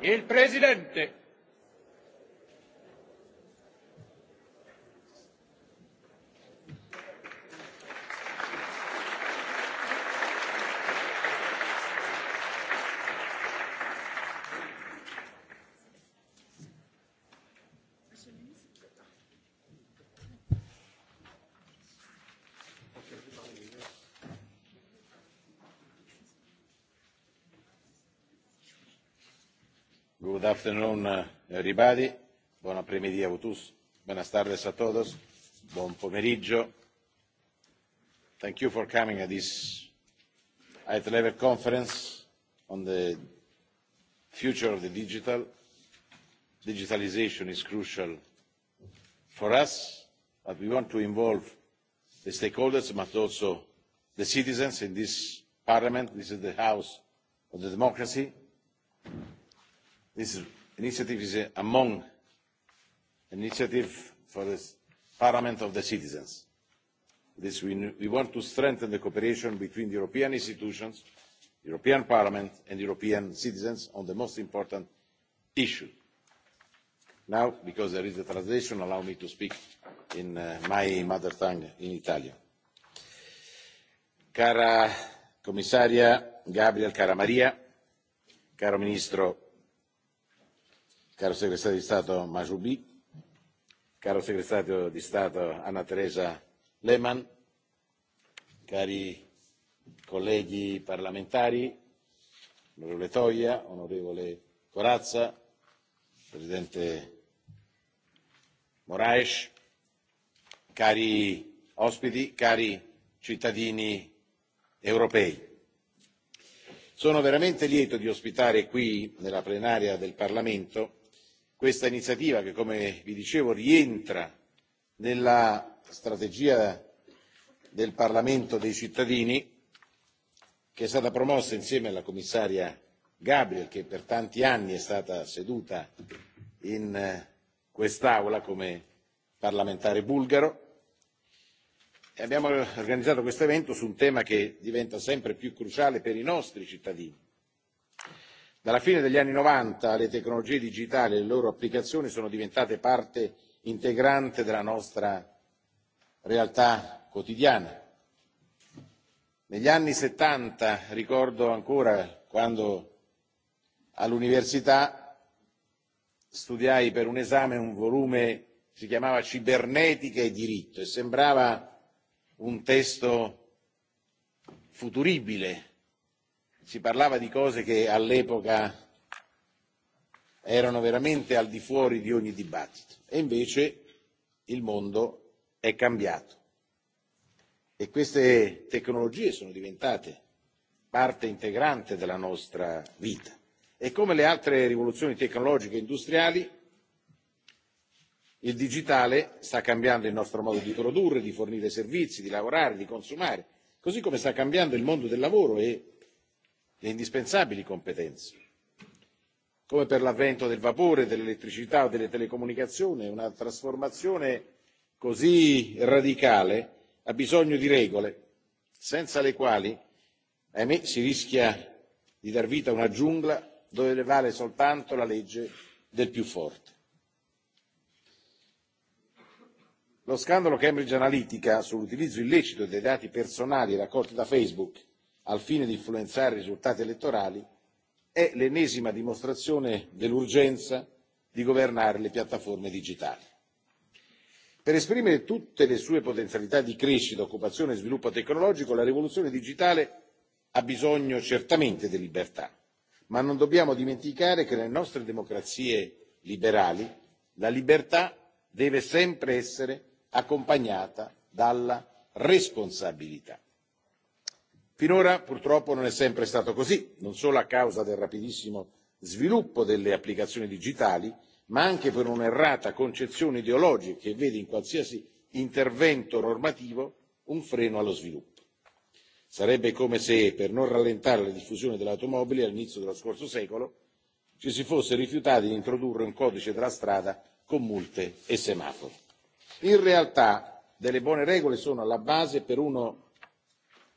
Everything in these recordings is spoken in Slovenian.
il presidente. afternoon, uh, everybody. Buon pomeriggio a tutti. Buenas tardes a todos. Buon pomeriggio. Thank you for coming at this high level conference on the future of the digital. Digitalization is crucial for us, but we want to involve the stakeholders, but also the citizens in this parliament. This is the house of the democracy this initiative is among initiative for the parliament of the citizens. This we, we want to strengthen the cooperation between the european institutions european parliament and european citizens on the most important issue. now because there is a translation allow me to speak in uh, my mother tongue in italian. cara commissaria gabriel cara maria caro ministro caro segretario di Stato Majoubi, caro segretario di Stato Anna Teresa Lehmann, cari colleghi parlamentari, onorevole Toia, onorevole Corazza, presidente Moraes, cari ospiti, cari cittadini europei. Sono veramente lieto di ospitare qui nella plenaria del Parlamento questa iniziativa che come vi dicevo rientra nella strategia del parlamento dei cittadini che è stata promossa insieme alla commissaria gabriel che per tanti anni è stata seduta in eh, quest'aula come parlamentare bulgaro e abbiamo organizzato questo evento su un tema che diventa sempre più cruciale per i nostri cittadini dalla fine degli anni novanta le tecnologie digitali e le loro applicazioni sono diventate parte integrante della nostra realtà quotidiana. Negli anni settanta ricordo ancora quando all'università studiai per un esame un volume che si chiamava Cibernetica e diritto e sembrava un testo futuribile si parlava di cose che all'epoca erano veramente al di fuori di ogni dibattito e invece il mondo è cambiato e queste tecnologie sono diventate parte integrante della nostra vita e come le altre rivoluzioni tecnologiche e industriali il digitale sta cambiando il nostro modo di produrre, di fornire servizi, di lavorare, di consumare, così come sta cambiando il mondo del lavoro e le indispensabili competenze come per l'avvento del vapore dell'elettricità o delle telecomunicazioni una trasformazione così radicale ha bisogno di regole senza le quali ahimè si rischia di dar vita a una giungla dove vale soltanto la legge del più forte. lo scandalo cambridge analytica sull'utilizzo illecito dei dati personali raccolti da facebook al fine di influenzare i risultati elettorali è l'ennesima dimostrazione dell'urgenza di governare le piattaforme digitali. Per esprimere tutte le sue potenzialità di crescita, occupazione e sviluppo tecnologico, la rivoluzione digitale ha bisogno certamente di libertà, ma non dobbiamo dimenticare che nelle nostre democrazie liberali la libertà deve sempre essere accompagnata dalla responsabilità finora purtroppo non è sempre stato così non solo a causa del rapidissimo sviluppo delle applicazioni digitali ma anche per un'errata concezione ideologica che vede in qualsiasi intervento normativo un freno allo sviluppo. sarebbe come se per non rallentare la diffusione dell'automobile all'inizio dello scorso secolo ci si fosse rifiutati di introdurre un codice della strada con multe e semafori. in realtà delle buone regole sono alla base per uno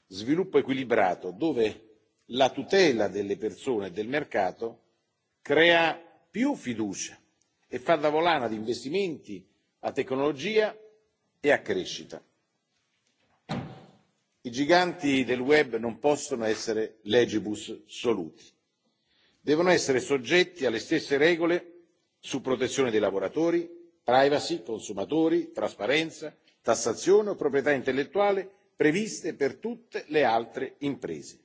sviluppo equilibrato dove la tutela delle persone e del mercato crea più fiducia e fa da volano ad investimenti a tecnologia e a crescita. I giganti del web non possono essere legibus soluti. Devono essere soggetti alle stesse regole su protezione dei lavoratori, privacy, consumatori, trasparenza, tassazione o proprietà intellettuale previste per tutte le altre imprese.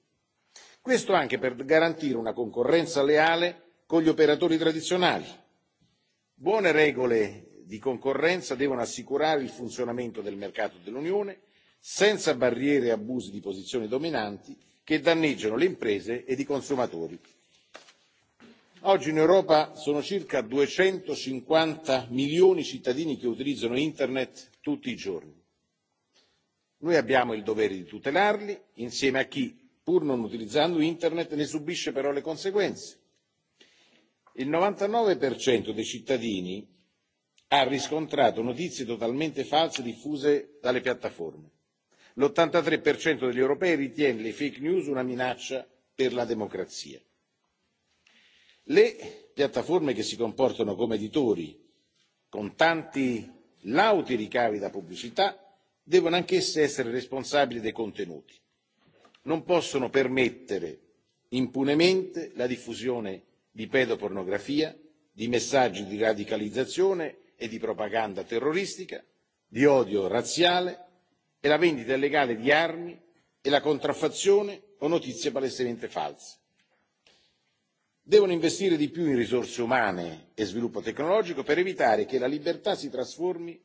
Questo anche per garantire una concorrenza leale con gli operatori tradizionali. Buone regole di concorrenza devono assicurare il funzionamento del mercato dell'Unione senza barriere e abusi di posizioni dominanti che danneggiano le imprese ed i consumatori. Oggi in Europa sono circa 250 milioni di cittadini che utilizzano Internet tutti i giorni noi abbiamo il dovere di tutelarli insieme a chi pur non utilizzando internet ne subisce però le conseguenze. il novantanove dei cittadini ha riscontrato notizie totalmente false diffuse dalle piattaforme l' ottantatré degli europei ritiene le fake news una minaccia per la democrazia. le piattaforme che si comportano come editori con tanti lauti ricavi da pubblicità devono anch'esse essere responsabili dei contenuti non possono permettere impunemente la diffusione di pedopornografia di messaggi di radicalizzazione e di propaganda terroristica di odio razziale e la vendita illegale di armi e la contraffazione o notizie palesemente false. devono investire di più in risorse umane e sviluppo tecnologico per evitare che la libertà si trasformi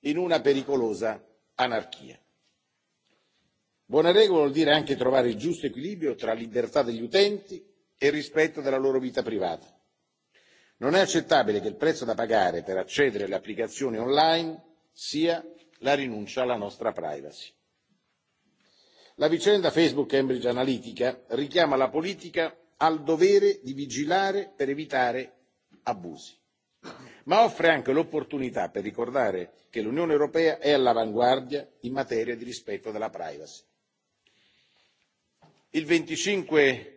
in una pericolosa anarchia. Buone regole vuol dire anche trovare il giusto equilibrio tra libertà degli utenti e rispetto della loro vita privata. Non è accettabile che il prezzo da pagare per accedere alle applicazioni online sia la rinuncia alla nostra privacy. La vicenda Facebook Cambridge Analytica richiama la politica al dovere di vigilare per evitare abusi ma offre anche l'opportunità per ricordare che l'unione europea è all'avanguardia in materia di rispetto della privacy. il venticinque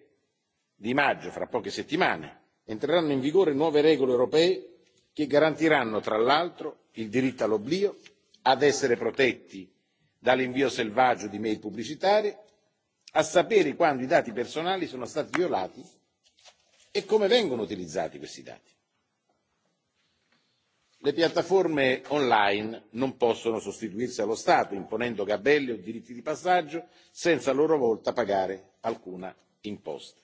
maggio fra poche settimane entreranno in vigore nuove regole europee che garantiranno tra l'altro il diritto all'oblio ad essere protetti dall'invio selvaggio di mail pubblicitarie a sapere quando i dati personali sono stati violati e come vengono utilizzati questi le piattaforme online non possono sostituirsi allo stato imponendo gabelle o diritti di passaggio senza a loro volta pagare alcuna imposta.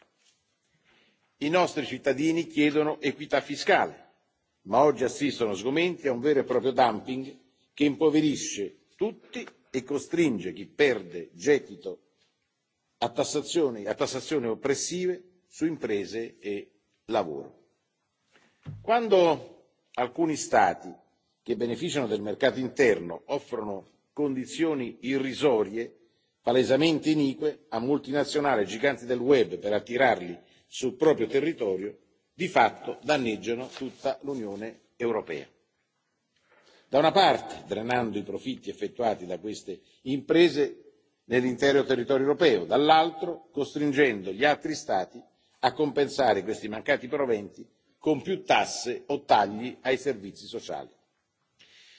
i nostri cittadini chiedono equità fiscale ma oggi assistono sgomenti a un vero e proprio dumping che impoverisce tutti e costringe chi perde gettito a tassazioni, a tassazioni oppressive su imprese e lavoro. quando alcuni stati che beneficiano del mercato interno offrono condizioni irrisorie palesemente inique a multinazionali e giganti del web per attirarli sul proprio territorio di fatto danneggiano tutta l'unione europea da una parte drenando i profitti effettuati da queste imprese nell'intero territorio europeo dall'altro costringendo gli altri stati a compensare questi mancati proventi con più tasse o tagli ai servizi sociali.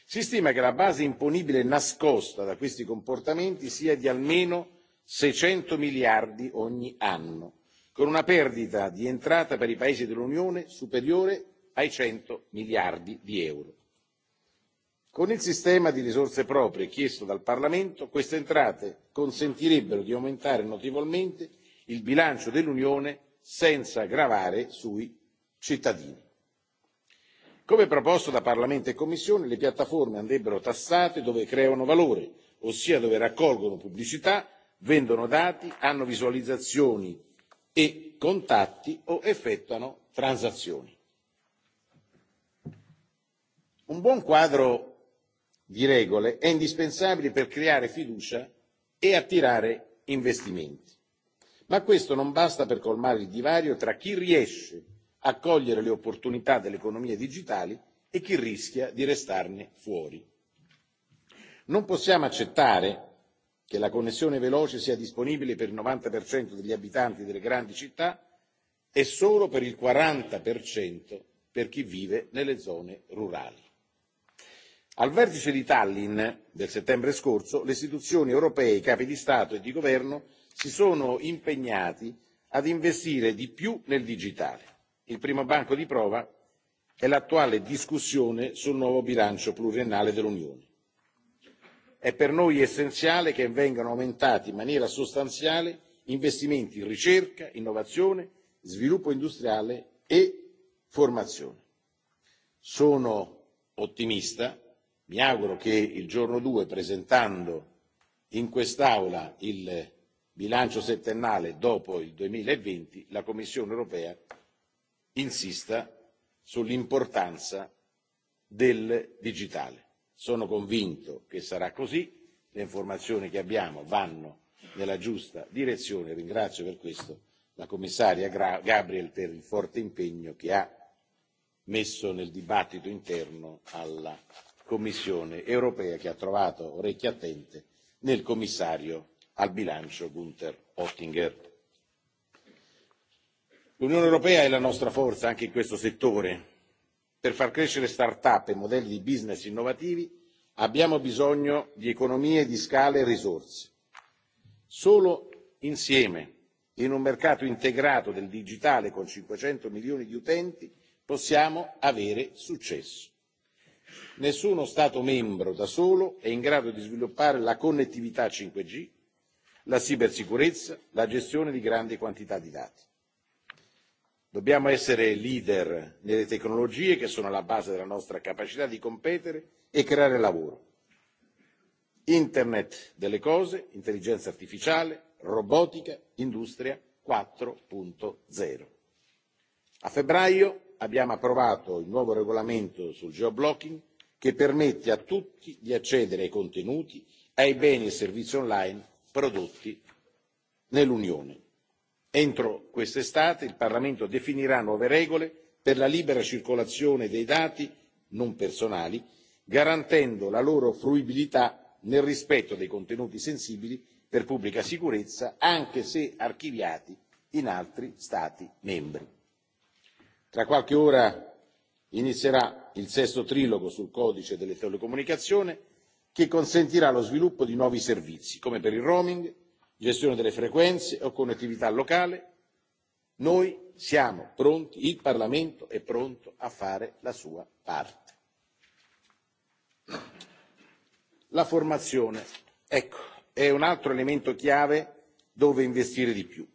Si stima che la base imponibile nascosta da questi comportamenti sia di almeno 600 miliardi ogni anno, con una perdita di entrata per i paesi dell'Unione superiore ai 100 miliardi di euro. Con il sistema di risorse proprie chiesto dal Parlamento, queste entrate consentirebbero di aumentare notevolmente il bilancio dell'Unione senza gravare sui cittadini. come proposto da parlamento e commissione le piattaforme andrebbero tassate dove creano valore ossia dove raccolgono pubblicità vendono dati hanno visualizzazioni e contatti o effettuano transazioni. Un buon quadro di regole è indispensabile per creare fiducia e attirare investimenti. Ma questo non basta per colmare il divario tra chi riesce a cogliere le opportunità delle economie digitali e chi rischia di restarne fuori. Non possiamo accettare che la connessione veloce sia disponibile per il 90% degli abitanti delle grandi città e solo per il 40% per chi vive nelle zone rurali. Al vertice di Tallinn del settembre scorso le istituzioni europee, i capi di Stato e di Governo si sono impegnati ad investire di più nel digitale il primo banco di prova è l'attuale discussione sul nuovo bilancio pluriennale dell'unione. è per noi essenziale che vengano aumentati in maniera sostanziale investimenti in ricerca innovazione sviluppo industriale e formazione. sono ottimista mi auguro che il giorno 2 presentando in quest'aula il bilancio settennale dopo il 2020 la Commissione europea insista sull'importanza del digitale. Sono convinto che sarà così, le informazioni che abbiamo vanno nella giusta direzione, ringrazio per questo la commissaria Gabriel per il forte impegno che ha messo nel dibattito interno alla Commissione europea che ha trovato orecchie attente nel commissario al bilancio Gunther Oettinger l'unione europea è la nostra forza anche in questo settore per far crescere start up e modelli di business innovativi abbiamo bisogno di economie di scala e risorse solo insieme in un mercato integrato del digitale con 500 milioni di utenti possiamo avere successo. Nessuno Stato membro da solo è in grado di sviluppare la connettività 5G, la cibersicurezza, la gestione di grandi quantità di dati dobbiamo essere leader nelle tecnologie che sono alla base della nostra capacità di competere e creare lavoro internet delle cose intelligenza artificiale robotica industria. quattro zero a febbraio abbiamo approvato il nuovo regolamento sul geoblocking che permette a tutti di accedere ai contenuti ai beni e servizi online prodotti nell'unione entro quest'estate il parlamento definirà nuove regole per la libera circolazione dei dati non personali garantendo la loro fruibilità nel rispetto dei contenuti sensibili per pubblica sicurezza anche se archiviati in altri stati membri. tra qualche ora inizierà il sesto trilogo sul codice delle telecomunicazioni che consentirà lo sviluppo di nuovi servizi come per il roaming gestione delle frequenze o connettività locale noi siamo pronti il parlamento è pronto a fare la sua parte. la formazione ecco è un altro elemento chiave dove investire di più.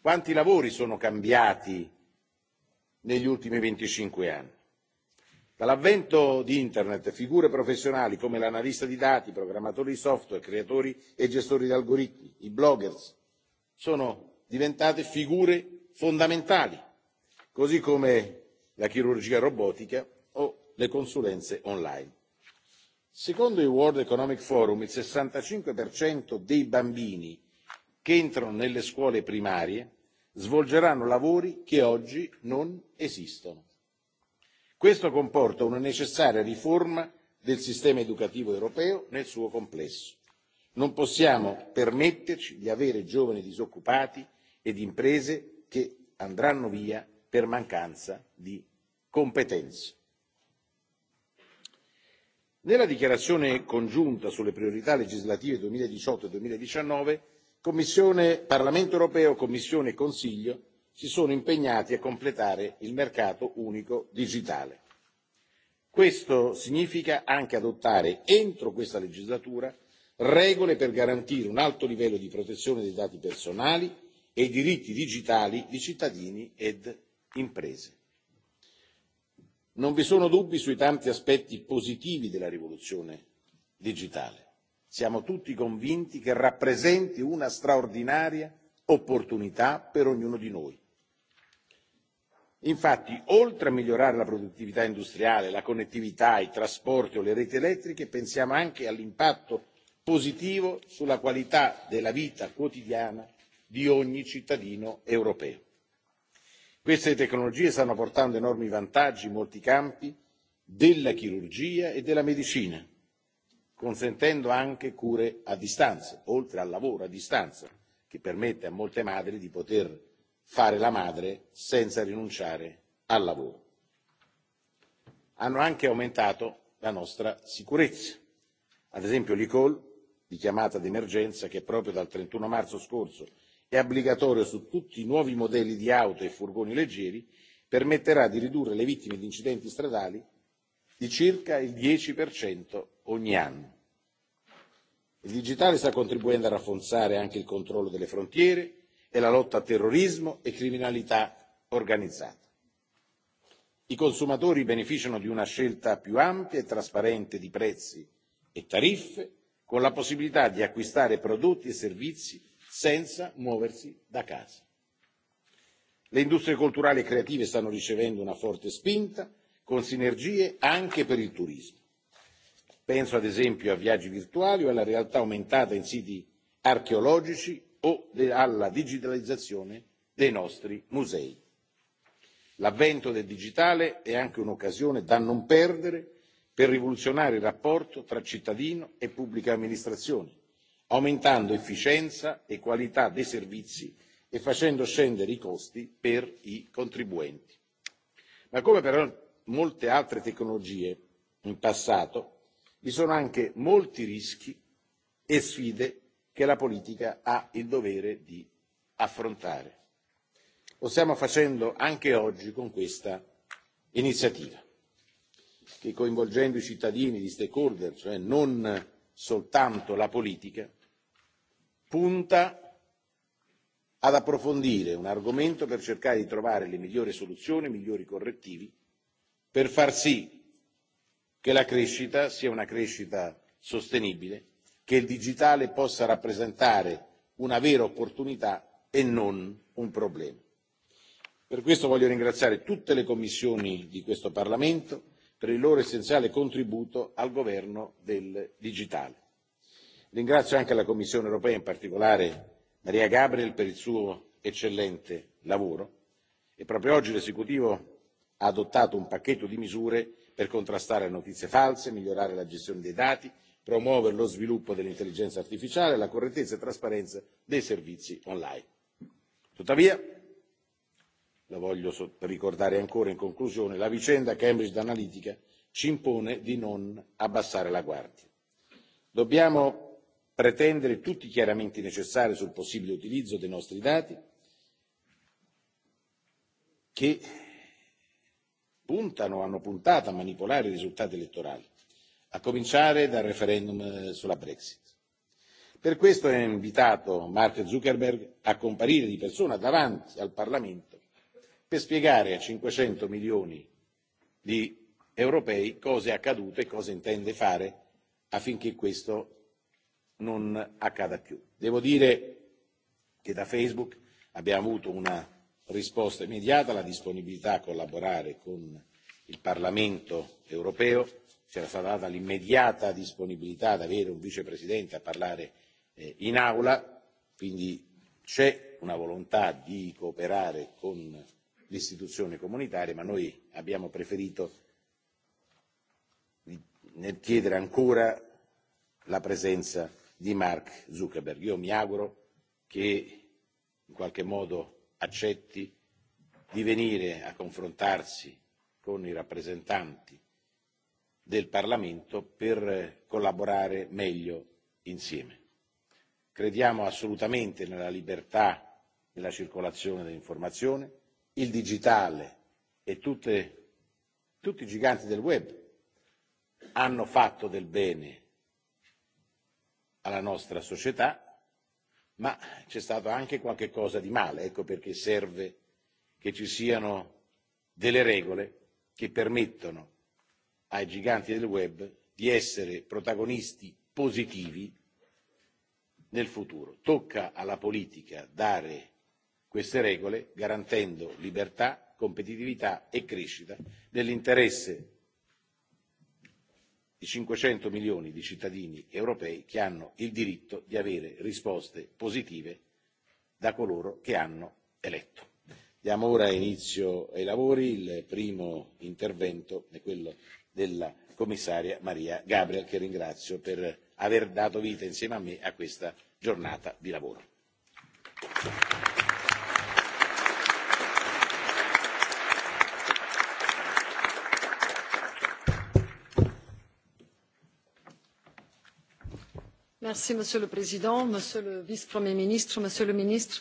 quanti lavori sono cambiati negli ultimi venticinque anni? dall'avvento di internet figure professionali come l'analista di dati i programmatori di software i creatori e gestori di algoritmi i blogger sono diventate figure fondamentali così come la chirurgia robotica o le consulenze online. secondo il world economic forum il sessantacinque dei bambini che entrano nelle scuole primarie svolgeranno lavori che oggi non esistono questo comporta una necessaria riforma del sistema educativo europeo nel suo complesso. Non possiamo permetterci di avere giovani disoccupati ed imprese che andranno via per mancanza di competenze. Nella dichiarazione congiunta sulle priorità legislative 2018-2019, e Commissione, Parlamento europeo, Commissione e Consiglio si sono impegnati a completare il mercato unico digitale. Questo significa anche adottare entro questa legislatura regole per garantire un alto livello di protezione dei dati personali e i diritti digitali di cittadini ed imprese. Non vi sono dubbi sui tanti aspetti positivi della rivoluzione digitale. Siamo tutti convinti che rappresenti una straordinaria opportunità per ognuno di noi infatti oltre a migliorare la produttività industriale la connettività i trasporti o le reti elettriche pensiamo anche all'impatto positivo sulla qualità della vita quotidiana di ogni cittadino europeo. queste tecnologie stanno portando enormi vantaggi in molti campi della chirurgia e della medicina consentendo anche cure a distanza oltre al lavoro a distanza che permette a molte madri di poter fare la madre senza rinunciare al lavoro. Hanno anche aumentato la nostra sicurezza. Ad esempio l'ICOL, di chiamata d'emergenza, che proprio dal 31 marzo scorso è obbligatorio su tutti i nuovi modelli di auto e furgoni leggeri, permetterà di ridurre le vittime di incidenti stradali di circa il 10% ogni anno. Il digitale sta contribuendo a rafforzare anche il controllo delle frontiere, e la lotta a terrorismo e criminalità organizzata. I consumatori beneficiano di una scelta più ampia e trasparente di prezzi e tariffe, con la possibilità di acquistare prodotti e servizi senza muoversi da casa. Le industrie culturali e creative stanno ricevendo una forte spinta, con sinergie anche per il turismo. Penso ad esempio a viaggi virtuali o alla realtà aumentata in siti archeologici o alla digitalizzazione dei nostri musei. L'avvento del digitale è anche un'occasione da non perdere per rivoluzionare il rapporto tra cittadino e pubblica amministrazione, aumentando efficienza e qualità dei servizi e facendo scendere i costi per i contribuenti. Ma come per molte altre tecnologie in passato, vi sono anche molti rischi e sfide che la politica ha il dovere di affrontare. Lo stiamo facendo anche oggi con questa iniziativa, che coinvolgendo i cittadini, gli stakeholder, cioè non soltanto la politica, punta ad approfondire un argomento per cercare di trovare le migliori soluzioni, i migliori correttivi, per far sì che la crescita sia una crescita sostenibile che il digitale possa rappresentare una vera opportunità e non un problema. Per questo voglio ringraziare tutte le commissioni di questo Parlamento per il loro essenziale contributo al governo del digitale. Ringrazio anche la Commissione europea, in particolare Maria Gabriel, per il suo eccellente lavoro e proprio oggi l'esecutivo ha adottato un pacchetto di misure per contrastare le notizie false, migliorare la gestione dei dati, promuovere lo sviluppo dell'intelligenza artificiale, la correttezza e trasparenza dei servizi online. Tuttavia, la voglio ricordare ancora in conclusione, la vicenda Cambridge Analytica ci impone di non abbassare la guardia. Dobbiamo pretendere tutti i chiaramenti necessari sul possibile utilizzo dei nostri dati che puntano, hanno puntato a manipolare i risultati elettorali a cominciare dal referendum eh, sulla brexit. Per questo ho invitato Mark Zuckerberg a comparire di persona davanti al Parlamento per spiegare a 500 milioni di europei cosa è accaduto e cosa intende fare affinché questo non accada più. Devo dire che da Facebook abbiamo avuto una risposta immediata, la disponibilità a collaborare con il Parlamento europeo c'era stata data l'immediata disponibilità ad avere un vicepresidente a parlare eh, in aula, quindi c'è una volontà di cooperare con l'istituzione comunitaria, ma noi abbiamo preferito chiedere ancora la presenza di Mark Zuckerberg. Io mi auguro che in qualche modo accetti di venire a confrontarsi con i rappresentanti del Parlamento per collaborare meglio insieme. Crediamo assolutamente nella libertà della circolazione dell'informazione, il digitale e tutte, tutti i giganti del web hanno fatto del bene alla nostra società, ma c'è stato anche qualche cosa di male, ecco perché serve che ci siano delle regole che permettono ai giganti del web di essere protagonisti positivi nel futuro. Tocca alla politica dare queste regole garantendo libertà, competitività e crescita nell'interesse di 500 milioni di cittadini europei che hanno il diritto di avere risposte positive da coloro che hanno eletto. Diamo ora inizio ai lavori. Il primo intervento è quello della commissaria maria gabriel che ringrazio per aver dato vita insieme a me a questa giornata di lavoro. merci monsieur le président monsieur le vice premier ministre monsieur le ministre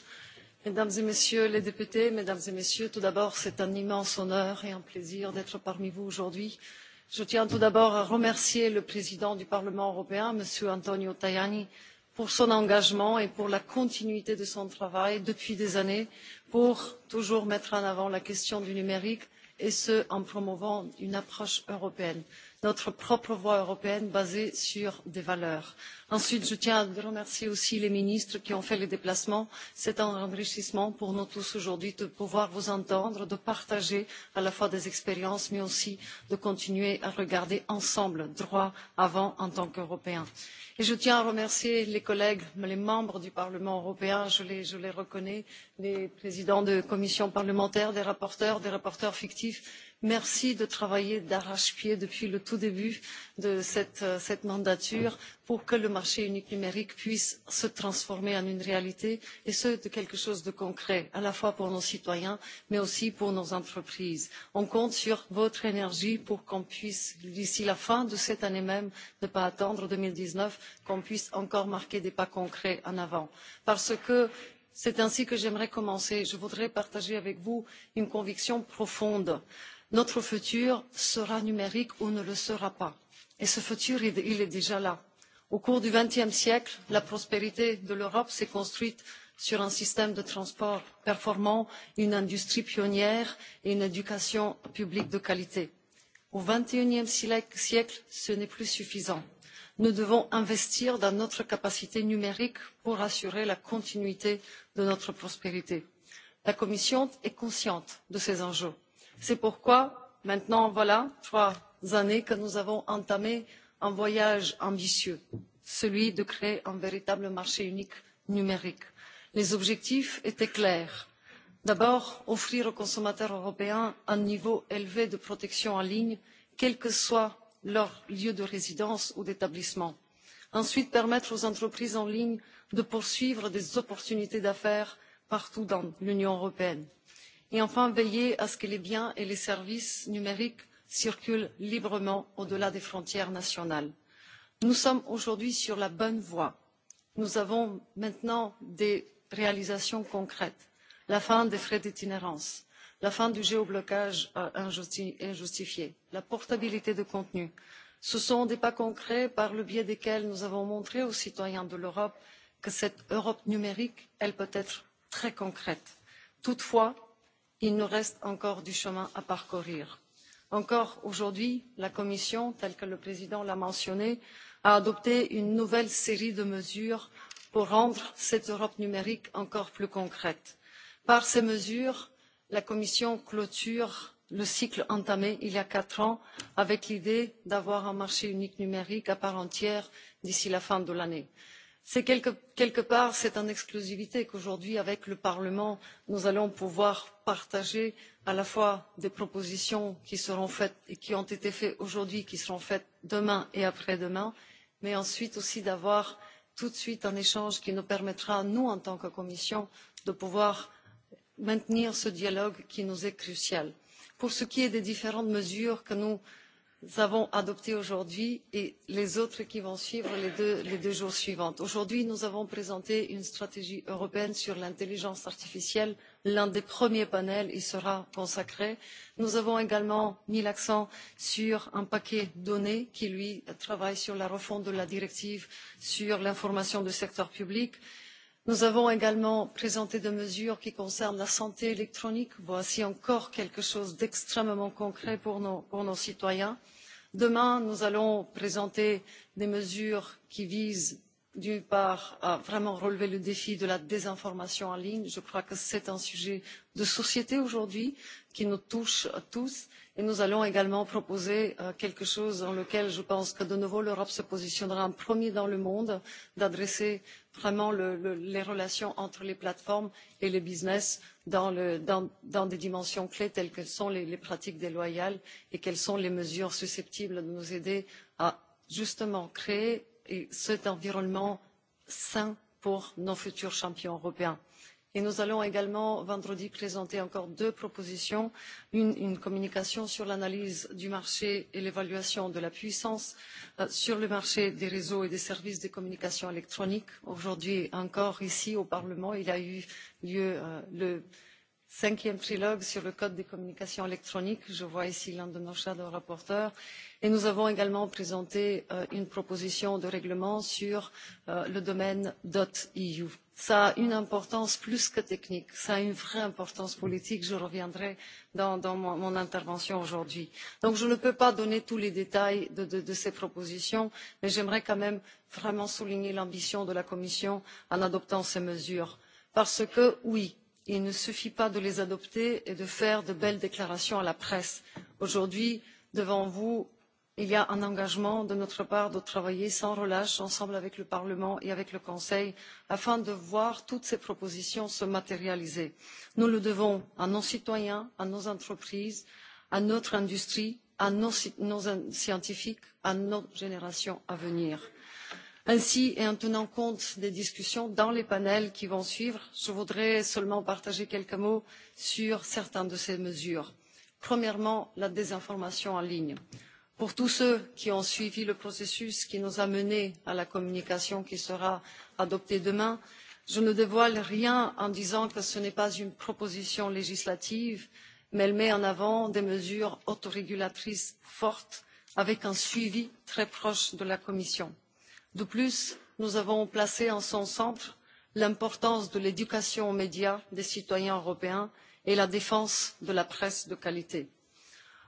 mesdames et messieurs les députés mesdames et messieurs tout d'abord c'est un immense honneur et un plaisir d'être parmi vous aujourd'hui pour je tiens tout d'abord à remercier le président du parlement européen m. antonio tajani pour son engagement et pour la continuité de son travail depuis des années pour toujours mettre en avant la question du numérique et ce en promouvant une approche européenne notre propre voie européenne basée sur des valeurs. ensuite je tiens à remercier aussi les ministres qui ont fait le déplacement c'est un enrichissement pour nous tous aujourd'hui de pouvoir vous entendre de partager à la fois des expériences mais aussi de continuer à regarder ensemble droit devant en tant qu'européens. et je tiens à remercier les collègues les membres du parlement européen je les reconnais les présidents de commissions parlementaires des rapporteurs des rapporteurs fictifs merci de travailler d'arrache pied depuis le tout début de euh, cette mandature pour que le marché unique numérique puisse se transformer en une réalité et ce en quelque chose de concret à la fois pour nos citoyens mais aussi pour nos entreprises. on compte sur votre énergie pour qu'on puisse d'ici la fin de cette année même ne pas attendre deux mille dix neuf qu'on puisse encore marquer des pas concrets en avant parce que c'est ainsi que j'aimerais commencer je voudrais partager avec vous une conviction profonde notre futur sera numérique ou ne le sera pas et ce futur il est déjà là. au cours du vingtième siècle la prospérité de l'europe s'est construite sur un système de transport performant une industrie pionnière et une éducation publique de qualité. au xxie siècle ce n'est plus suffisant. nous devons investir dans notre capacité numérique pour assurer la continuité de notre prospérité. la commission est consciente de ces enjeux c'est pourquoi maintenant voilà trois années que nous avons entamé un voyage ambitieux celui de créer un véritable marché unique numérique. les objectifs étaient clairs d'abord offrir aux consommateurs européens un niveau élevé de protection en ligne quel que soit leur lieu de résidence ou d'établissement ensuite permettre aux entreprises en ligne de poursuivre des opportunités d'affaires partout dans l'union européenne et enfin veiller à ce que les biens et les services numériques circulent librement au delà des frontières nationales. nous sommes aujourd'hui sur la bonne voie nous avons maintenant des réalisations concrètes la fin des frais d'itinérance la fin du géoblocage euh, injustifié la portabilité des contenus. ce sont des pas concrets par le biais desquels nous avons montré aux citoyens de l'europe que cette europe numérique peut être très concrète. toutefois il nous reste encore du chemin à parcourir. encore aujourd'hui la commission telle que le président l'a mentionné a adopté une nouvelle série de mesures pour rendre cette europe numérique encore plus concrète. par ces mesures la commission clôture le cycle entamé il y a quatre ans avec l'idée d'avoir un marché unique numérique à part entière d'ici la fin de l'année c'est quelque part en exclusivité qu'aujourd'hui avec le parlement nous allons pouvoir partager à la fois des propositions qui seront faites et qui ont été faites aujourd'hui et qui seront faites demain et après demain mais ensuite aussi avoir tout de suite un échange qui nous permettra à nous en tant que commission de pouvoir maintenir ce dialogue qui nous est crucial. pour ce qui est des différentes mesures que nous nous avons adoptée aujourd'hui et les autres qui vont suivre les deux jours suivants. aujourd'hui nous avons présenté une stratégie européenne sur l'intelligence artificielle l'un des premiers panels y sera consacré. nous avons également mis l'accent sur un paquet données qui lui travaille sur la refonte de la directive sur l'information du secteur public nous avons également présenté des mesures qui concernent la santé électronique voici encore quelque chose d'extrêmement concret pour nos citoyens. demain nous allons présenter des mesures qui visent d'une part à vraiment relever le défi de la désinformation en ligne je crois que c'est un sujet de société aujourd'hui qui nous touche tous et nous allons également proposer euh, quelque chose dans lequel je pense que de nouveau l'europe se positionnera en premier dans le monde d'adresser vraiment les relations entre les plateformes et les business dans des dimensions clés telles que sont les pratiques déloyales et quelles sont les mesures susceptibles de nous aider à justement créer et cet environnement sain pour nos futurs champions européens. nous allons également vendredi présenter encore deux propositions une communication sur l'analyse du marché et l'évaluation de la puissance euh, sur le marché des réseaux et des services de communication électronique aujourd'hui encore ici au parlement il y a eu lieu euh, cinquième trilogue sur le code des communications électroniques je vois ici l'un de nos shadow rapporteurs et nous avons également présenté euh, une proposition de règlement sur euh, le domaine dot eu. cela a une importance plus que technique cela a une vraie importance politique j'y reviendrai dans mon intervention aujourd'hui. je ne peux pas donner tous les détails de ces propositions mais j'aimerais quand même vraiment souligner l'ambition de la commission en adoptant ces mesures parce que oui il ne suffit pas de les adopter et de faire de belles déclarations à la presse. aujourd'hui devant vous il y a un engagement de notre part de travailler sans relâche ensemble avec le parlement et avec le conseil afin de voir toutes ces propositions se matérialiser. nous le devons à nos citoyens à nos entreprises à notre industrie à nos scientifiques à nos générations à venir ainsi et en tenant compte des discussions dans les panels qui vont suivre je voudrais seulement partager quelques mots sur certaines de ces mesures. premièrement la désinformation en ligne. pour tous ceux qui ont suivi le processus qui nous a menés à la communication qui sera adoptée demain je ne dévoile rien en disant que ce n'est pas une proposition législative mais elle met en avant des mesures autorégulatrices fortes avec un suivi très proche de la commission de plus nous avons placé en son centre l'importance de l'éducation aux médias des citoyens européens et la défense de la presse de qualité.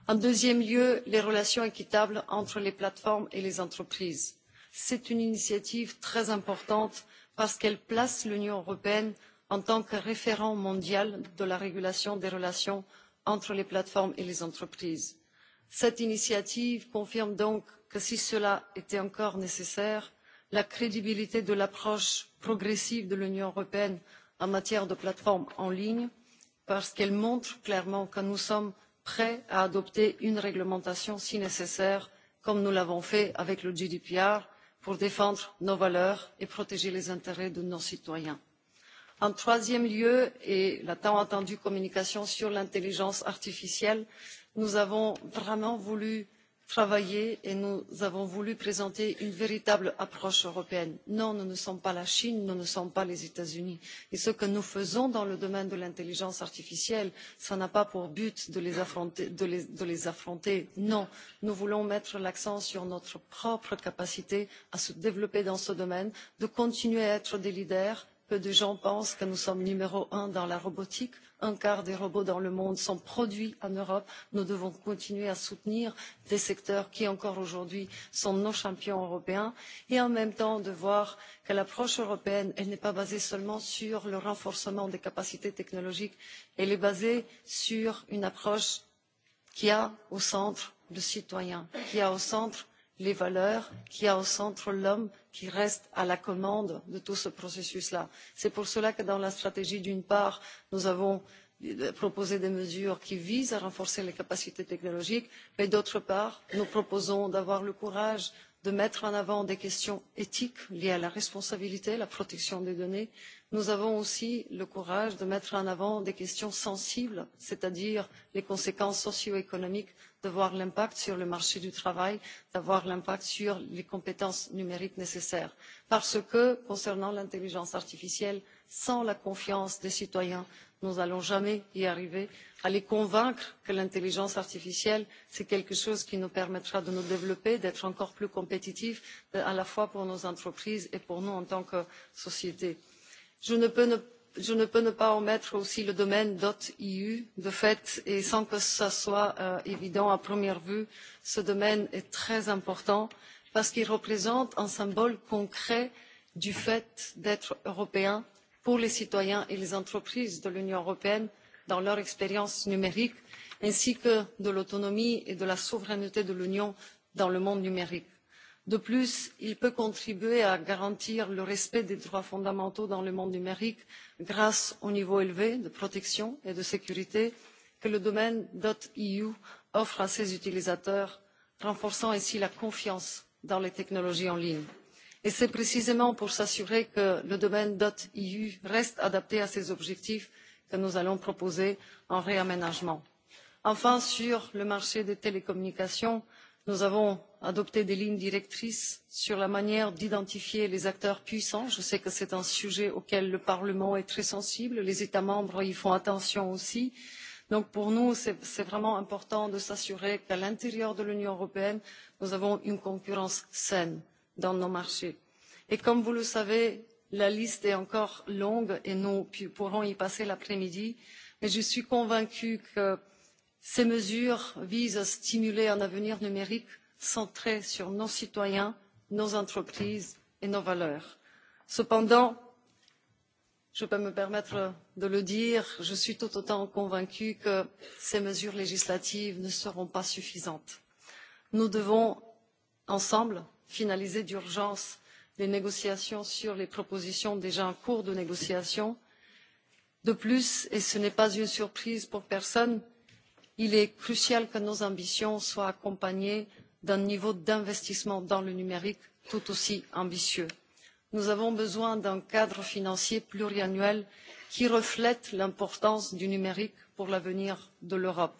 en deuxième lieu les relations équitables entre les plateformes et les entreprises. c'est une initiative très importante parce qu'elle place l'union européenne en tant que référent mondial de la régulation des relations entre les plateformes et les entreprises cette initiative confirme donc que si cela était encore nécessaire la crédibilité de l'approche progressive de l'union européenne en matière de plateformes en ligne parce qu'elle montre clairement que nous sommes prêts à adopter une réglementation si nécessaire comme nous l'avons fait avec le gdpr pour défendre nos valeurs et protéger les intérêts de nos citoyens. en troisième lieu et la tant attendue communication sur l'intelligence artificielle nous nous avons vraiment voulu travailler et nous avons voulu présenter une véritable approche européenne. non nous ne sommes pas la chine nous ne sommes pas les états unis et ce que nous faisons dans le domaine de l'intelligence artificielle n'a pas pour but de les affronter. non nous voulons mettre l'accent sur notre propre capacité à nous développer dans ce domaine à continuer à être des leaders peu de gens pensent que nous sommes numéro un dans la robotique un quart des robots dans le monde sont produits en europe nous devons continuer à soutenir des secteurs qui encore aujourd'hui sont nos champions européens et en même temps de voir que l'approche européenne n'est pas basée seulement sur le renforcement des capacités technologiques elle est basée sur une approche qui a au centre le citoyen qui a au centre les valeurs qui a au centre l'homme qui reste à la commande de tout ce processus là. c'est pour cela que dans la stratégie d'une part nous avons euh, proposé des mesures qui visent à renforcer les capacités technologiques mais d'autre part nous proposons d'avoir le courage de mettre en avant des questions éthiques liées à la responsabilité et à la protection des données nous avons aussi le courage de mettre en avant des questions sensibles c'est à dire les conséquences socio économiques de voir l'impact sur le marché du travail d'avoir l'impact sur les compétences numériques nécessaires parce que concernant l'intelligence artificielle sans la confiance des citoyens nous n'allons jamais y arriver à les convaincre que l'intelligence artificielle c'est quelque chose qui nous permettra de nous développer d'être encore plus compétitifs à la fois pour nos entreprises et pour nous en tant que société je ne peux ne pas omettre aussi le domaine eu de fait et sans que ce soit euh, évident à première vue ce domaine est très important parce qu'il représente un symbole concret du fait d'être européen pour les citoyens et les entreprises de l'union européenne dans leur expérience numérique ainsi que de l'autonomie et de la souveraineté de l'union dans le monde numérique de plus il peut contribuer à garantir le respect des droits fondamentaux dans le monde numérique grâce au niveau élevé de protection et de sécurité que le domaine eu offre à ses utilisateurs renforçant ainsi la confiance dans les technologies en ligne. et c'est précisément pour s'assurer que le domaine eu reste adapté à ces objectifs que nous allons proposer un réaménagement. enfin sur le marché des télécommunications nous avons adopter des lignes directrices sur la manière d'identifier les acteurs puissants je sais que c'est un sujet auquel le parlement est très sensible les états membres y font attention aussi donc pour nous c'est vraiment important de s'assurer qu'à l'intérieur de l'union européenne nous avons une concurrence saine dans nos marchés et comme vous le savez la liste est encore longue et nous pourrons y passer l'après midi mais je suis convaincue que ces mesures visent à stimuler un avenir numérique centrée sur nos citoyens nos entreprises et nos valeurs. cependant je peux me permettre de le dire je suis tout autant convaincue que ces mesures législatives ne seront pas suffisantes. nous devons ensemble finaliser d'urgence les négociations sur les propositions déjà en cours de négociation. de plus et ce n'est pas une surprise pour personne il est crucial que nos ambitions soient accompagnées d'un niveau d'investissement dans le numérique tout aussi ambitieux. nous avons besoin d'un cadre financier pluriannuel qui reflète l'importance du numérique pour l'avenir de l'europe.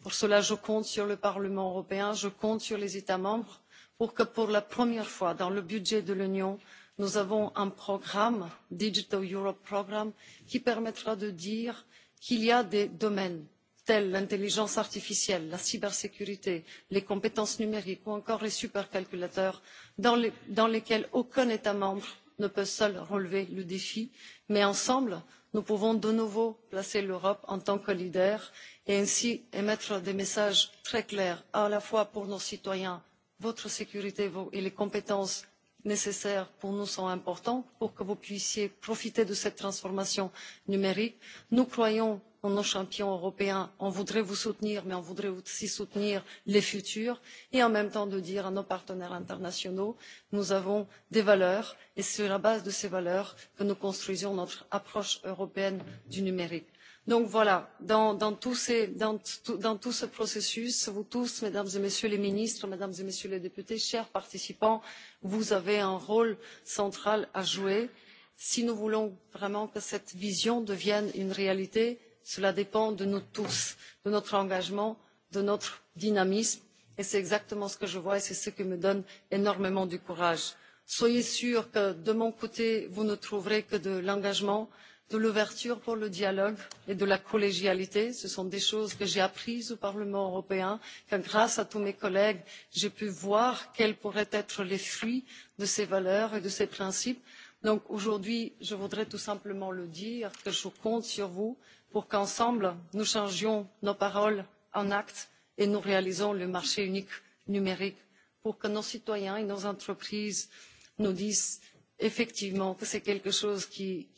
pour cela je compte sur le parlement européen je compte sur les états membres pour que pour la première fois dans le budget de l'union nous ayons un programme digital europe programme qui permettra de dire qu'il y a des domaines telles l'intelligence artificielle la cybersécurité les compétences numériques ou encore les supercalculateurs dans lesquelles aucun état membre ne peut seul relever le défi mais ensemble nous pouvons de nouveau placer l'europe en tant que leader et ainsi émettre des messages très clairs à la fois pour nos citoyens votre sécurité vous et les compétences nécessaires pour nous sont importants pour que vous puissiez profiter de cette transformation numérique. nous croyons en nos champions européens on voudrait vous soutenir mais on voudrait aussi soutenir les futurs et en même temps dire à nos partenaires internationaux nous avons des valeurs et c'est sur la base de ces valeurs que nous construisons notre approche européenne du numérique donc voilà dans tout ce processus vous tous mesdames et messieurs les ministres mesdames et messieurs les députés chers participants vous avez un rôle central à jouer. si nous voulons vraiment que cette vision devienne une réalité cela dépend de nous tous de notre engagement de notre dynamisme et c'est exactement ce que je vois et c'est ce qui me donne énormément de courage. soyez sûrs que de mon côté vous ne trouverez que de l'engagement de l'ouverture pour le dialogue et de la collégialité. ce sont des choses que j'ai apprises au parlement européen que grâce à tous mes collègues j'ai pu voir quels pourraient être les fruits de ces valeurs et de ces principes. donc aujourd'hui je voudrais tout simplement le dire que je compte sur vous pour qu'ensemble nous changions nos paroles en actes et nous réalisions le marché unique numérique pour que nos citoyens et nos entreprises nous disent effectivement c'est quelque chose qui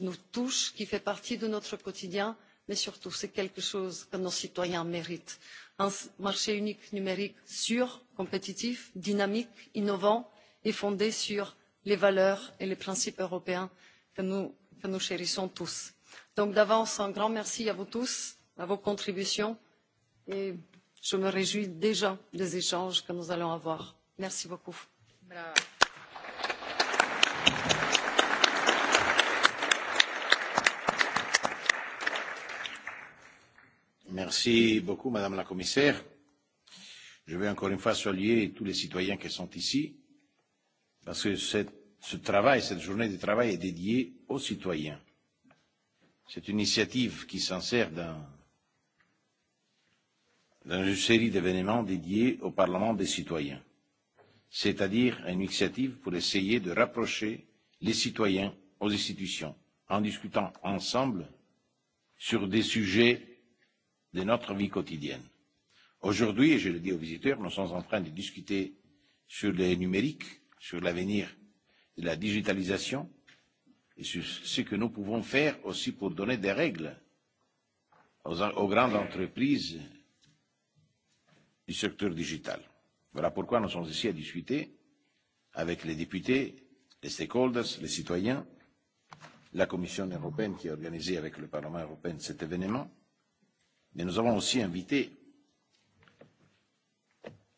nous touche qui fait partie de notre quotidien mais surtout c'est quelque chose que nos citoyens méritent un marché unique numérique sûr compétitif dynamique innovant et fondé sur les valeurs et les principes européens que nous chérissons tous. donc d'avance un grand merci à vous tous pour vos contributions et je me réjouis déjà des échanges que nous allons avoir. merci beaucoup. applaudissements Merci beaucoup, Madame la Commissaire. Je vais encore une fois saluer tous les citoyens qui sont ici, parce que cette, ce travail, cette journée de travail est dédiée aux citoyens. C'est une initiative qui s'insère dans, dans une série d'événements dédiés au Parlement des citoyens, c'est-à-dire une initiative pour essayer de rapprocher les citoyens aux institutions en discutant ensemble sur des sujets de notre vie quotidienne. Aujourd'hui, et je le dis aux visiteurs, nous sommes en train de discuter sur le numérique, sur l'avenir de la digitalisation et sur ce que nous pouvons faire aussi pour donner des règles aux, aux grandes entreprises du secteur digital. Voilà pourquoi nous sommes ici à discuter avec les députés, les stakeholders, les citoyens, la Commission européenne qui a organisé avec le Parlement européen cet événement Mais nous avons aussi invité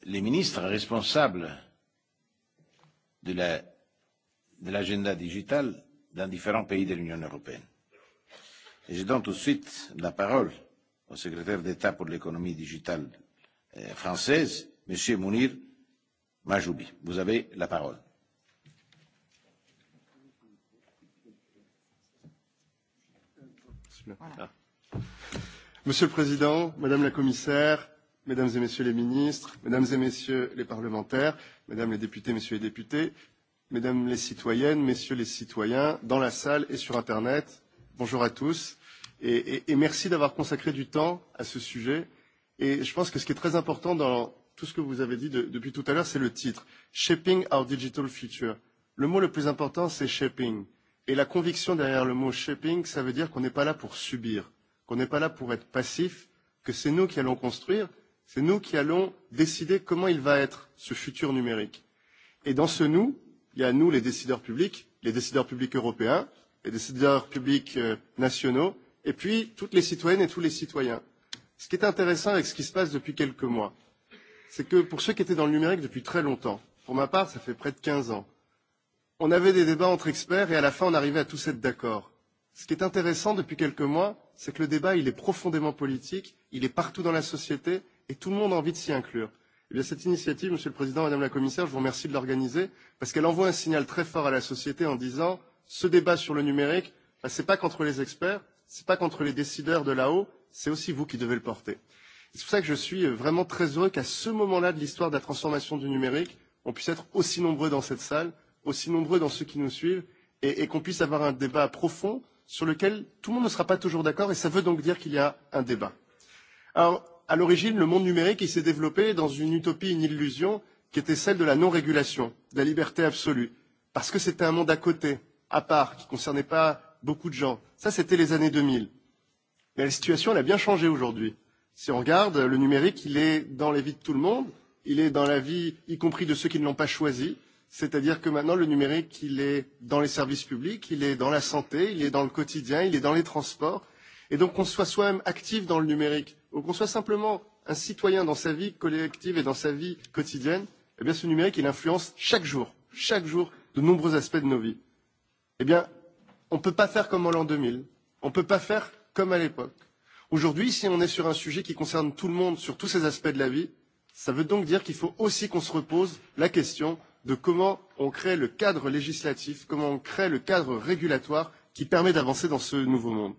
les ministres responsables de l'agenda la, de digital dans différents pays de l'Union européenne. Et je donne tout de suite la parole au secrétaire d'État pour l'économie digitale euh, française, M. Mounir Majoubi. Vous avez la parole. Voilà. Monsieur le Président, Madame la Commissaire, Mesdames et Messieurs les ministres, Mesdames et Messieurs les parlementaires, Mesdames les députés, Messieurs les députés, Mesdames les citoyennes, Messieurs les citoyens, dans la salle et sur Internet, bonjour à tous et, et, et merci d'avoir consacré du temps à ce sujet. Et je pense que ce qui est très important dans tout ce que vous avez dit de, depuis tout à l'heure, c'est le titre Shaping Our Digital Future. Le mot le plus important, c'est shaping. Et la conviction derrière le mot shaping, ça veut dire qu'on n'est pas là pour subir qu'on n'est pas là pour être passif, que c'est nous qui allons construire, c'est nous qui allons décider comment il va être ce futur numérique. Et dans ce nous, il y a nous les décideurs publics, les décideurs publics européens, les décideurs publics euh, nationaux, et puis toutes les citoyennes et tous les citoyens. Ce qui est intéressant avec ce qui se passe depuis quelques mois, c'est que pour ceux qui étaient dans le numérique depuis très longtemps, pour ma part, ça fait près de 15 ans, on avait des débats entre experts et à la fin, on arrivait à tous être d'accord. Ce qui est intéressant depuis quelques mois, c'est que le débat, il est profondément politique, il est partout dans la société et tout le monde a envie de s'y inclure. Et eh bien cette initiative, Monsieur le Président, Madame la Commissaire, je vous remercie de l'organiser parce qu'elle envoie un signal très fort à la société en disant ce débat sur le numérique, ben, ce n'est pas contre les experts, ce n'est pas contre les décideurs de là-haut, c'est aussi vous qui devez le porter. C'est pour ça que je suis vraiment très heureux qu'à ce moment-là de l'histoire de la transformation du numérique, on puisse être aussi nombreux dans cette salle, aussi nombreux dans ceux qui nous suivent et, et qu'on puisse avoir un débat profond sur lequel tout le monde ne sera pas toujours d'accord, et ça veut donc dire qu'il y a un débat. Alors, à l'origine, le monde numérique s'est développé dans une utopie, une illusion, qui était celle de la non-régulation, de la liberté absolue, parce que c'était un monde à côté, à part, qui ne concernait pas beaucoup de gens. Ça, c'était les années 2000. Mais la situation, elle a bien changé aujourd'hui. Si on regarde, le numérique, il est dans les vies de tout le monde, il est dans la vie, y compris de ceux qui ne l'ont pas choisi, euh, C'est-à-dire que maintenant, le numérique, il est dans les services publics, il est dans la santé, il est dans le quotidien, il est dans les transports. Et donc, qu'on soit soi-même actif dans le numérique, ou qu'on soit simplement un citoyen dans sa vie collective et dans sa vie quotidienne, eh bien, ce numérique, il influence chaque jour, chaque jour, de nombreux aspects de nos vies. Eh bien, on ne peut pas faire comme en l'an 2000. On ne peut pas faire comme à l'époque. Aujourd'hui, si on est sur un sujet qui concerne tout le monde, sur tous ces aspects de la vie, ça veut donc dire qu'il faut aussi qu'on se repose la question de comment on crée le cadre législatif, comment on crée le cadre régulatoire qui permet d'avancer dans ce nouveau monde.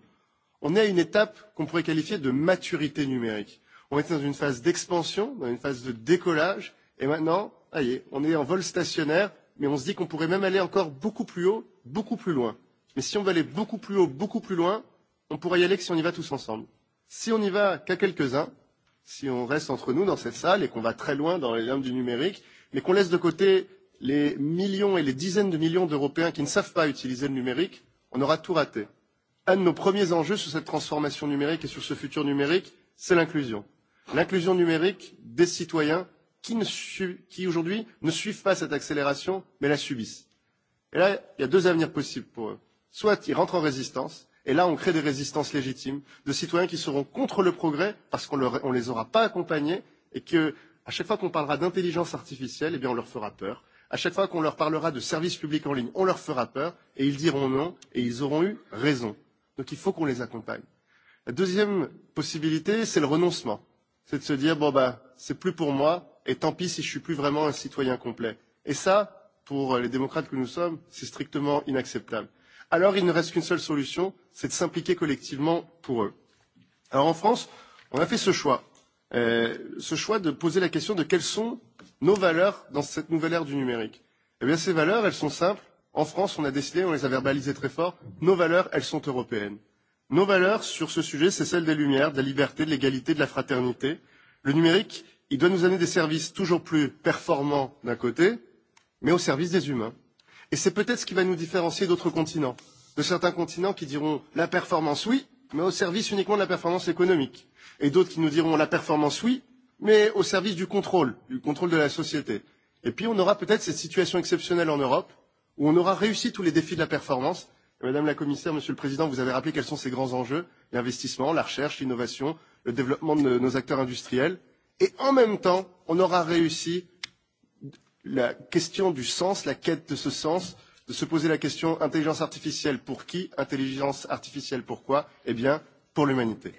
On est à une étape qu'on pourrait qualifier de maturité numérique. On est dans une phase d'expansion, dans une phase de décollage, et maintenant, allez, on est en vol stationnaire, mais on se dit qu'on pourrait même aller encore beaucoup plus haut, beaucoup plus loin. Mais si on veut aller beaucoup plus haut, beaucoup plus loin, on pourrait y aller que si on y va tous ensemble. Si on y va qu'à quelques-uns, si on reste entre nous dans cette salle et qu'on va très loin dans les limbes du numérique, mais qu'on laisse de côté les millions et les dizaines de millions d'Européens qui ne savent pas utiliser le numérique, on aura tout raté. Un de nos premiers enjeux sur cette transformation numérique et sur ce futur numérique, c'est l'inclusion. L'inclusion numérique des citoyens qui, qui aujourd'hui ne suivent pas cette accélération, mais la subissent. Et là, il y a deux avenirs possibles pour eux. Soit ils rentrent en résistance, et là, on crée des résistances légitimes de citoyens qui seront contre le progrès parce qu'on ne les aura pas accompagnés et que à chaque fois qu'on parlera d'intelligence artificielle, eh bien, on leur fera peur. À chaque fois qu'on leur parlera de services publics en ligne, on leur fera peur et ils diront non et ils auront eu raison. Donc il faut qu'on les accompagne. La deuxième possibilité, c'est le renoncement. C'est de se dire, bon, ben, c'est plus pour moi et tant pis si je ne suis plus vraiment un citoyen complet. Et ça, pour les démocrates que nous sommes, c'est strictement inacceptable. Alors il ne reste qu'une seule solution, c'est de s'impliquer collectivement pour eux. Alors en France, on a fait ce choix euh, ce choix de poser la question de quelles sont nos valeurs dans cette nouvelle ère du numérique. Eh bien, ces valeurs, elles sont simples. En France, on a décidé, on les a verbalisées très fort, nos valeurs, elles sont européennes. Nos valeurs sur ce sujet, c'est celle des lumières, de la liberté, de l'égalité, de la fraternité. Le numérique, il doit nous amener des services toujours plus performants d'un côté, mais au service des humains. Et c'est peut-être ce qui va nous différencier d'autres continents, de certains continents qui diront la performance, oui, mais au service uniquement de la performance économique et d'autres qui nous diront la performance, oui, mais au service du contrôle, du contrôle de la société. Et puis on aura peut-être cette situation exceptionnelle en Europe où on aura réussi tous les défis de la performance. Et Madame la Commissaire, Monsieur le Président, vous avez rappelé quels sont ces grands enjeux l'investissement, la recherche, l'innovation, le développement de nos acteurs industriels. Et en même temps, on aura réussi la question du sens, la quête de ce sens, de se poser la question intelligence artificielle pour qui, intelligence artificielle pourquoi Eh bien, pour l'humanité.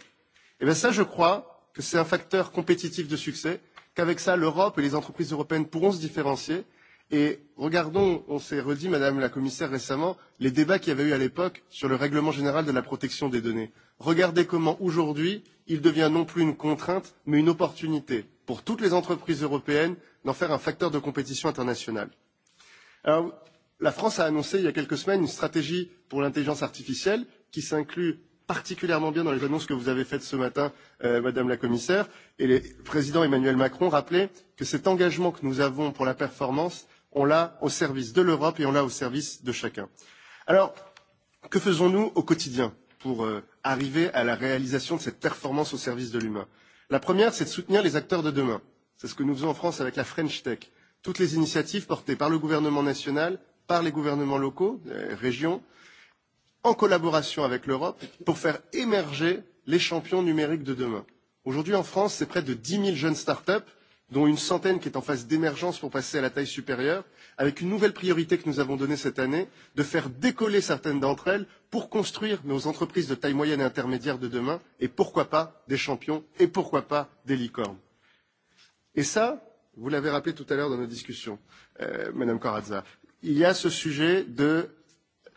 Et eh bien ça, je crois que c'est un facteur compétitif de succès, qu'avec ça, l'Europe et les entreprises européennes pourront se différencier. Et regardons, on s'est redit, Madame la Commissaire, récemment, les débats qu'il y avait eu à l'époque sur le règlement général de la protection des données. Regardez comment, aujourd'hui, il devient non plus une contrainte, mais une opportunité pour toutes les entreprises européennes d'en faire un facteur de compétition internationale. Alors, la France a annoncé, il y a quelques semaines, une stratégie pour l'intelligence artificielle qui s'inclut particulièrement bien dans les annonces que vous avez faites ce matin, euh, Madame la Commissaire. Et le président Emmanuel Macron rappelait que cet engagement que nous avons pour la performance, on l'a au service de l'Europe et on l'a au service de chacun. Alors, que faisons-nous au quotidien pour euh, arriver à la réalisation de cette performance au service de l'humain La première, c'est de soutenir les acteurs de demain. C'est ce que nous faisons en France avec la French Tech. Toutes les initiatives portées par le gouvernement national, par les gouvernements locaux, euh, régions, euh, en collaboration avec l'Europe, pour faire émerger les champions numériques de demain. Aujourd'hui, en France, c'est près de 10 000 jeunes start-up, dont une centaine qui est en phase d'émergence pour passer à la taille supérieure, avec une nouvelle priorité que nous avons donnée cette année, de faire décoller certaines d'entre elles pour construire nos entreprises de taille moyenne et intermédiaire de demain, et pourquoi pas des champions, et pourquoi pas des licornes. Et ça, vous l'avez rappelé tout à l'heure dans nos discussions, euh, Madame Corazza, il y a ce sujet de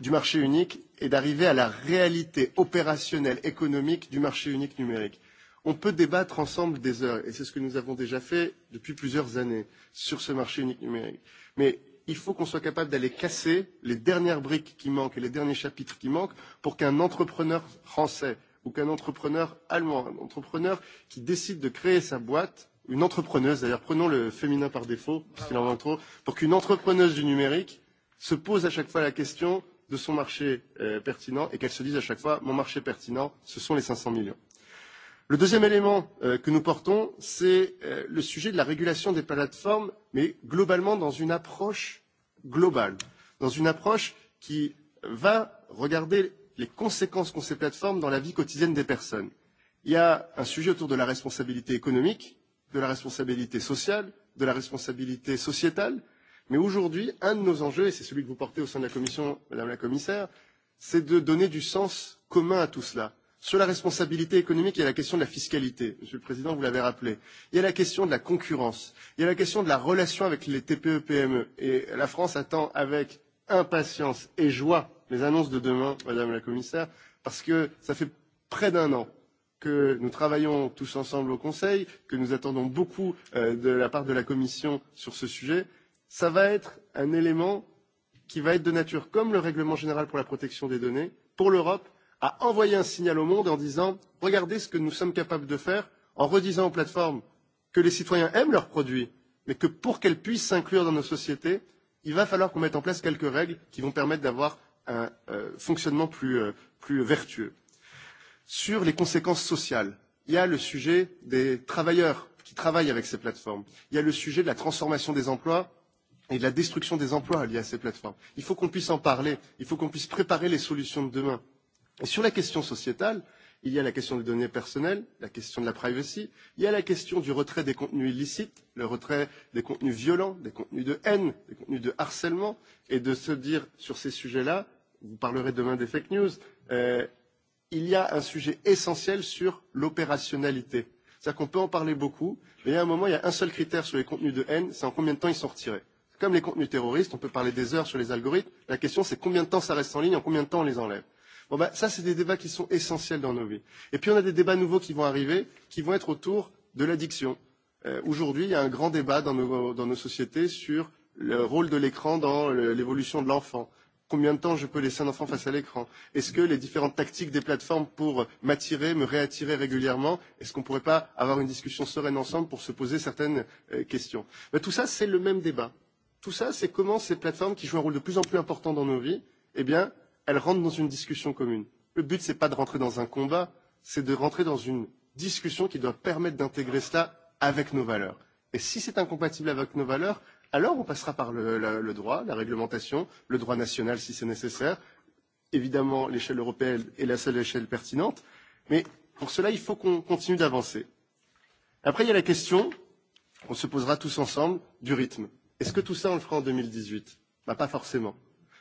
du marché unique et d'arriver à la réalité opérationnelle économique du marché unique numérique. On peut débattre ensemble des heures, et c'est ce que nous avons déjà fait depuis plusieurs années sur ce marché unique numérique. Mais il faut qu'on soit capable d'aller casser les dernières briques qui manquent et les derniers chapitres qui manquent pour qu'un entrepreneur français ou qu'un entrepreneur allemand, un entrepreneur qui décide de créer sa boîte, une entrepreneuse d'ailleurs, prenons le féminin par défaut, puisqu'il en manque trop, pour qu'une entrepreneuse du numérique se pose à chaque fois la question de son marché euh, pertinent et qu'elle se dise à chaque fois mon marché pertinent, ce sont les 500 millions. Le deuxième élément euh, que nous portons, c'est euh, le sujet de la régulation des plateformes, mais globalement dans une approche globale, dans une approche qui va regarder les conséquences qu'ont ces plateformes dans la vie quotidienne des personnes. Il y a un sujet autour de la responsabilité économique, de la responsabilité sociale, de la responsabilité sociétale, Mais aujourd'hui, un de nos enjeux, et c'est celui que vous portez au sein de la Commission, Madame la Commissaire, c'est de donner du sens commun à tout cela. Sur la responsabilité économique, il y a la question de la fiscalité, Monsieur le Président, vous l'avez rappelé. Il y a la question de la concurrence, il y a la question de la relation avec les TPE-PME. E. Et la France attend avec impatience et joie les annonces de demain, Madame la Commissaire, parce que ça fait près d'un an que nous travaillons tous ensemble au Conseil, que nous attendons beaucoup euh, de la part de la Commission sur ce sujet ça va être un élément qui va être de nature, comme le règlement général pour la protection des données, pour l'Europe, à envoyer un signal au monde en disant Regardez ce que nous sommes capables de faire en redisant aux plateformes que les citoyens aiment leurs produits, mais que pour qu'elles puissent s'inclure dans nos sociétés, il va falloir qu'on mette en place quelques règles qui vont permettre d'avoir un euh, fonctionnement plus, euh, plus vertueux. Sur les conséquences sociales, il y a le sujet des travailleurs qui travaillent avec ces plateformes, il y a le sujet de la transformation des emplois et la destruction des emplois liés à ces plateformes. Il faut qu'on puisse en parler, il faut qu'on puisse préparer les solutions de demain. Et sur la question sociétale, il y a la question des données personnelles, la question de la privacy, il y a la question du retrait des contenus illicites, le retrait des contenus violents, des contenus de haine, des contenus de harcèlement, et de se dire sur ces sujets-là, vous parlerez demain des fake news, euh, il y a un sujet essentiel sur l'opérationnalité. C'est-à-dire qu'on peut en parler beaucoup, mais il y a un moment, il y a un seul critère sur les contenus de haine, c'est en combien de temps ils sont retirés comme les contenus terroristes, on peut parler des heures sur les algorithmes, la question c'est combien de temps ça reste en ligne, en combien de temps on les enlève. Bon ben, ça, c'est des débats qui sont essentiels dans nos vies. Et puis, on a des débats nouveaux qui vont arriver, qui vont être autour de l'addiction. Euh, Aujourd'hui, il y a un grand débat dans nos, dans nos sociétés sur le rôle de l'écran dans l'évolution de l'enfant. Combien de temps je peux laisser un enfant face à l'écran Est-ce que les différentes tactiques des plateformes pour m'attirer, me réattirer régulièrement, est-ce qu'on ne pourrait pas avoir une discussion sereine ensemble pour se poser certaines euh, questions ben, Tout ça, c'est le même débat tout ça, c'est comment ces plateformes qui jouent un rôle de plus en plus important dans nos vies, eh bien, elles rentrent dans une discussion commune. Le but, ce n'est pas de rentrer dans un combat, c'est de rentrer dans une discussion qui doit permettre d'intégrer cela avec nos valeurs. Et si c'est incompatible avec nos valeurs, alors on passera par le, le, le droit, la réglementation, le droit national si c'est nécessaire, évidemment l'échelle européenne est la seule échelle pertinente, mais pour cela, il faut qu'on continue d'avancer. Après, il y a la question, on se posera tous ensemble, du rythme. Est-ce que tout ça, on le fera en 2018 bah, Pas forcément.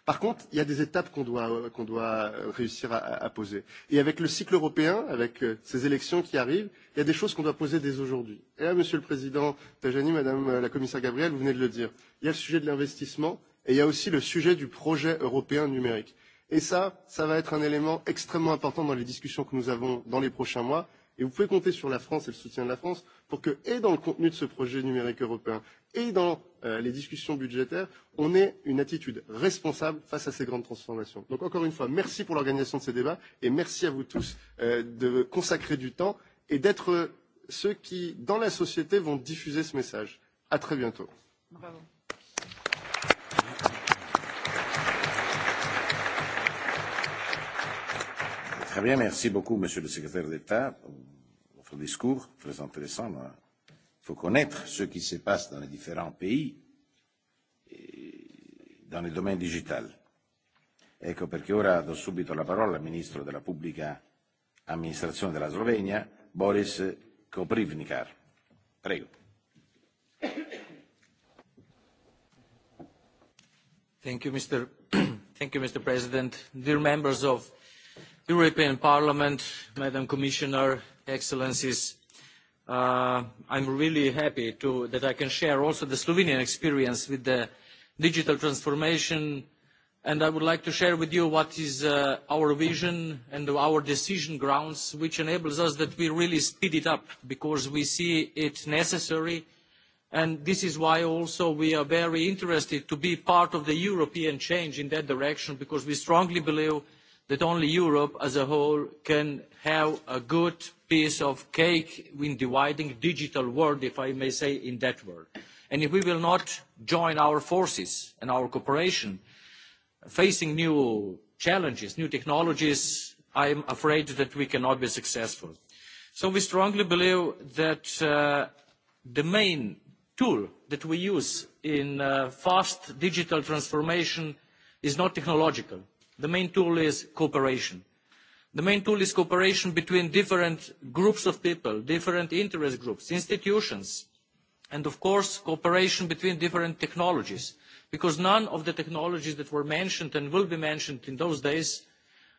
Par contre, il y a des étapes qu'on doit, qu doit réussir à, à poser. Et avec le cycle européen, avec euh, ces élections qui arrivent, il y a des choses qu'on doit poser dès aujourd'hui. Et là, Monsieur le Président Tajani, Madame euh, la Commissaire Gabriel, vous venez de le dire, il y a le sujet de l'investissement et il y a aussi le sujet du projet européen numérique. Et ça, ça va être un élément extrêmement important dans les discussions que nous avons dans les prochains mois. Et vous pouvez compter sur la France et le soutien de la France pour que, et dans le contenu de ce projet numérique européen, et dans euh, les discussions budgétaires, on ait une attitude responsable face à ces grandes transformations. Donc encore une fois, merci pour l'organisation de ces débats et merci à vous tous euh, de consacrer du temps et d'être euh, ceux qui, dans la société, vont diffuser ce message. À très bientôt. Bravo. Très bien, merci beaucoup, Monsieur le Secrétaire d'État, pour votre discours très intéressant. Il faut connaître ce qui se passe dans les différents pays et dans le domaine digital. Ecco perché ora do subito la parola al ministro della pubblica amministrazione della Slovenia, Boris Koprivnikar. Prego. Thank you, Mr. Thank you, Mr. President. Dear members of the European Parliament, Madam Commissioner, Excellencies, uh, I'm really happy to, that I can share also the Slovenian experience with the digital transformation. And I would like to share with you what is uh, our vision and our decision grounds, which enables us that we really speed it up because we see it necessary. And this is why also we are very interested to be part of the European change in that direction, because we strongly believe that only Europe as a whole can have a good piece of cake in dividing digital world, if I may say, in that world. And if we will not join our forces and our cooperation, facing new challenges, new technologies, I am afraid that we cannot be successful. So we strongly believe that uh, the main tool that we use in uh, fast digital transformation is not technological. The main tool is cooperation the main tool is cooperation between different groups of people different interest groups institutions and of course cooperation between different technologies because none of the technologies that were mentioned and will be mentioned in those days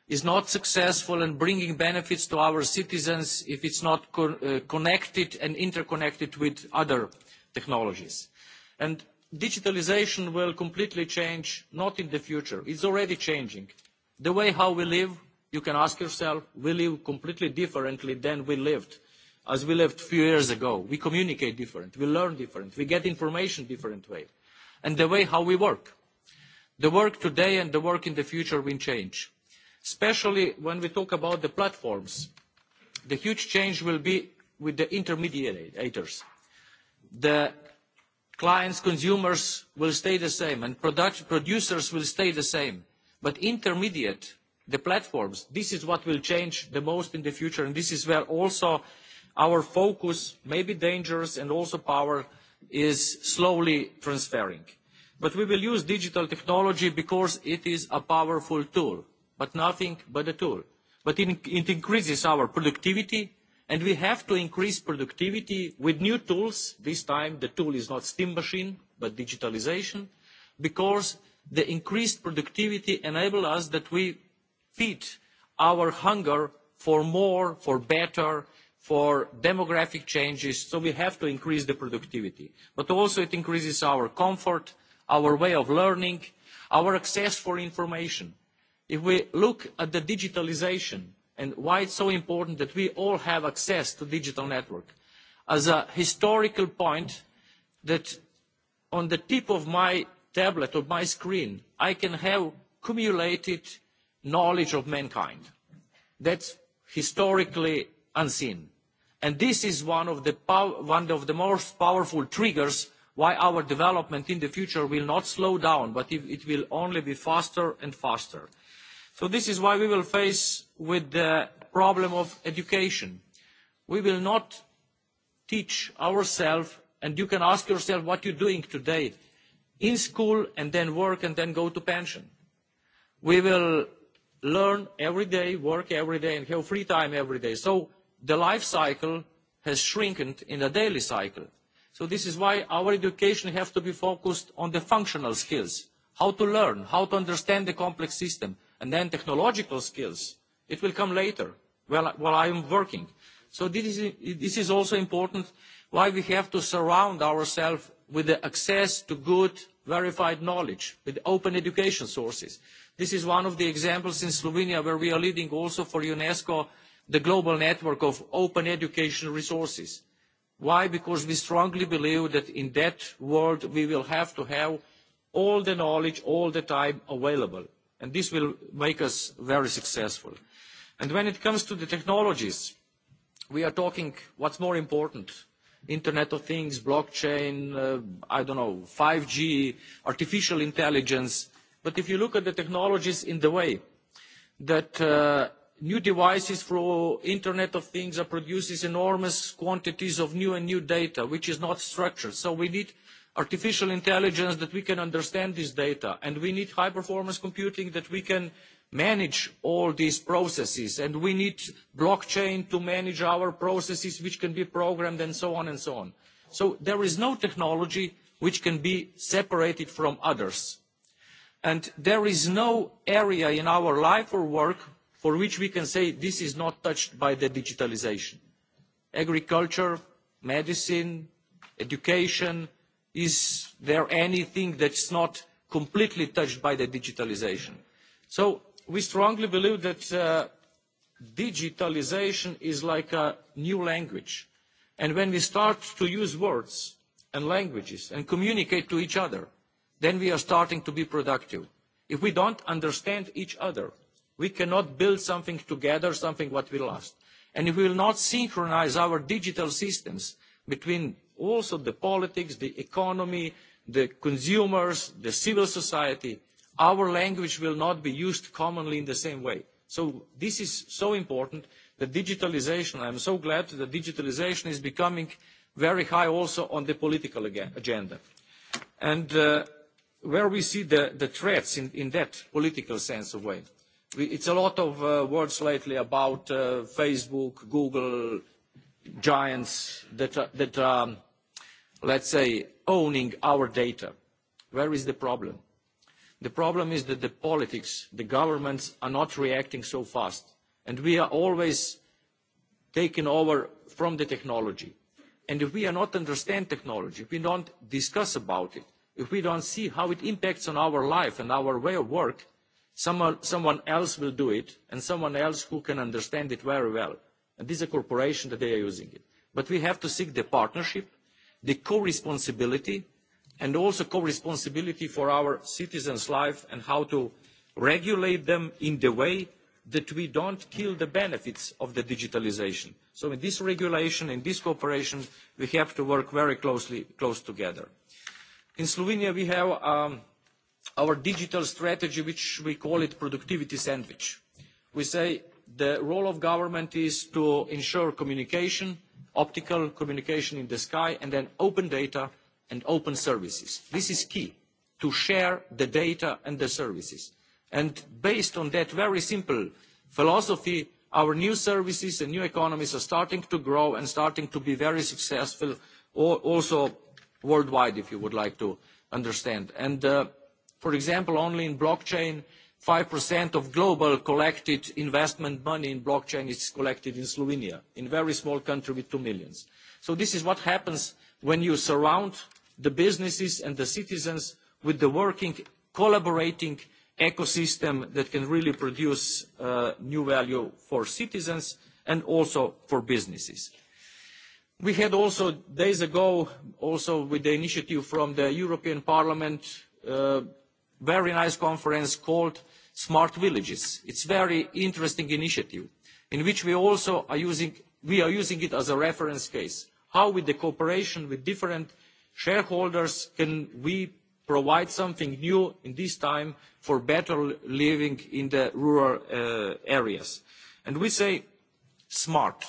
is successful in bringing benefits to our citizens if it is not uh, connected and interconnected with other technologies. digitalisation will completely change not in the future it is already changing the way how we live you can ask yourself, we live completely differently than we lived as we lived a few years ago. We communicate different, we learn different, we get information different way. And the way how we work. The work today and the work in the future will change. Especially when we talk about the platforms, the huge change will be with the intermediators. The clients, consumers will stay the same and product, producers will stay the same. But intermediate the platforms this is what will change the most in the future and this is where also our focus may be dangerous and also power is slowly transferring. but we will use digital technology because it is a powerful tool but nothing but a tool. but it increases our productivity and we have to increase productivity with new tools this time the tool is not steam machine but digitalisation because the increased productivity enables us that feed our hunger for more, for better, for demographic changes. So we have to increase the productivity. But also it increases our comfort, our way of learning, our access for information. If we look at the digitalization and why it's so important that we all have access to digital network, as a historical point that on the tip of my tablet or my screen, I can have accumulated knowledge of mankind. That's historically unseen. And this is one of the, pow- one of the most powerful triggers why our development in the future will not slow down, but it will only be faster and faster. So this is why we will face with the problem of education. We will not teach ourselves, and you can ask yourself what you're doing today, in school and then work and then go to pension. We will learn every day, work every day, and have free time every day. So the life cycle has shrinked in the daily cycle. So this is why our education has to be focused on the functional skills, how to learn, how to understand the complex system, and then technological skills. It will come later while I am working. So this is, this is also important why we have to surround ourselves with the access to good verified knowledge, with open education sources. This is one of the examples in Slovenia where we are leading also for UNESCO the global network of open education resources. Why? Because we strongly believe that in that world we will have to have all the knowledge all the time available. And this will make us very successful. And when it comes to the technologies, we are talking what's more important, Internet of Things, blockchain, uh, I don't know, 5G, artificial intelligence, But if you look at the technologies in the way that uh, new devices for Internet of Things are producing enormous quantities of new and new data, which is not structured. So we need artificial intelligence that we can understand this data. And we need high performance computing that we can manage all these processes. And we need blockchain to manage our processes which can be programmed and so on and so on. So there is no technology which can be separated from others and there is no area in our life or work for which we can say this is not touched by digitalisation agriculture medicine education is there anything that's not completely touched by digitalisation so we strongly believe that uh, digitalisation is like a new language and when we start to use words and languages and communicate to each other then we are starting to be productive. If we don't understand each other, we cannot build something together, something what we lost. And if we will not synchronize our digital systems between also the politics, the economy, the consumers, the civil society, our language will not be used commonly in the same way. So this is so important, the digitalization. I'm so glad that digitalization is becoming very high also on the political agenda. And... Uh, where we see the, the threats in, in that political sense of way. We, it's a lot of uh, words lately about uh, Facebook, Google, giants that are, uh, that are, um, let's say, owning our data. Where is the problem? The problem is that the politics, the governments are not reacting so fast. And we are always taken over from the technology. And if we are not understand technology, if we don't discuss about it, if we don't see how it impacts on our life and our way of work someone else will do it and someone else who can understand it very well and this is a corporation that they are using it but we have to seek the partnership the co-responsibility and also co-responsibility for our citizens' life and how to regulate them in the way that we don't kill the benefits of the digitalisation. so in this regulation in this cooperation we have to work very closely close together. In Slovenia, we have um, our digital strategy, which we call it productivity sandwich. We say the role of government is to ensure communication, optical communication in the sky, and then open data and open services. This is key, to share the data and the services. And based on that very simple philosophy, our new services and new economies are starting to grow and starting to be very successful also worldwide if you would like to understand. And uh, for example, only in blockchain, 5% of global collected investment money in blockchain is collected in Slovenia, in a very small country with 2 million. So this is what happens when you surround the businesses and the citizens with the working, collaborating ecosystem that can really produce uh, new value for citizens and also for businesses. We had also days ago, also with the initiative from the European Parliament, a uh, very nice conference called Smart Villages. It's a very interesting initiative in which we also are using, we are using it as a reference case. How with the cooperation with different shareholders can we provide something new in this time for better living in the rural uh, areas? And we say smart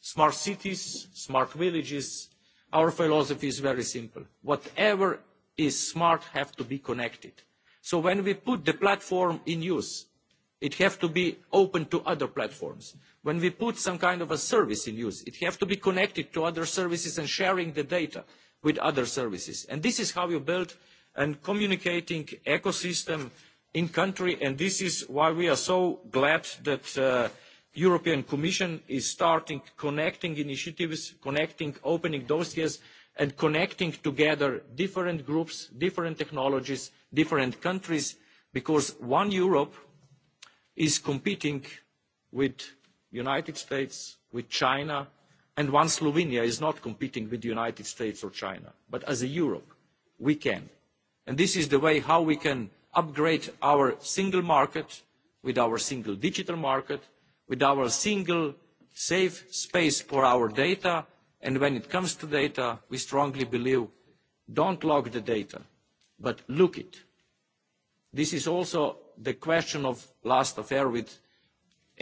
smart cities, smart villages. Our philosophy is very simple. Whatever is smart has to be connected. So when we put the platform in use, it has to be open to other platforms. When we put some kind of a service in use, it has to be connected to other services and sharing the data with other services. And this is how you build a communicating ecosystem in country, and this is why we are so glad that uh, the european commission is starting connecting initiatives connecting opening dossiers and connecting together different groups different technologies different countries because one europe is competing with the united states with china and one slovenia is not competing with the united states or china but as a europe we can and this is the way how we can upgrade our single market with our single digital market with our single safe space for our data and when it comes to data we strongly believe don't log the data but look it this is also the question of last affair with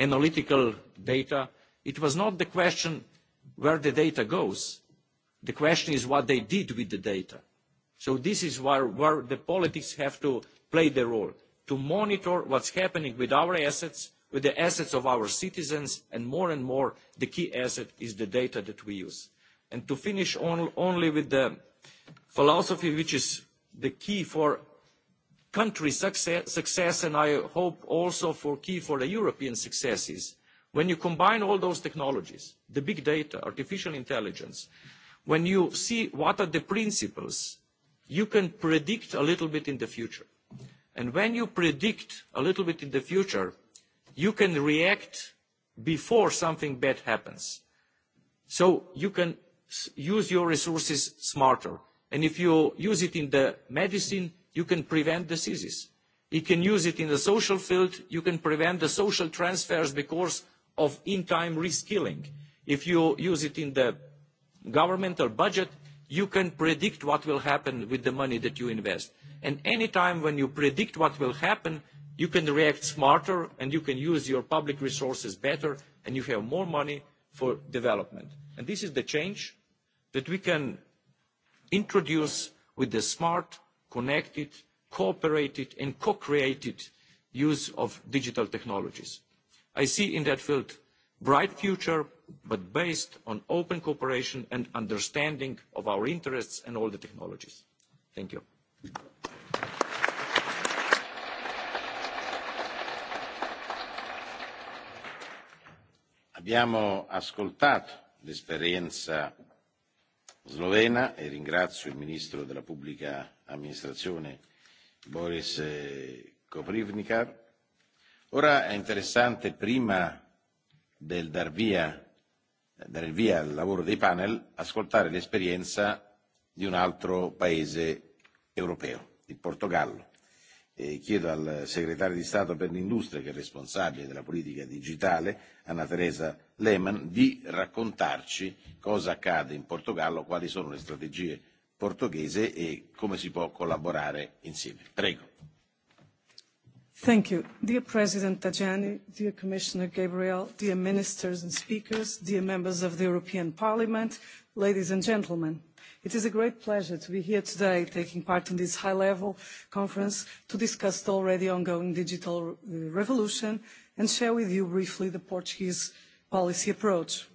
analytical data it was not the question where the data goes the question is what they did with the data so this is where, where the politics have to play the role to monitor what's happening with our assets with the assets of our citizens, and more and more, the key asset is the data that we use. And to finish on, only with the philosophy, which is the key for country success, success, and I hope also for key for the European successes, when you combine all those technologies, the big data, artificial intelligence, when you see what are the principles, you can predict a little bit in the future. And when you predict a little bit in the future, you can react before something bad happens. So you can use your resources smarter. And if you use it in the medicine, you can prevent diseases. You can use it in the social field, you can prevent the social transfers because of in-time reskilling. If you use it in the governmental budget, you can predict what will happen with the money that you invest. And any time when you predict what will happen, You can react smarter, and you can use your public resources better, and you have more money for development. This is the change that we can introduce with the smart, connected, cooperated, and co-created use of digital technologies. I see in that field bright future, but based on open cooperation and understanding of our interests and all the technologies. Thank you. abbiamo ascoltato l'esperienza slovena e ringrazio il ministro della pubblica amministrazione boris eh, koprivnikar. ora è interessante prima del dar via, dare il via al lavoro dei panel ascoltare l'esperienza di un altro paese europeo il portogallo eh, chiedo al segretario di Stato per l'industria, che è responsabile della politica digitale, Anna Teresa Lehmann, di raccontarci cosa accade in Portogallo, quali sono le strategie portoghese e come si può collaborare insieme. Prego. Thank you. Dear President Tajani, dear Commissioner Gabriel, dear ministers and speakers, dear members of the European Parliament, ladies and gentlemen. It is a great pleasure to be here today taking part in this high-level conference to discuss the already ongoing digital uh, revolution and share with you briefly the Portuguese policy approach.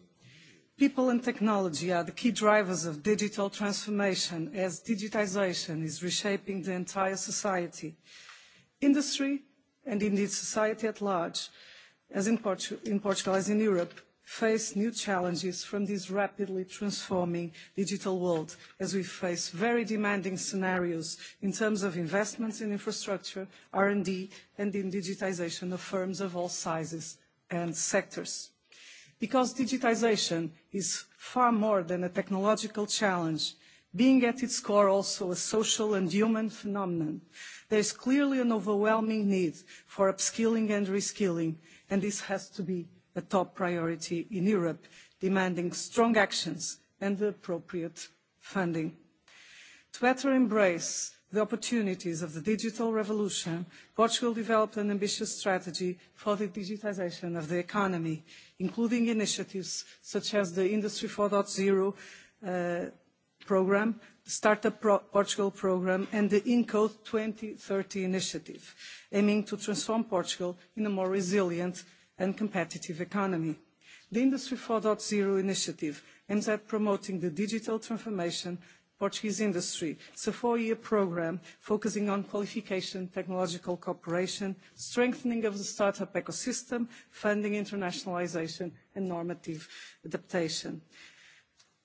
People and technology are the key drivers of digital transformation as digitization is reshaping the entire society, industry, and indeed society at large, as in Portugal, as in Europe face new challenges from this rapidly transforming digital world as we face very demanding scenarios in terms of investments in infrastructure, R&D, and in digitization of firms of all sizes and sectors. Because digitization is far more than a technological challenge, being at its core also a social and human phenomenon, there is clearly an overwhelming need for upskilling and reskilling, and this has to be a top priority in europe demanding strong actions and the appropriate funding. to better embrace the opportunities of the digital revolution portugal developed an ambitious strategy for the digitisation of the economy including initiatives such as the industry four zero uh, programme the start up portugal programme and the inco two thousand and thirty initiative aiming to transform portugal into a more resilient and competitive economy. The Industry 4.0 initiative aims at promoting the digital transformation Portuguese industry. It's a four-year program focusing on qualification, technological cooperation, strengthening of the startup ecosystem, funding internationalization, and normative adaptation,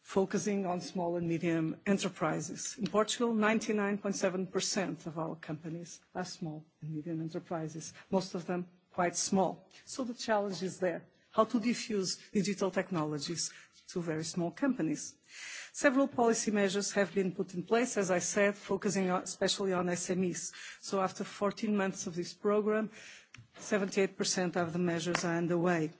focusing on small and medium enterprises. In Portugal, 99.7% of our companies are small and medium enterprises, most of them quite small. So the challenge is there, how to diffuse digital technologies to very small companies. Several policy measures have been put in place, as I said, focusing especially on SMEs. So after 14 months of this program, 78% of the measures are underway.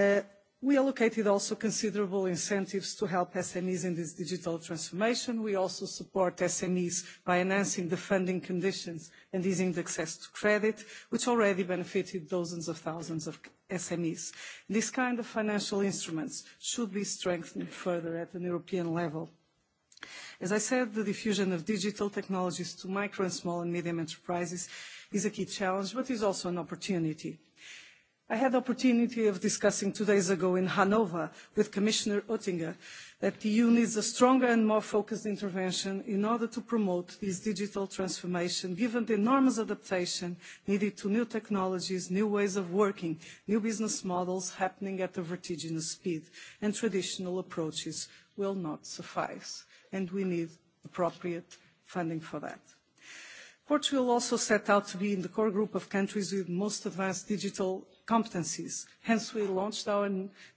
Uh, We allocated also considerable incentives to help SMEs in this digital transformation. We also support SMEs by enhancing the funding conditions and easing access to credit, which already benefited dozens of thousands of SMEs. This kind of financial instruments should be strengthened further at an European level. As I said, the diffusion of digital technologies to micro and small and medium enterprises is a key challenge, but is also an opportunity. I had the opportunity of discussing two days ago in Hanover with Commissioner Oettinger that the EU needs a stronger and more focused intervention in order to promote this digital transformation, given the enormous adaptation needed to new technologies, new ways of working, new business models happening at a vertiginous speed, and traditional approaches will not suffice, and we need appropriate funding for that. Portugal also set out to be in the core group of countries with most advanced digital competencies. Hence, we launched our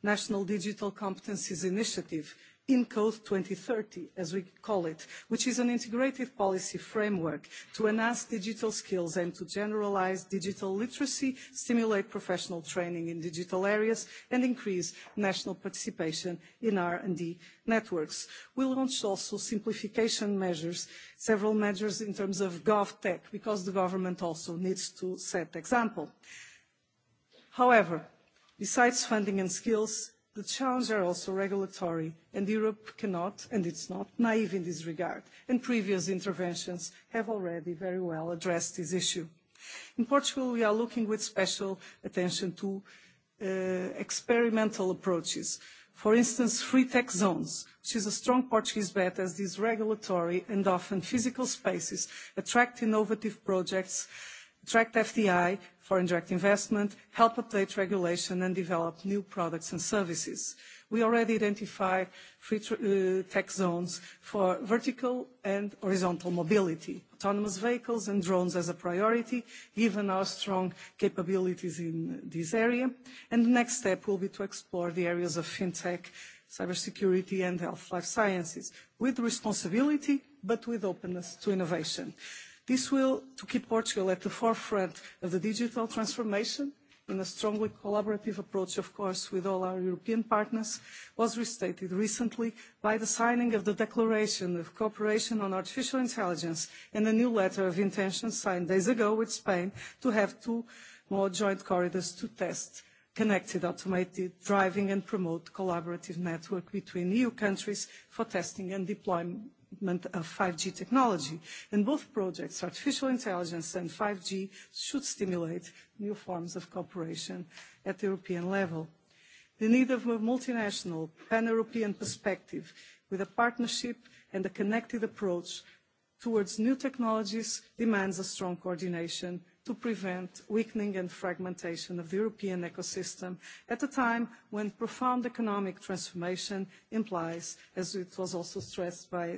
National Digital Competencies Initiative, INCODE 2030, as we call it, which is an integrated policy framework to enhance digital skills and to generalize digital literacy, stimulate professional training in digital areas, and increase national participation in R&D networks. We launched also simplification measures, several measures in terms of GovTech, because the government also needs to set example. However, besides funding and skills, the challenges are also regulatory, and Europe cannot, and it's not naive in this regard, and previous interventions have already very well addressed this issue. In Portugal, we are looking with special attention to uh, experimental approaches. For instance, free tech zones, which is a strong Portuguese bet as these regulatory and often physical spaces attract innovative projects, attract FDI, foreign direct investment, help update regulation, and develop new products and services. We already identify free uh, tech zones for vertical and horizontal mobility, autonomous vehicles and drones as a priority, given our strong capabilities in this area. The next step will be to explore the areas of fintech, cybersecurity, and health life sciences, with responsibility, but with openness to innovation. This will to keep Portugal at the forefront of the digital transformation in a strongly collaborative approach, of course, with all our European partners, was restated recently by the signing of the Declaration of Cooperation on Artificial Intelligence and a new letter of intention signed days ago with Spain to have two more joint corridors to test connected automated driving and promote collaborative network between EU countries for testing and deployment development of 5G technology. In both projects, artificial intelligence and 5G should stimulate new forms of cooperation at the European level. The need of a multinational pan-European perspective with a partnership and a connected approach towards new technologies demands a strong coordination to prevent weakening and fragmentation of the European ecosystem at a time when profound economic transformation implies, as it was also stressed by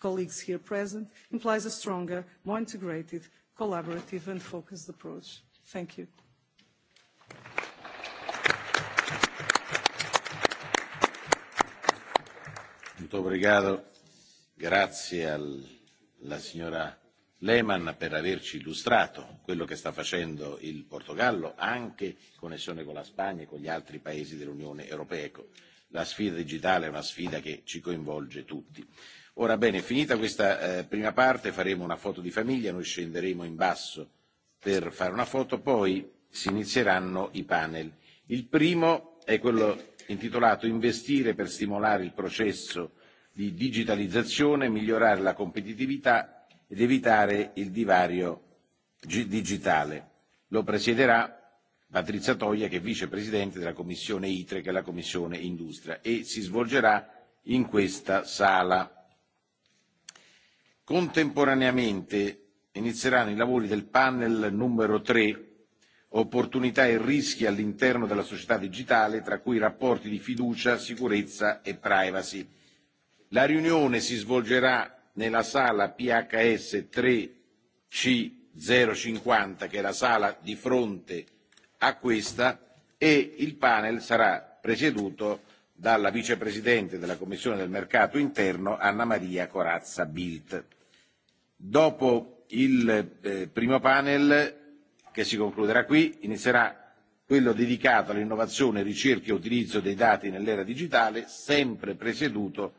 colleagues here present, implies a stronger, more integrated, collaborative and focused approach. Thank you. Muito obrigado. Grazie alla signora lehman per averci illustrato quello che sta facendo il portogallo anche in connessione con la spagna e con gli altri paesi dell'unione europea. la sfida digitale è una sfida che ci coinvolge tutti. orbene finita questa eh, prima parte faremo una foto di famiglia noi scenderemo in basso per fare una foto poi si inizieranno i panel. il primo è quello intitolato investire per stimolare il processo di digitalizzazione e migliorare la competitività ed evitare il divario digitale. Lo presiederà Patrizia Toia, che è vicepresidente della Commissione ITRE, che è la Commissione Industria, e si svolgerà in questa sala. Contemporaneamente inizieranno i lavori del panel numero 3, opportunità e rischi all'interno della società digitale, tra cui rapporti di fiducia, sicurezza e privacy. La riunione si svolgerà nella sala PHS 3C050, che è la sala di fronte a questa, e il panel sarà presieduto dalla vicepresidente della Commissione del Mercato Interno, Anna Maria Corazza Bilt. Dopo il eh, primo panel, che si concluderà qui, inizierà quello dedicato all'innovazione, ricerca e utilizzo dei dati nell'era digitale, sempre presieduto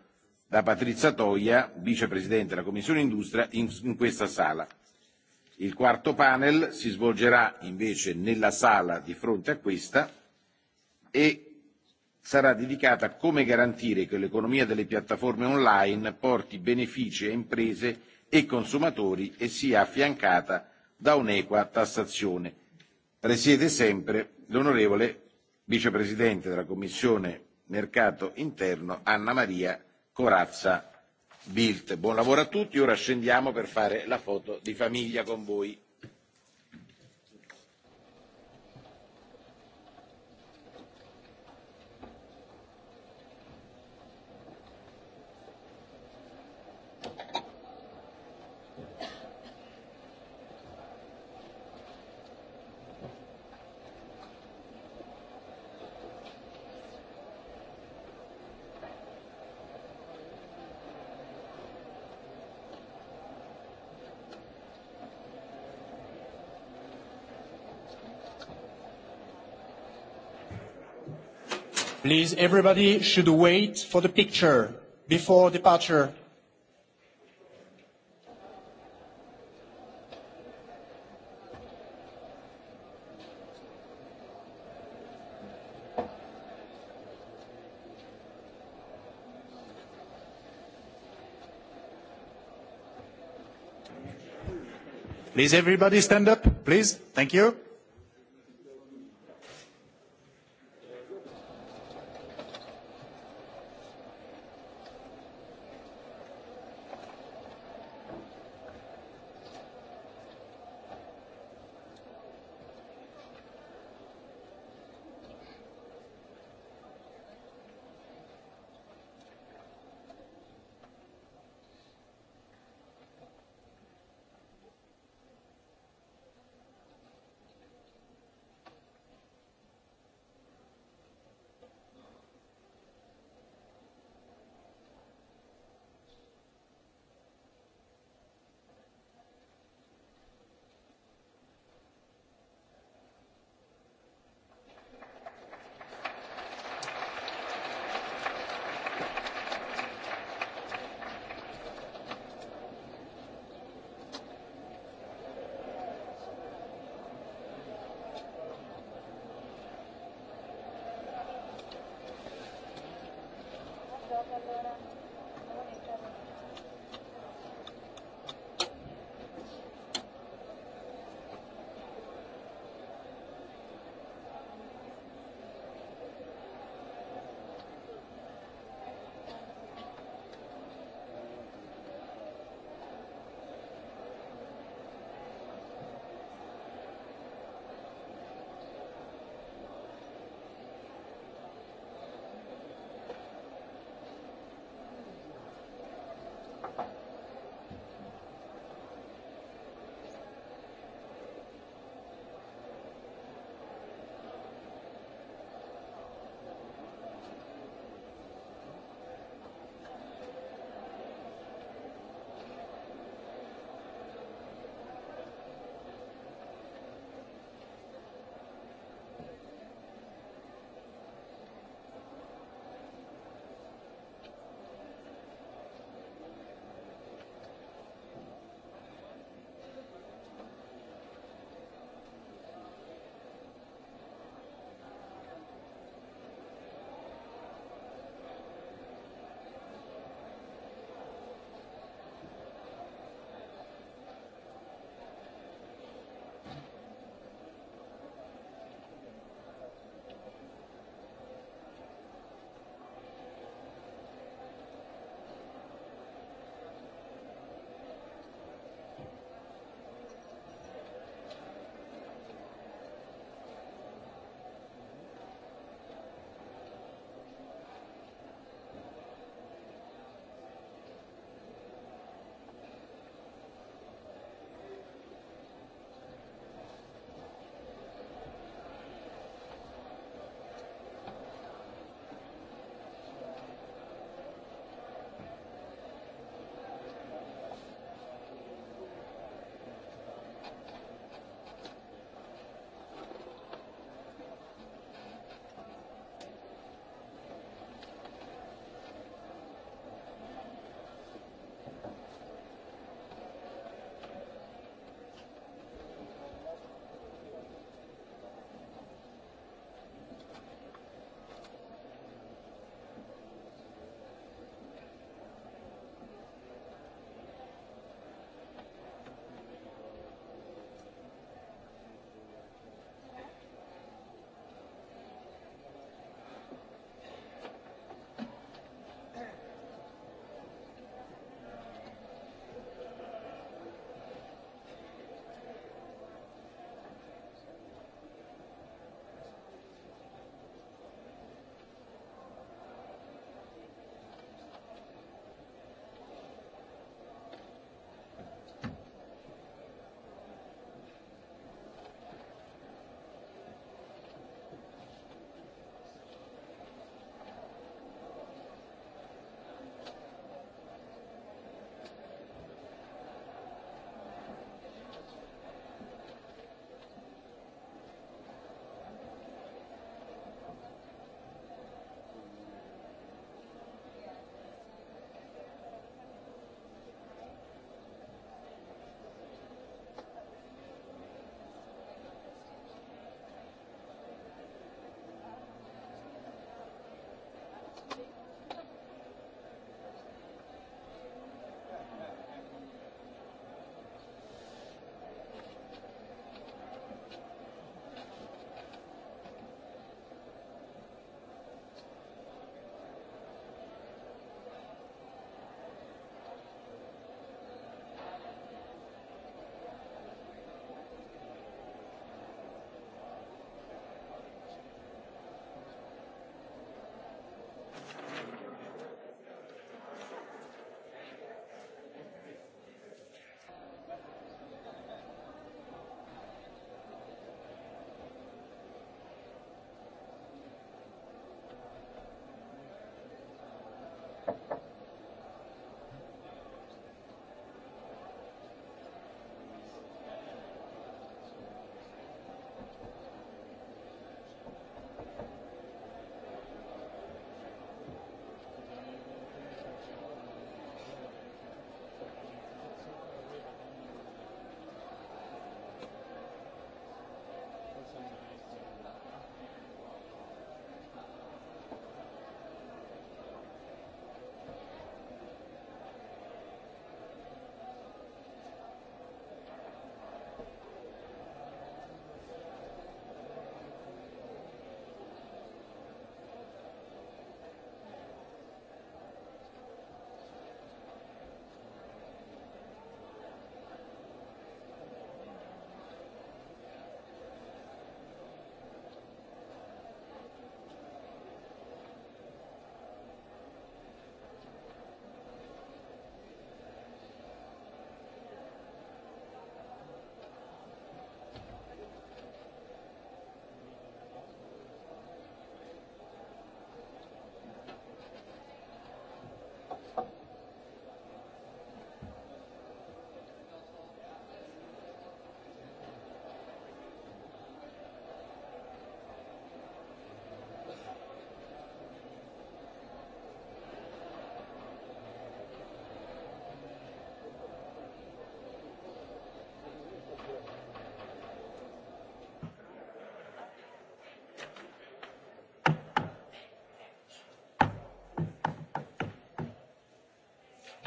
da Patrizia Toia, vicepresidente della Commissione Industria, in, in questa sala. Il quarto panel si svolgerà invece nella sala di fronte a questa e sarà dedicata a come garantire che l'economia delle piattaforme online porti benefici a imprese e consumatori e sia affiancata da un'equa tassazione. Presiede sempre l'onorevole vicepresidente della Commissione Mercato Interno Anna Maria corazza Bildt. Buon lavoro a tutti, ora scendiamo per fare la foto di famiglia con voi. Please, everybody should wait for the picture before departure. Please, everybody stand up, please. Thank you.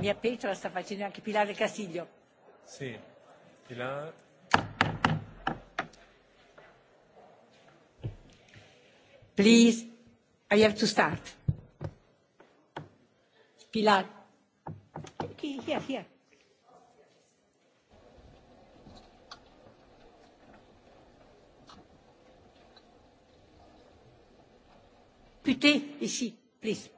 Maria Petra sta facendo anche Pilare Castiglio. Sì, Pilare. Please, I have to start. Pilar. Here, here. Putain, ici, e please.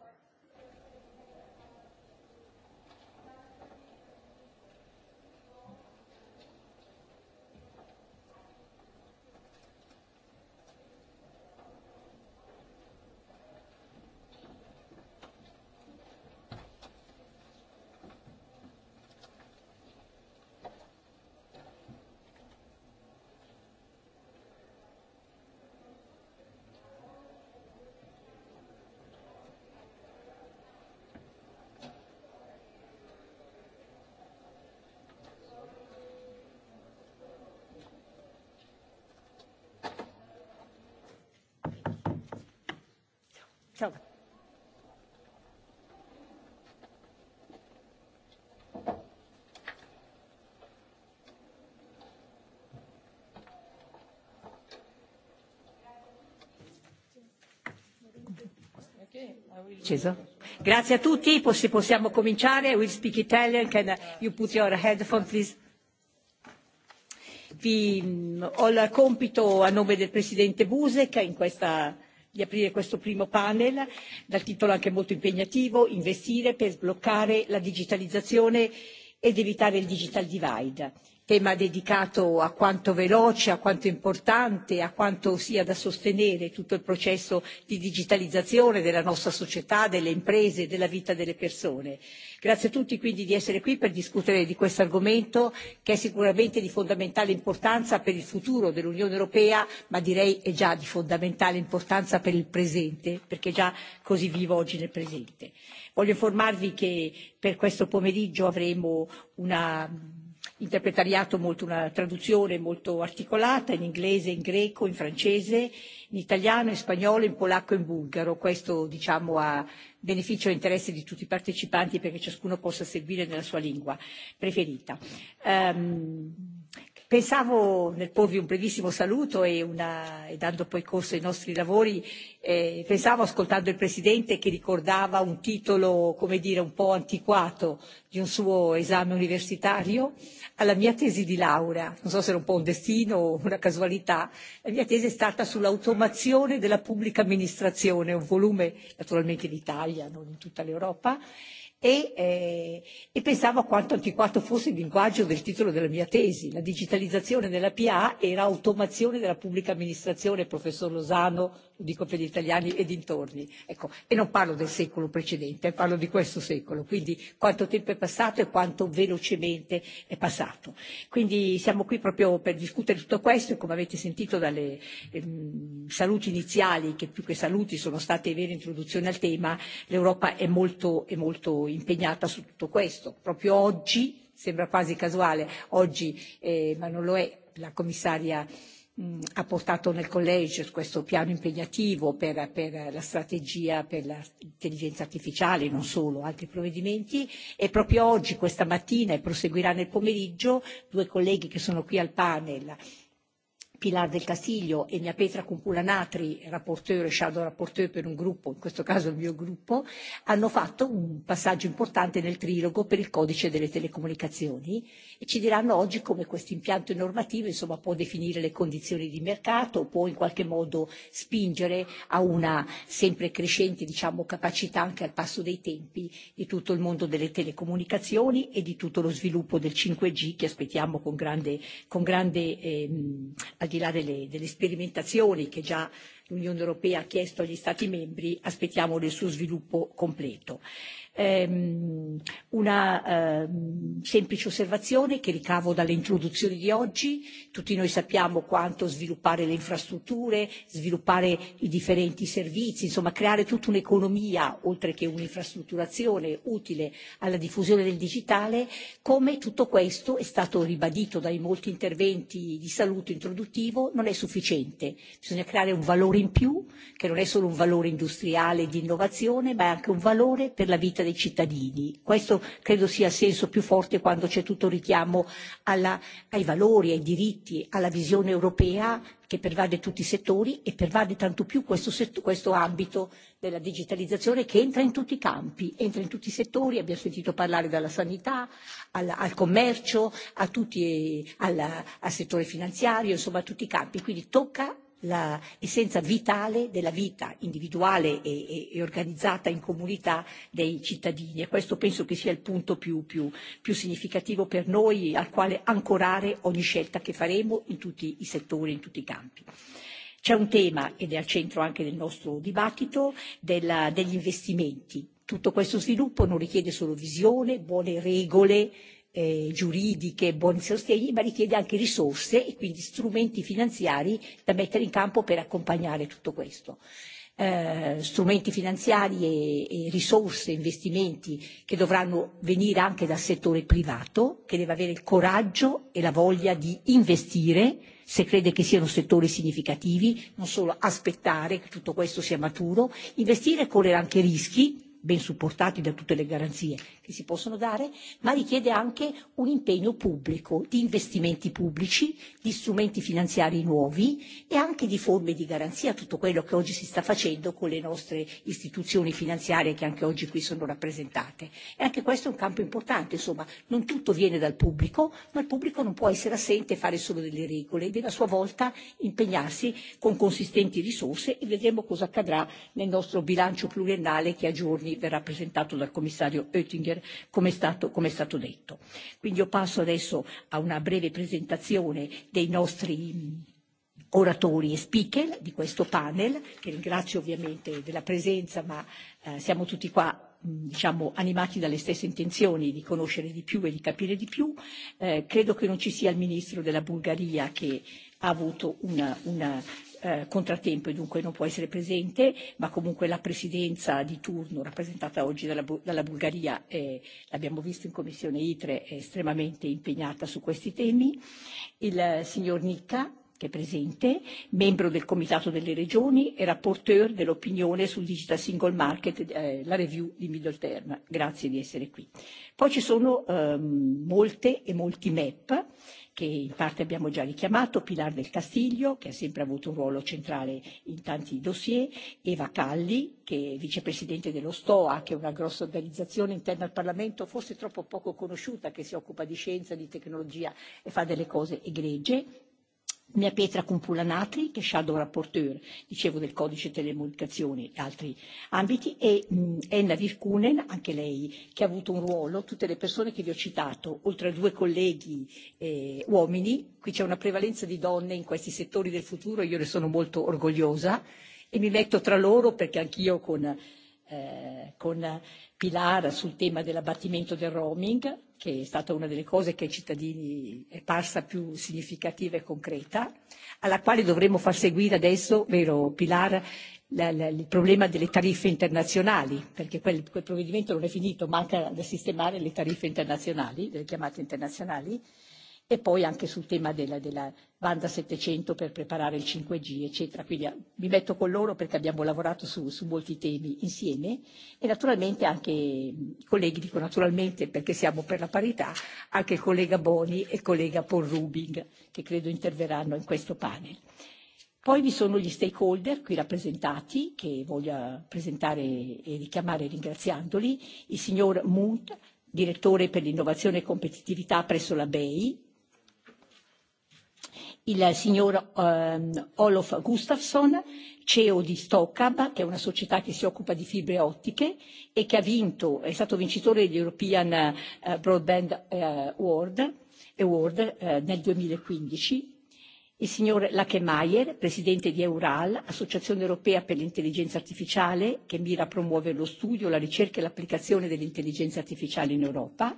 Grazie a tutti, se possiamo cominciare, we speak Italian, can you put your headphone please? Vi, mm, ho il compito a nome del Presidente Busek in questa, di aprire questo primo panel, dal titolo anche molto impegnativo, investire per sbloccare la digitalizzazione ed evitare il digital divide tema dedicato a quanto veloce a quanto importante a quanto sia da sostenere tutto il processo di digitalizzazione della nostra società delle imprese della vita delle persone. grazie a tutti quindi di essere qui per discutere di questo argomento che è sicuramente di fondamentale importanza per il futuro dell'unione europea ma direi è già di fondamentale importanza per il presente perché già così vivo oggi nel presente. voglio informarvi che per questo pomeriggio avremo una interpretariato molto una traduzione molto articolata in inglese, in greco, in francese, in italiano, in spagnolo, in polacco e in bulgaro. Questo diciamo a beneficio e interesse di tutti i partecipanti perché ciascuno possa seguire nella sua lingua preferita. Um, Pensavo nel porvi un brevissimo saluto e, una, e dando poi corso ai nostri lavori, eh, pensavo ascoltando il Presidente che ricordava un titolo, come dire, un po' antiquato di un suo esame universitario, alla mia tesi di laurea. Non so se era un po' un destino o una casualità. La mia tesi è stata sull'automazione della pubblica amministrazione, un volume naturalmente in Italia, non in tutta l'Europa e, eh, e pensavo a quanto antiquato fosse il linguaggio del titolo della mia tesi. La digitalizzazione della PA era automazione della pubblica amministrazione, professor Lozano dico per gli italiani e dintorni. Ecco, e non parlo del secolo precedente, parlo di questo secolo, quindi quanto tempo è passato e quanto velocemente è passato. Quindi siamo qui proprio per discutere tutto questo e come avete sentito dalle ehm, saluti iniziali, che più che saluti sono state vere introduzioni al tema, l'Europa è molto, è molto impegnata su tutto questo. Proprio oggi, sembra quasi casuale, oggi, eh, ma non lo è, la commissaria ha portato nel college questo piano impegnativo per, per la strategia per l'intelligenza artificiale, non solo, altri provvedimenti. E proprio oggi, questa mattina, e proseguirà nel pomeriggio, due colleghi che sono qui al panel, Pilar del Castiglio e mia Petra Compulanatri, rapporteur e shadow rapporteur per un gruppo, in questo caso il mio gruppo, hanno fatto un passaggio importante nel trilogo per il codice delle telecomunicazioni e ci diranno oggi come questo impianto normativo insomma, può definire le condizioni di mercato, può in qualche modo spingere a una sempre crescente diciamo, capacità anche al passo dei tempi di tutto il mondo delle telecomunicazioni e di tutto lo sviluppo del 5G che aspettiamo con grande, con grande ehm, al di là delle, delle sperimentazioni che già l'Unione Europea ha chiesto agli Stati membri, aspettiamo il suo sviluppo completo. Ehm, una eh, semplice osservazione che ricavo dalle introduzioni di oggi. Tutti noi sappiamo quanto sviluppare le infrastrutture, sviluppare i differenti servizi, insomma creare tutta un'economia, oltre che un'infrastrutturazione utile alla diffusione del digitale, come tutto questo è stato ribadito dai molti interventi di saluto introduttivo, non è sufficiente. Bisogna creare un valore in più, che non è solo un valore industriale di innovazione, ma è anche un valore per la vita dei dei cittadini. Questo credo sia il senso più forte quando c'è tutto il richiamo alla, ai valori, ai diritti, alla visione europea che pervade tutti i settori e pervade tanto più questo, questo ambito della digitalizzazione che entra in tutti i campi, entra in tutti i settori, abbiamo sentito parlare dalla sanità al, al commercio, a tutti, al, al settore finanziario, insomma a tutti i campi. Quindi tocca l'essenza vitale della vita individuale e, e, e organizzata in comunità dei cittadini e questo penso che sia il punto più, più, più significativo per noi al quale ancorare ogni scelta che faremo in tutti i settori, in tutti i campi. C'è un tema, ed è al centro anche del nostro dibattito, della, degli investimenti. Tutto questo sviluppo non richiede solo visione, buone regole, eh, giuridiche, buoni sostegni, ma richiede anche risorse e quindi strumenti finanziari da mettere in campo per accompagnare tutto questo. Eh, strumenti finanziari e, e risorse, investimenti che dovranno venire anche dal settore privato, che deve avere il coraggio e la voglia di investire se crede che siano settori significativi, non solo aspettare che tutto questo sia maturo, investire e correre anche rischi, ben supportati da tutte le garanzie che si possono dare, ma richiede anche un impegno pubblico di investimenti pubblici, di strumenti finanziari nuovi e anche di forme di garanzia, tutto quello che oggi si sta facendo con le nostre istituzioni finanziarie che anche oggi qui sono rappresentate. E anche questo è un campo importante, insomma, non tutto viene dal pubblico, ma il pubblico non può essere assente e fare solo delle regole, deve a sua volta impegnarsi con consistenti risorse e vedremo cosa accadrà nel nostro bilancio pluriennale che a giorni giorni verrà presentato dal commissario Oettinger, come è stato, come è stato detto. Quindi io passo adesso a una breve presentazione dei nostri mm, oratori e speaker di questo panel, che ringrazio ovviamente della presenza, ma eh, siamo tutti qua mm, diciamo animati dalle stesse intenzioni di conoscere di più e di capire di più. Eh, credo che non ci sia il ministro della Bulgaria che ha avuto una, una, eh, contrattempo e dunque non può essere presente, ma comunque la presidenza di turno rappresentata oggi dalla, dalla Bulgaria, eh, l'abbiamo visto in Commissione ITRE, è estremamente impegnata su questi temi. Il eh, signor Nicca, che è presente, membro del Comitato delle Regioni e rapporteur dell'opinione sul Digital Single Market, eh, la review di Middle Term. Grazie di essere qui. Poi ci sono ehm, molte e molti MEP che in parte abbiamo già richiamato, Pilar del Castiglio, che ha sempre avuto un ruolo centrale in tanti dossier, Eva Calli, che è vicepresidente dello STOA, che è una grossa organizzazione interna al Parlamento, forse troppo poco conosciuta, che si occupa di scienza, di tecnologia e fa delle cose egregie, Mia Petra Cumpulanatri, che è Shadow Rapporteur, dicevo, del codice delle comunicazioni e altri ambiti, e mh, Enna Virkunen, anche lei, che ha avuto un ruolo, tutte le persone che vi ho citato, oltre a due colleghi eh, uomini, qui c'è una prevalenza di donne in questi settori del futuro, io ne sono molto orgogliosa, e mi metto tra loro perché anch'io con, eh, con pilar sul tema dell'abbattimento del roaming, che è stata una delle cose che ai cittadini è parsa più significativa e concreta, alla quale dovremmo far seguire adesso, vero pilar, la, la, il problema delle tariffe internazionali, perché quel, quel provvedimento non è finito, manca da sistemare le tariffe internazionali, le chiamate internazionali, e poi anche sul tema della, della, banda 700 per preparare il 5G, eccetera. Quindi ah, mi metto con loro perché abbiamo lavorato su, su molti temi insieme e naturalmente anche i colleghi, dico naturalmente perché siamo per la parità, anche il collega Boni e il collega Paul Rubing che credo interverranno in questo panel. Poi vi sono gli stakeholder qui rappresentati che voglio ah, presentare e richiamare ringraziandoli, il signor Munt, direttore per l'innovazione e competitività presso la BEI, il signor um, Olof Gustafsson, CEO di Stockab, che è una società che si occupa di fibre ottiche e che ha vinto, è stato vincitore degli European eh, Broadband eh, Award, Award eh, nel 2015, il signor Lachemeyer, presidente di EURAL, Associazione Europea per l'Intelligenza Artificiale, che mira a promuovere lo studio, la ricerca e l'applicazione dell'intelligenza artificiale in Europa,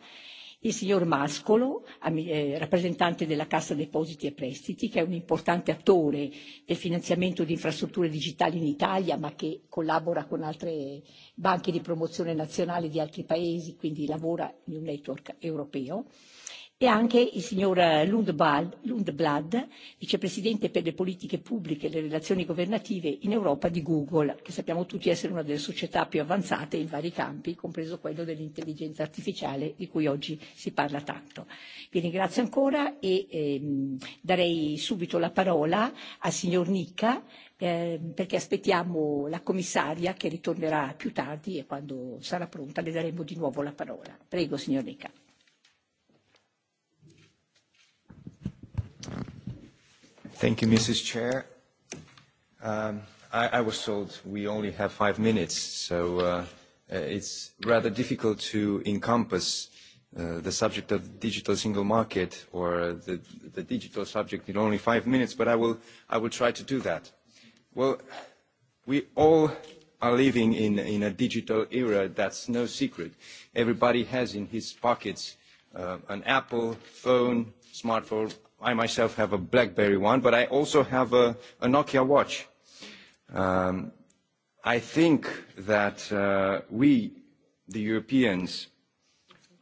il signor Mascolo, eh, rappresentante della Cassa Depositi e Prestiti, che è un importante attore del finanziamento di infrastrutture digitali in Italia, ma che collabora con altre banche di promozione nazionale di altri paesi, quindi lavora in un network europeo e anche il signor eh, lundblad vicepresidente per le politiche pubbliche e le relazioni governative in europa di google che sappiamo tutti essere una delle società più avanzate in vari campi compreso quello dell'intelligenza artificiale di cui oggi si parla tanto. vi ringrazio ancora e ehm, darei subito la parola al signor nicca eh, perché aspettiamo la commissaria che ritornerà più tardi e quando sarà pronta le daremo di nuovo la parola. prego signor nicca. Thank you, Mrs. Chair. Um, I, I was told we only have five minutes, so uh, uh it's rather difficult to encompass uh, the subject of the digital single market or the, the digital subject in only five minutes, but I will, I will try to do that. Well, we all are living in, in a digital era. That's no secret. Everybody has in his pockets uh, an Apple phone, smartphone, I myself have a BlackBerry one, but I also have a, a Nokia watch. Um, I think that uh, we, the Europeans,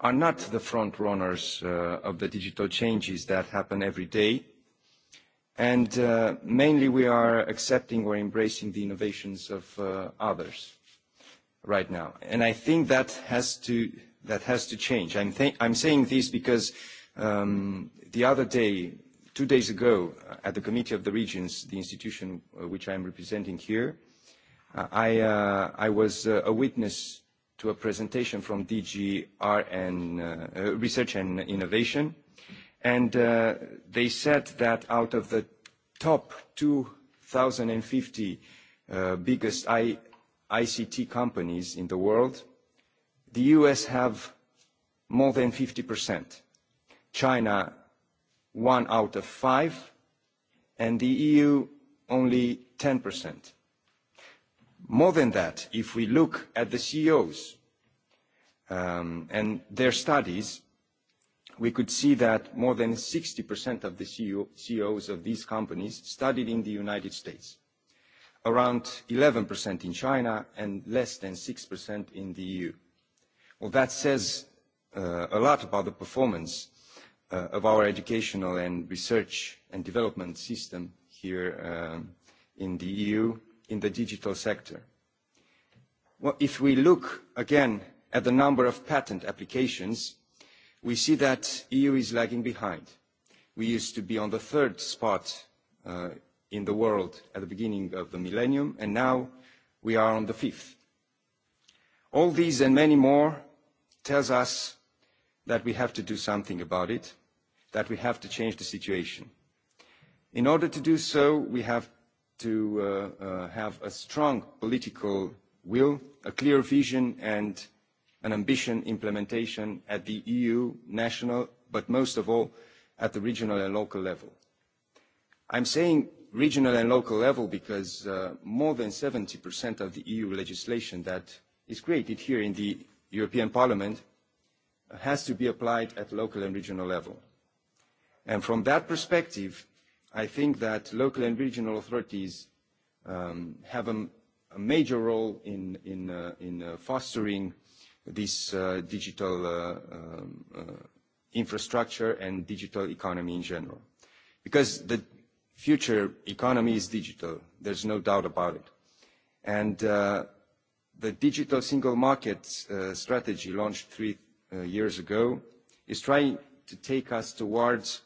are not the front runners uh, of the digital changes that happen every day. And uh, mainly we are accepting or embracing the innovations of uh, others right now. And I think that has to, that has to change. I'm, th- I'm saying this because uh, Um, the other day, two days ago, uh, at the Committee of the Regions, the institution uh, which I am representing here, uh, I, uh, I was uh, a witness to a presentation from DG RN, uh, uh, Research and Innovation, and uh, they said that out of the top 2,050 uh, biggest I ICT companies in the world, the US have more than 50 percent china one out of five and the eu only 10%. more than that, if we look at the ceos um, and their studies, we could see that more than 60% of the CEO, ceos of these companies studied in the united states, around 11% in china and less than 6% in the eu. well, that says uh, a lot about the performance Uh, of our educational and research and development system here um, in the EU in the digital sector. Well, if we look again at the number of patent applications, we see that EU is lagging behind. We used to be on the third spot uh, in the world at the beginning of the millennium, and now we are on the fifth. All these and many more tells us that we have to do something about it, that we have to change the situation. In order to do so, we have to uh, uh, have a strong political will, a clear vision and an ambition implementation at the EU, national, but most of all at the regional and local level. I'm saying regional and local level because uh, more than 70% of the EU legislation that is created here in the European Parliament has to be applied at local and regional level. And from that perspective, I think that local and regional authorities um, have a, a major role in, in, uh, in uh, fostering this uh, digital uh, um, uh, infrastructure and digital economy in general. Because the future economy is digital, there's no doubt about it. And uh, the digital single market uh, strategy launched three Uh, years ago is trying to take us towards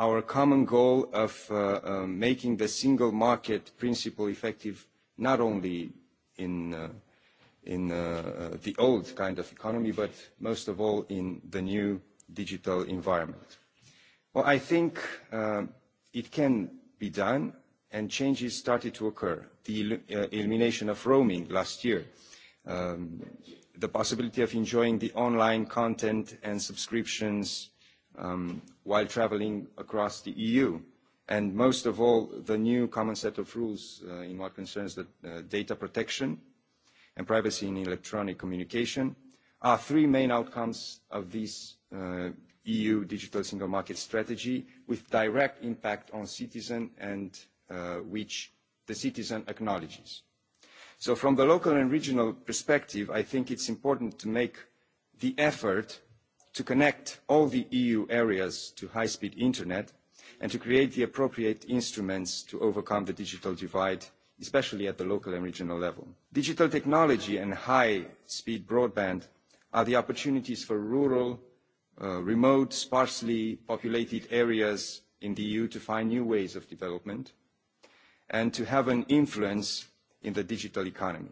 our common goal of uh, um, making the single market principle effective not only in, uh, in uh, uh, the old kind of economy, but most of all in the new digital environment. Well, I think uh, it can be done, and changes started to occur. The el- uh, elimination of roaming last year um, the possibility of enjoying the online content and subscriptions um, while traveling across the EU. And most of all, the new common set of rules uh, in what concerns the uh, data protection and privacy in electronic communication are three main outcomes of this uh, EU digital single market strategy with direct impact on citizen and uh, which the citizen acknowledges. So from the local and regional perspective, I think it's important to make the effort to connect all the EU areas to high-speed internet and to create the appropriate instruments to overcome the digital divide, especially at the local and regional level. Digital technology and high-speed broadband are the opportunities for rural, uh, remote, sparsely populated areas in the EU to find new ways of development and to have an influence in the digital economy.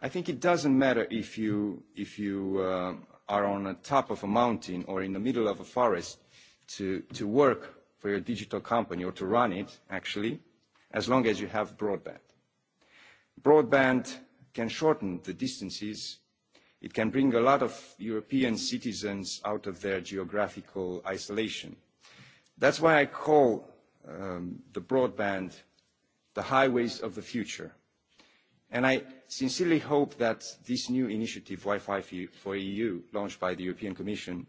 I think it doesn't matter if you, if you uh, are on the top of a mountain or in the middle of a forest to, to work for your digital company or to run it, actually, as long as you have broadband. Broadband can shorten the distances. It can bring a lot of European citizens out of their geographical isolation. That's why I call um, the broadband the highways of the future. I sincerely hope that this new initiative, Wi-Fi for EU, e launched by the European Commission,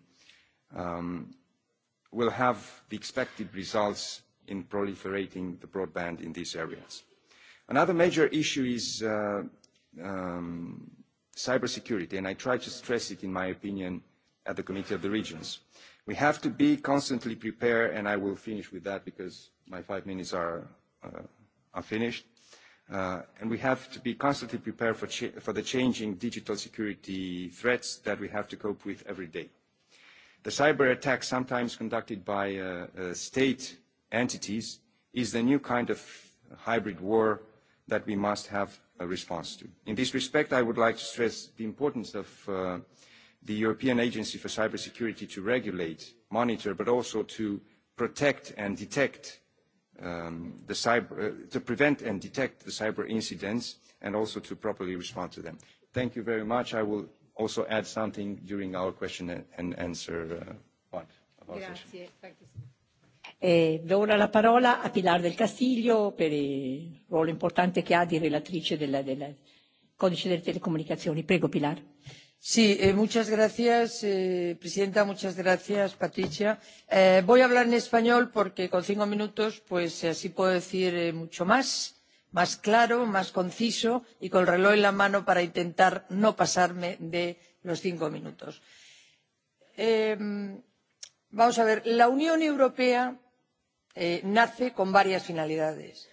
um, will have the expected results in proliferating the broadband in these areas. Another major issue is uh, um, cybersecurity, and I tried to stress it, in my opinion, at the Committee of the Regions. We have to be constantly prepared, and I will finish with that because my five minutes are uh, finished. Uh, we have to be constantly prepared for the changing digital security threats that we have to cope with every day. The cyberattack, sometimes conducted by uh, uh, state entities, is the new kind of hybrid war that we must have a response to. In this respect, I would like to stress the importance of the European Agency for Cybersecurity to regulate, monitor, but also to protect and detect um, the cyber, uh, to prevent and detect the cyber incidents and also to properly respond to them. Thank you very much. I will also add something during our question and answer uh, part of our Grazie. session. Eh, do ora la parola a Pilar del Castillo per il ruolo importante che ha di relatrice del codice delle telecomunicazioni. Prego, Pilar. Eh, señora eh, eh, presidenta señora patricia eh, voy a hablar en español porque con cinco minutos así puedo decir mucho más más claro más conciso y con el reloj en la mano para intentar no pasarme de los cinco minutos. vamos a ver la unión europea nace con varias finalidades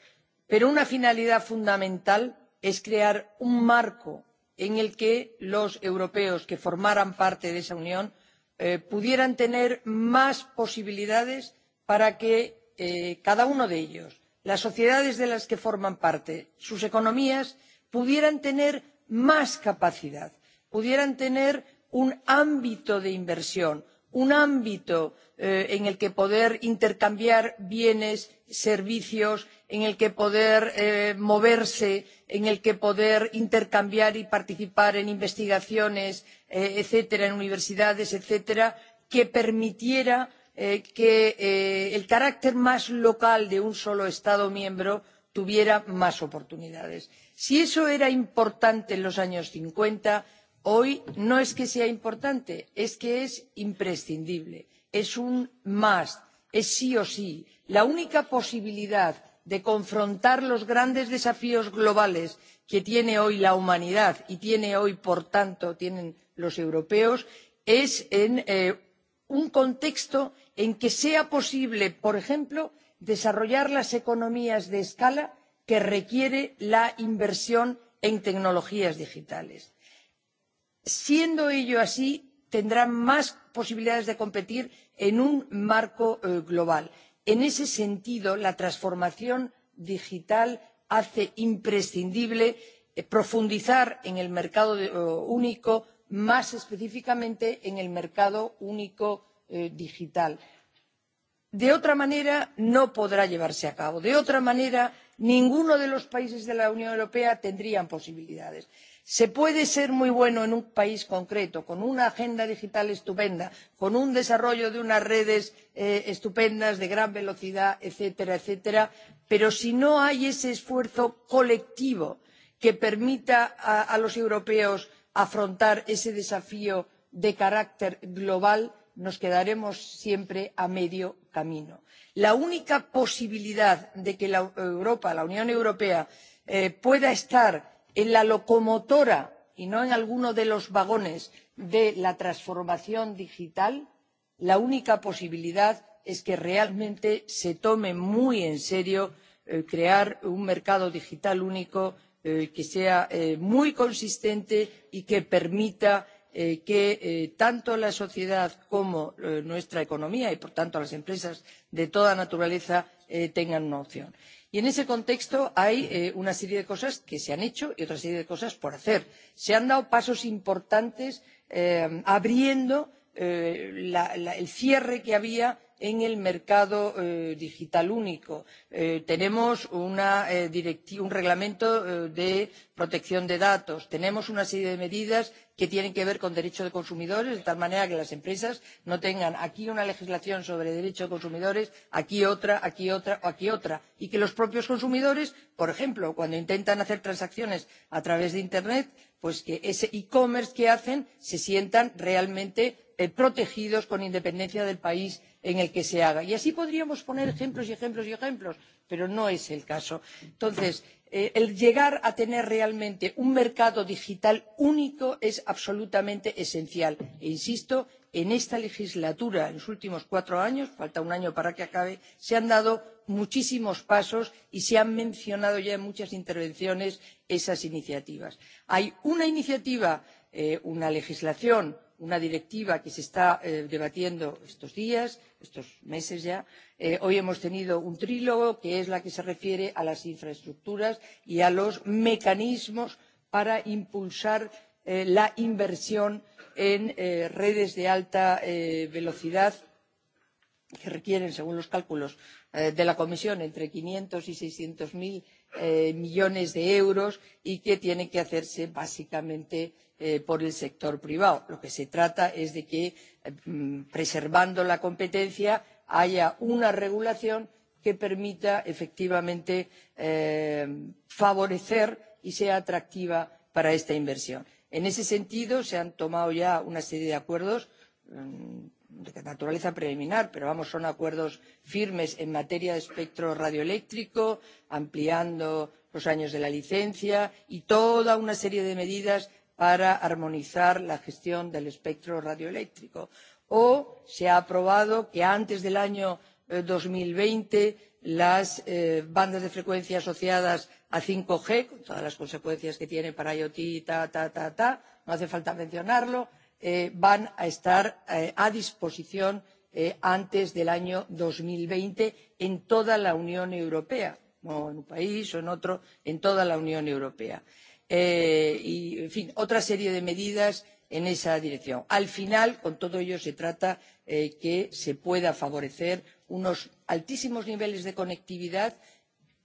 pero una finalidad fundamental es crear un marco en el que los europeos que formaran parte de esa unión eh, pudieran tener más posibilidades para que eh, cada uno de ellos las sociedades de las que forman parte sus economías pudieran tener más capacidad pudieran tener un ámbito de inversión un ámbito eh, en el que poder intercambiar bienes servicios en el que poder eh, moverse en el que poder intercambiar y participar en investigaciones eh, etcétera en universidades etcétera que permitiera eh, que el carácter más local de un solo estado miembro tuviera más oportunidades. si eso era importante en los años cincuenta hoy no es que sea importante es que es imprescindible es un must es sí o sí la única posibilidad de confrontar los grandes desafíos globales que tiene hoy la humanidad y tiene hoy por tanto tienen los europeos es en eh, un contexto en que sea posible por ejemplo desarrollar las economías de escala que requiere la inversión en tecnologías digitales. siendo ello así tendrán más posibilidades de competir en un marco eh, global en ese sentido la transformación digital hace imprescindible eh, profundizar en el mercado único más específicamente en el mercado único eh, digital. de otra manera no podrá llevarse a cabo de otra manera ninguno de los países de la unión europea tendría posibilidades se puede ser muy bueno en un país concreto con una agenda digital estupenda con un desarrollo de unas redes eh, estupendas de gran velocidad etcétera etcétera pero si no hay ese esfuerzo colectivo que permita a los europeos afrontar ese desafío de carácter global nos quedaremos siempre a medio camino. la única posibilidad de que europa la unión europea eh, pueda estar en la locomotora y no en alguno de los vagones de la transformación digital la única posibilidad es que realmente se tome muy en serio eh, crear un mercado digital único eh, que sea eh, muy consistente y que permita que tanto la sociedad como nuestra economía y por tanto las empresas de toda naturaleza tengan una opción y en ese contexto hay eh, una serie de cosas que se han hecho y otra serie de cosas por hacer. se han dado pasos importantes eh, abriendo eh, el cierre que había en el mercado eh, digital único. Eh, tenemos eh, un reglamento de protección de datos tenemos una serie de medidas que tienen que ver con derechos de consumidores de tal manera que las empresas no tengan aquí una legislación sobre derechos de consumidores aquí otra aquí otra o aquí otra y que los propios consumidores por ejemplo cuando intentan hacer transacciones a través de internet pues que ese e commerce que hacen se sientan realmente protegidos con independencia del país en el que se haga y así podríamos poner ejemplos y ejemplos y ejemplos pero no es el caso. entonces eh, el llegar a tener realmente un mercado digital único es absolutamente esencial e insisto en esta legislatura en los últimos cuatro años falta un año para que acabe se han dado muchísimos pasos y se han mencionado ya en muchas intervenciones esas iniciativas. hay una iniciativa eh, una legislación una directiva que se está eh, debatiendo estos días estos meses ya eh, hoy hemos tenido un trílogo que es el que se refiere a las infraestructuras y a los mecanismos para impulsar eh, la inversión en eh, redes de alta velocidad que requieren según los cálculos de la comisión entre quinientos y seiscientos cero Eh, millones de euros y que tiene que hacerse básicamente eh, por el sector privado. Lo que se trata es de que, eh, preservando la competencia, haya una regulación que permita efectivamente eh, favorecer y sea atractiva para esta inversión. En ese sentido, se han tomado ya una serie de acuerdos. Eh, de naturaleza preliminar pero vamos son acuerdos firmes en materia de espectro radioeléctrico ampliando los años de la licencia y toda una serie de medidas para armonizar la gestión del espectro radioeléctrico o se ha aprobado que antes del año eh, dos mil veinte las eh, bandas de frecuencia asociadas a cinco g con todas las consecuencias que tiene para iot no hace falta mencionarlo Eh, van a estar eh, a disposición eh, antes del año dos mil veinte en toda la unión europea no en un país o en otro en toda la unión europea y en fin otra serie de medidas en esa dirección. al final con todo ello se trata de que se puedan favorecer unos altísimos niveles de conectividad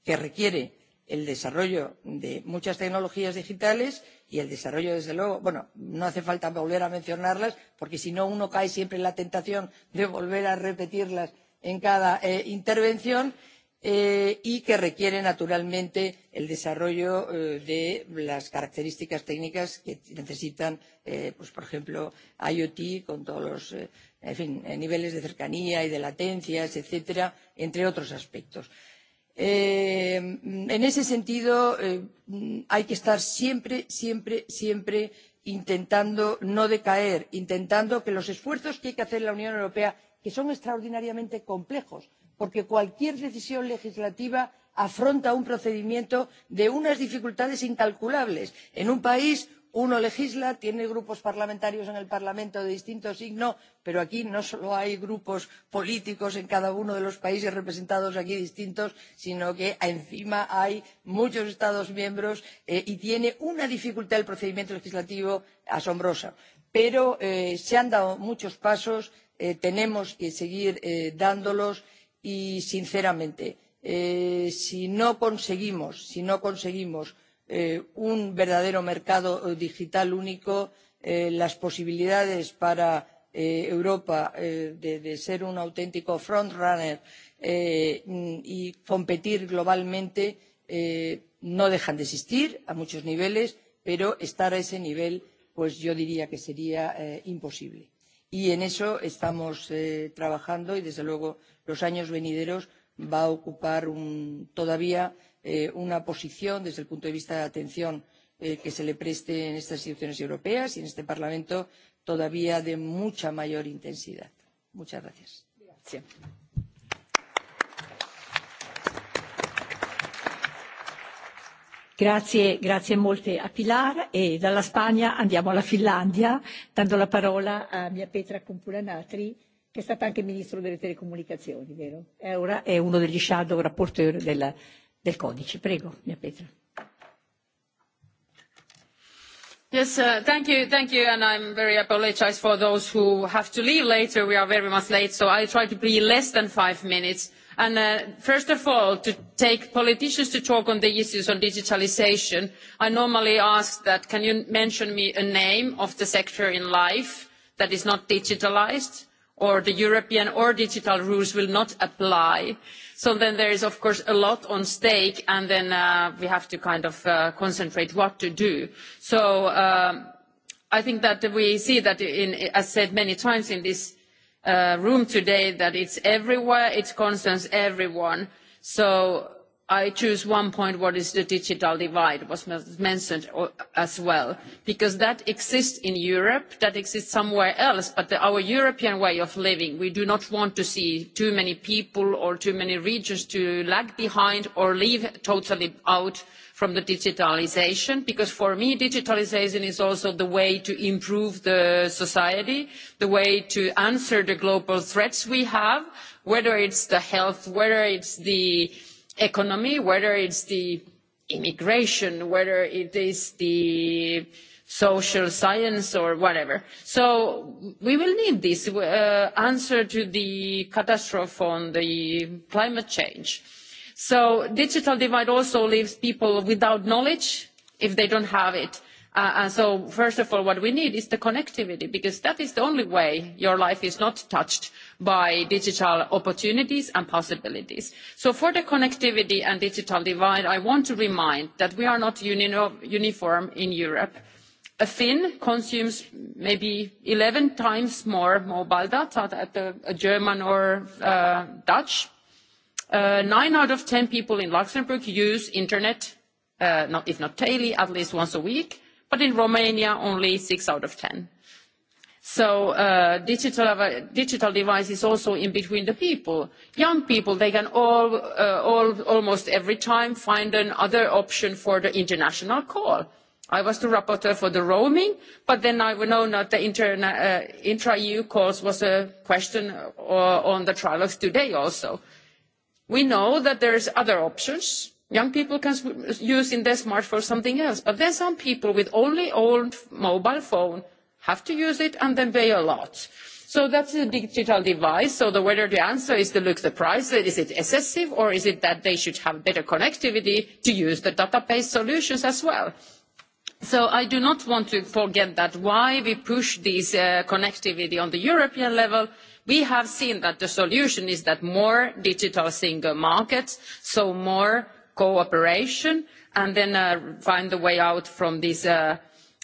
que requiere el desarrollo de muchas tecnologías digitales y el desarrollo, desde luego, bueno, no hace falta volver a mencionarlas, porque si no, uno cae siempre en la tentación de volver a repetirlas en cada eh, intervención, eh, y que requiere, naturalmente, el desarrollo eh, de las características técnicas que necesitan, eh, pues, por ejemplo, IoT, con todos los eh, en fin, eh, niveles de cercanía y de latencias, etcétera, entre otros aspectos. Eh, en ese sentido eh, hay que estar siempre siempre siempre intentando no decaer intentando que los esfuerzos que hay que hacer en la unión europea que son extraordinariamente complejos porque cualquier decisión legislativa afronta un procedimiento de unas dificultades incalculables en un país uno legisla tiene grupos parlamentarios en el parlamento de distinto signo pero aquí no solo hay grupos políticos en cada uno de los países representados aquí distintos sino que encima hay muchos estados miembros eh, y tiene una dificultad el procedimiento legislativo asombrosa. pero eh, se han dado muchos pasos eh, tenemos que seguir dándolos y sinceramente si no conseguimos si no conseguimos Eh, un verdadero mercado eh, digital único eh, las posibilidades para europa de ser un auténtico frontrunner y competir globalmente no dejan de existir a muchos niveles pero estar a ese nivel yo diría que sería imposible y en eso estamos trabajando y desde luego los años venideros van a ocupar todavía Eh, una posición desde el punto de vista de la atención eh, que se le preste en estas instituciones europeas y en este parlamento todavía de mucha mayor intensidad. muchas gracias. gracias. Grazie, grazie molte a Pilar e dalla Spagna andiamo alla Finlandia dando la parola a mia Petra Kumpulanatri che è stata anche ministro delle telecomunicazioni, vero? E ora è uno degli shadow rapporteur della, del codice. Prego, mia Petra. Yes, uh, thank you, thank you, and I'm very apologize for those who have to leave later. We are very much late, so I try to be less than five minutes. And uh, first of all, to take politicians to talk on the issues on digitalization, I normally ask that can you mention me a name of the sector in life that is not digitalized or the European or digital rules will not apply. So then there is, of course, a lot on stake, and then uh, we have to kind of uh, concentrate what to do. So um, I think that we see that, in, as said many times in this uh, room today, that it's everywhere, it concerns everyone. So i choose one point what is the digital divide was mentioned uh, as well because that exists in europe that exists somewhere else but our european way of living we do not want to see too many people or too many regions to lag behind or leave totally out from the digitalisation because for me digitalisation is also the way to improve the society the way to answer the global threats we have whether it's the health whether it's the economy whether it's immigration whether it is social science or whatever. so we will need this uh, answer to the catastrophe on climate change. so the digital divide also leaves people without knowledge if they don't have Uh, uh, so first of all what we need is the connectivity because that is the only way your life is not touched by digital opportunities and possibilities. so for the connectivity and digital divide i want to remind that we are not uniform in europe. a finn consumes maybe eleven times more mobile data than a german or a uh, dutch. nine out of ten people in luxembourg use internet if not daily at least once a week but in romania only six out of ten. so uh, digital devices also in between the people young people they can uh, almost every time find another option for the international call. i was the rapporteur for the roaming but then i know that the uh, intra eu calls was a question on the trilogues today also. we know that there are other options young people can use their smartphone for something else but then some people with only old mobile phone have to use it and then pay a lot. So that's a digital device. So the, whether the answer is to look at the price, is it excessive or is it that they should have better connectivity to use the database solutions as well? So I do not want to forget that why we push this uh, connectivity on the European level. We have seen that the solution is that more digital single markets, so more cooperation and then uh, find a way out from this uh,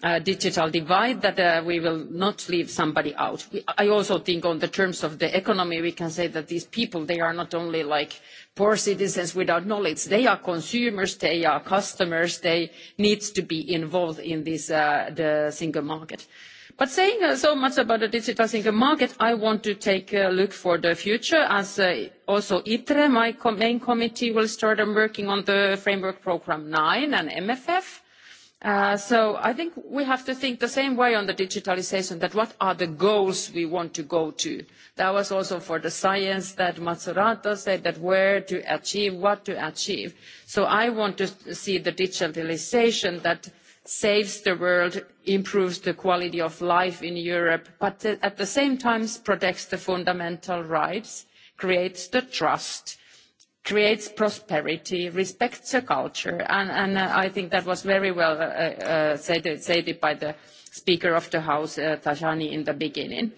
uh, digital divide that we will not leave somebody out. i also think in terms of the economy we can say that these people they are not only like poor citizens without knowledge they are consumers they are customers they need to be involved in this single market but saying uh, so much about the digital single market i want to take a look for the future as uh, also itre my main committee will start working on the framework programme nine and mff uh, so i think we have to think the same way on the digitalisation that what are the goals we want to go to? that was also for the science that mazzorato said that where to achieve what to achieve so i want to see the digitalisation that saves the world improves the quality of life in europe but at the same time protects the fundamental rights creates the trust creates prosperity respects the culture and uh, i think that was very well uh, uh, stated by the speaker of the house tajani in the beginning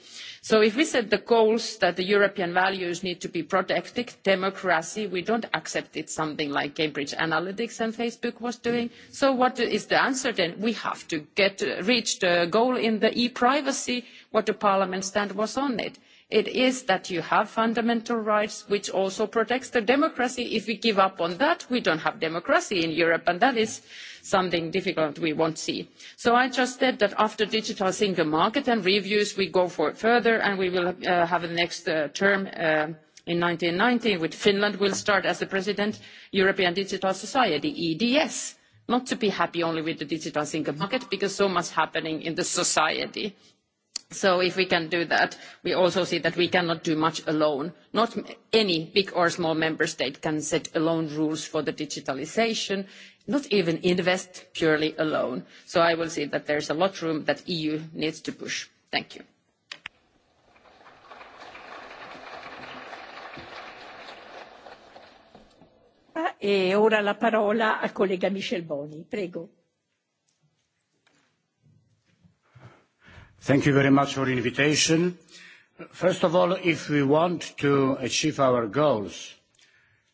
so if we set the goals that european values need to be protected democracy we do not accept it is something like cambridge analytica and facebook was doing so what is the answer then? we have to uh, reach the goal in the e privacy what the parliament stand was on it it is that you have fundamental rights which also protects democracy. if we give up on that we do not have democracy in europe and that is something difficult we will not see. so i just said that after the digital single market and reviews we go further and we will uh, have the next uh, term uh, in one thousand nine hundred and nineteen with finland will start as the president european digital society eds not to be happy only with the digital single market because so much is happening in society so if we can do that we also see that we cannot do much alone. not any big or small member state can set alone rules for the digitalisation not even invest purely alone so i will see that there is a lot of room that the eu needs to push. thank you. E Thank you very much for invitation. First of all, if we want to achieve our goals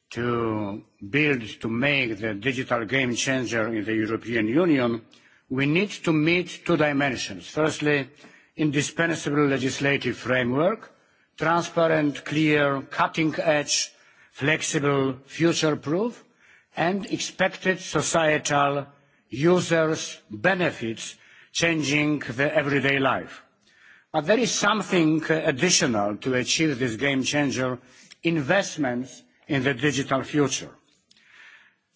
to build, to make the digital game changer in the European Union, we need to meet two dimensions. Firstly, indispensable legislative framework, transparent, clear, cutting-edge, flexible, future-proof, and expected societal users' benefits changing their everyday life. But there is something uh, additional to achieve this game changer investments in the digital future.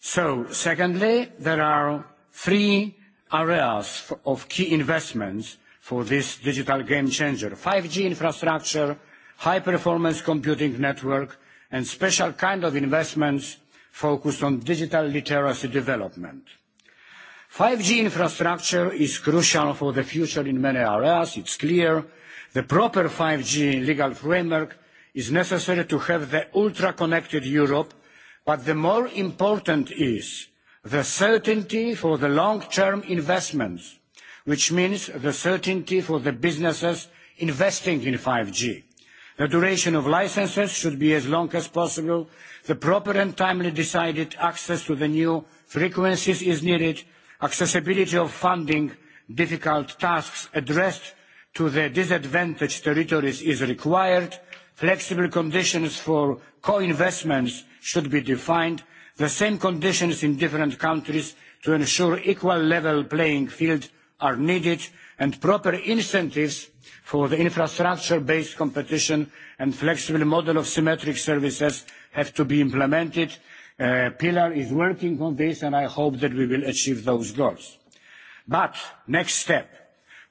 So, secondly, there are three areas of key investments for this digital game changer 5G infrastructure, high performance computing network, and special kind of investments focused on digital literacy development. 5G infrastructure is crucial for the future in many areas, it's clear. The proper 5G legal framework is necessary to have the ultra-connected Europe, but the more important is the certainty for the long-term investments, which means the certainty for the businesses investing in 5G. The duration of licenses should be as long as possible. The proper and timely decided access to the new frequencies is needed accessibility of funding difficult tasks addressed to the disadvantaged territories is required, flexible conditions for co-investments should be defined, the same conditions in different countries to ensure equal level playing field are needed, and proper incentives for the infrastructure-based competition and flexible model of symmetric services have to be implemented. Uh, pillar is working on this and i hope that we will achieve those goals. but next step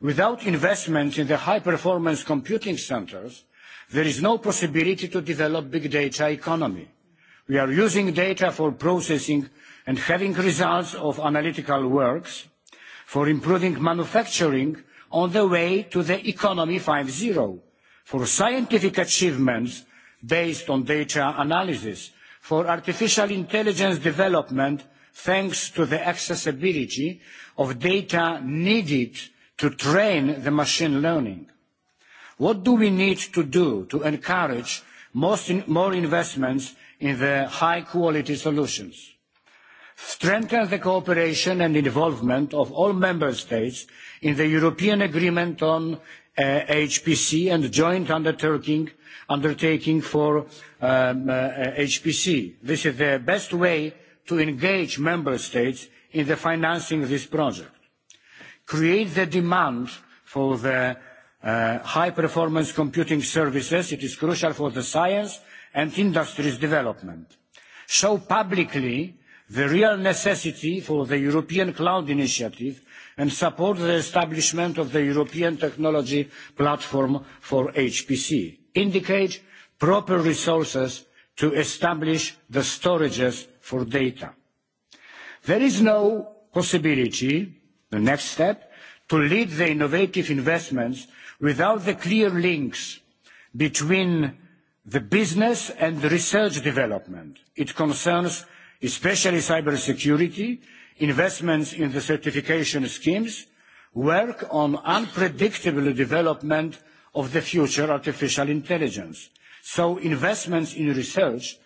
without investment in the high performance computing centres there is no possibility to develop big data economy. we are using data for processing and having results of analytical works for improving manufacturing on the way to the economy 5.0 for scientific achievements based on data analysis for artificial intelligence development thanks to the accessibility of data needed to train the machine learning. What do we need to do to encourage most in more investments in the high quality solutions? Strengthen the cooperation and involvement of all member states in the European Agreement on uh, HPC and joint undertaking, undertaking for um, uh, HPC. Uh, this is the best way to engage member states in the financing of this project. Create the demand for the uh, high-performance computing services. It is crucial for the science and industry's development. Show publicly the real necessity for the European Cloud Initiative and support the establishment of the European Technology Platform for HPC. Indicate proper resources to establish the storages for data. There is no possibility, the next step, to lead the innovative investments without the clear links between the business and the research development. It concerns especially cybersecurity, investments in the certification schemes, work on unpredictable development of the future artificial intelligence. Investments in research,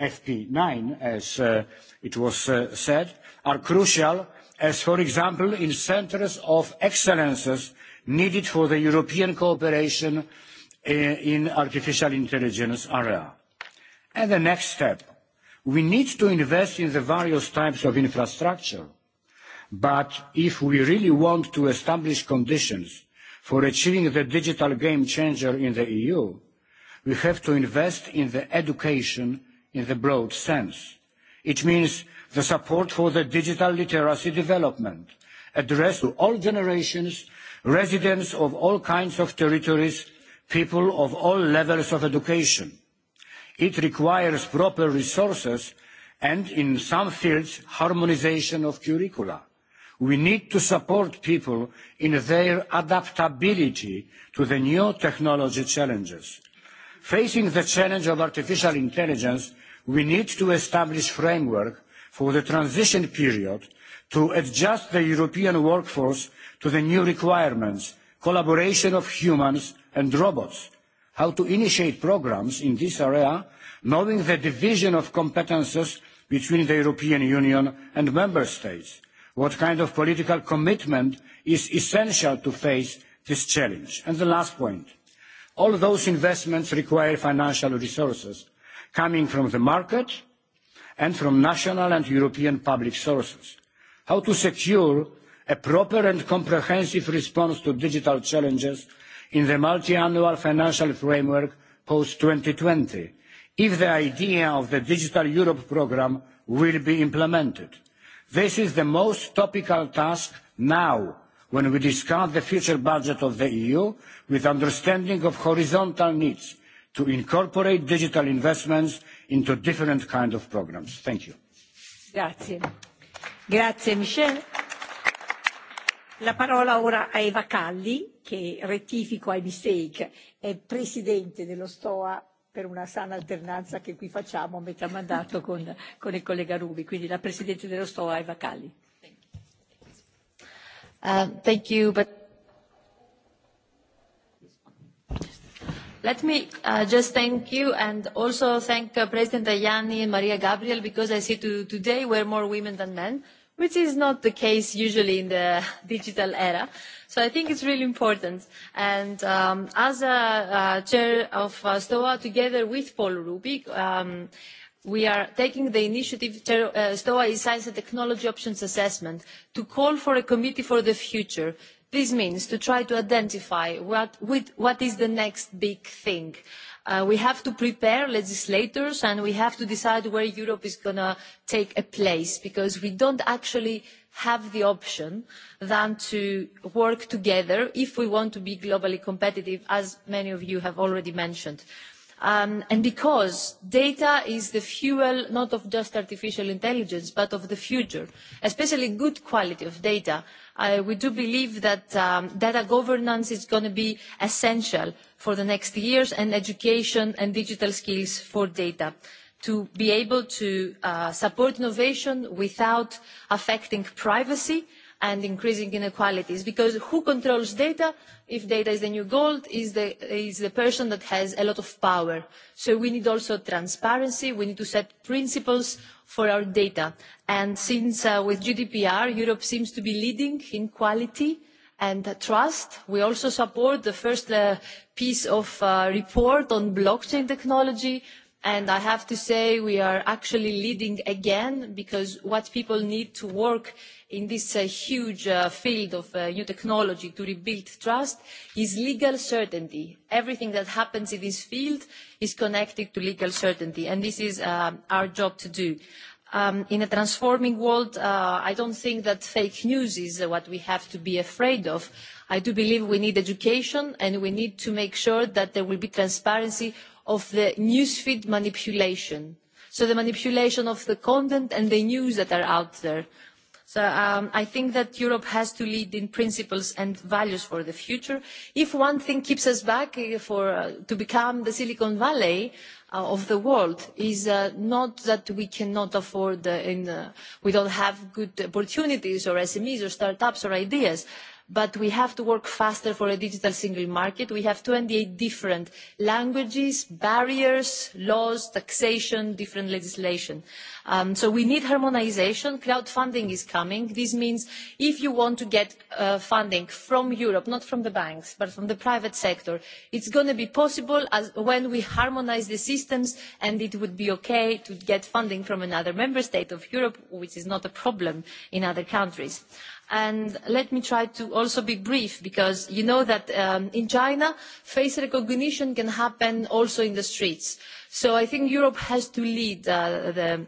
FP9, as uh, it was uh, said, are crucial as, for example, in centers of excellence needed for the European cooperation uh, in artificial intelligence area. The next step, we need to invest in the various types of infrastructure. If we really want to establish conditions for achieving the digital game changer in the EU, we have to invest in the education in the broad sense. It means the support for the digital literacy development addressed to all generations, residents of all kinds of territories, people of all levels of education. It requires proper resources and, in some fields, harmonization of curricula. We need to support people in their adaptability to the new technology challenges. Facing the challenge of artificial intelligence, we need to establish framework for the transition period to adjust the European workforce to the new requirements, collaboration of humans and robots, how to initiate programs in this area, knowing the division of competences between the European Union and Member States, what kind of political commitment is essential to face this challenge. And the last point. All of those investments require financial resources coming from the market and from national and European public sources. How to secure a proper and comprehensive response to digital challenges in the multiannual financial framework post 2020 if the idea of the Digital Europe programme will be implemented? This is the most topical task now when we discuss the future budget of the eu with understanding of horizontal needs to incorporate digital investments into different kinds of programmes. thank you. La parola ora a Eva Calli, che rettifico ai mistake, è presidente dello STOA per una sana alternanza che qui facciamo a metà mandato con, con il collega Rubi. Quindi la presidente dello STOA, Eva Calli. Um, thank you, but let me uh, just thank you and also thank uh, President Tajani and Maria Gabriel, because I see today we're more women than men, which is not the case usually in the digital era. So I think it's really important. And um, as a chair of uh, STOA, together with Paul Rubig, um, we are taking the initiative to uh, stoa is science and technology options assessment to call for a committee for the future. this means to try to identify what with what is the next big thing. Uh, we have to prepare legislators and we have to decide where europe is going to take a place because we don't actually have the option than to work together if we want to be globally competitive as many of you have already mentioned. Um, and because data is the fuel not just of artificial intelligence but of the future especially good quality data we do believe that um, data governance is going to be essential for the next years and education and digital skills for data to be able to uh, support innovation without affecting privacy and increasing inequalities. Because who controls data? If data is the new gold, is the, is the person that has a lot of power. So we need also transparency. We need to set principles for our data. And since uh, with GDPR, Europe seems to be leading in quality and uh, trust, we also support the first uh, piece of uh, report on blockchain technology. And I have to say we are actually leading again because what people need to work in this uh, huge uh, field of uh, new technology to rebuild trust is legal certainty. Everything that happens in this field is connected to legal certainty, and this is uh, our job to do. Um, in a transforming world, uh, I don't think that fake news is uh, what we have to be afraid of. I do believe we need education, and we need to make sure that there will be transparency of the newsfeed manipulation. So the manipulation of the content and the news that are out there. So um, I think that Europe has to lead in principles and values for the future. If one thing keeps us back eh, for, uh, to become the Silicon Valley uh, of the world is uh, not that we cannot afford, uh, in, uh, we don't have good opportunities or SMEs or startups or ideas but we have to work faster for a digital single market. we have twenty eight different languages barriers laws taxation different legislation. Um, so we need harmonisation. crowdfunding is coming. this means if you want to get uh, funding from europe not from the banks but from the private sector it is going to be possible when we harmonise the systems and it would be ok to get funding from another member state of europe which is not a problem in other countries. And let me try to also be brief, because you know that um, in China, face recognition can happen also in the streets. So I think Europe has to lead uh, the,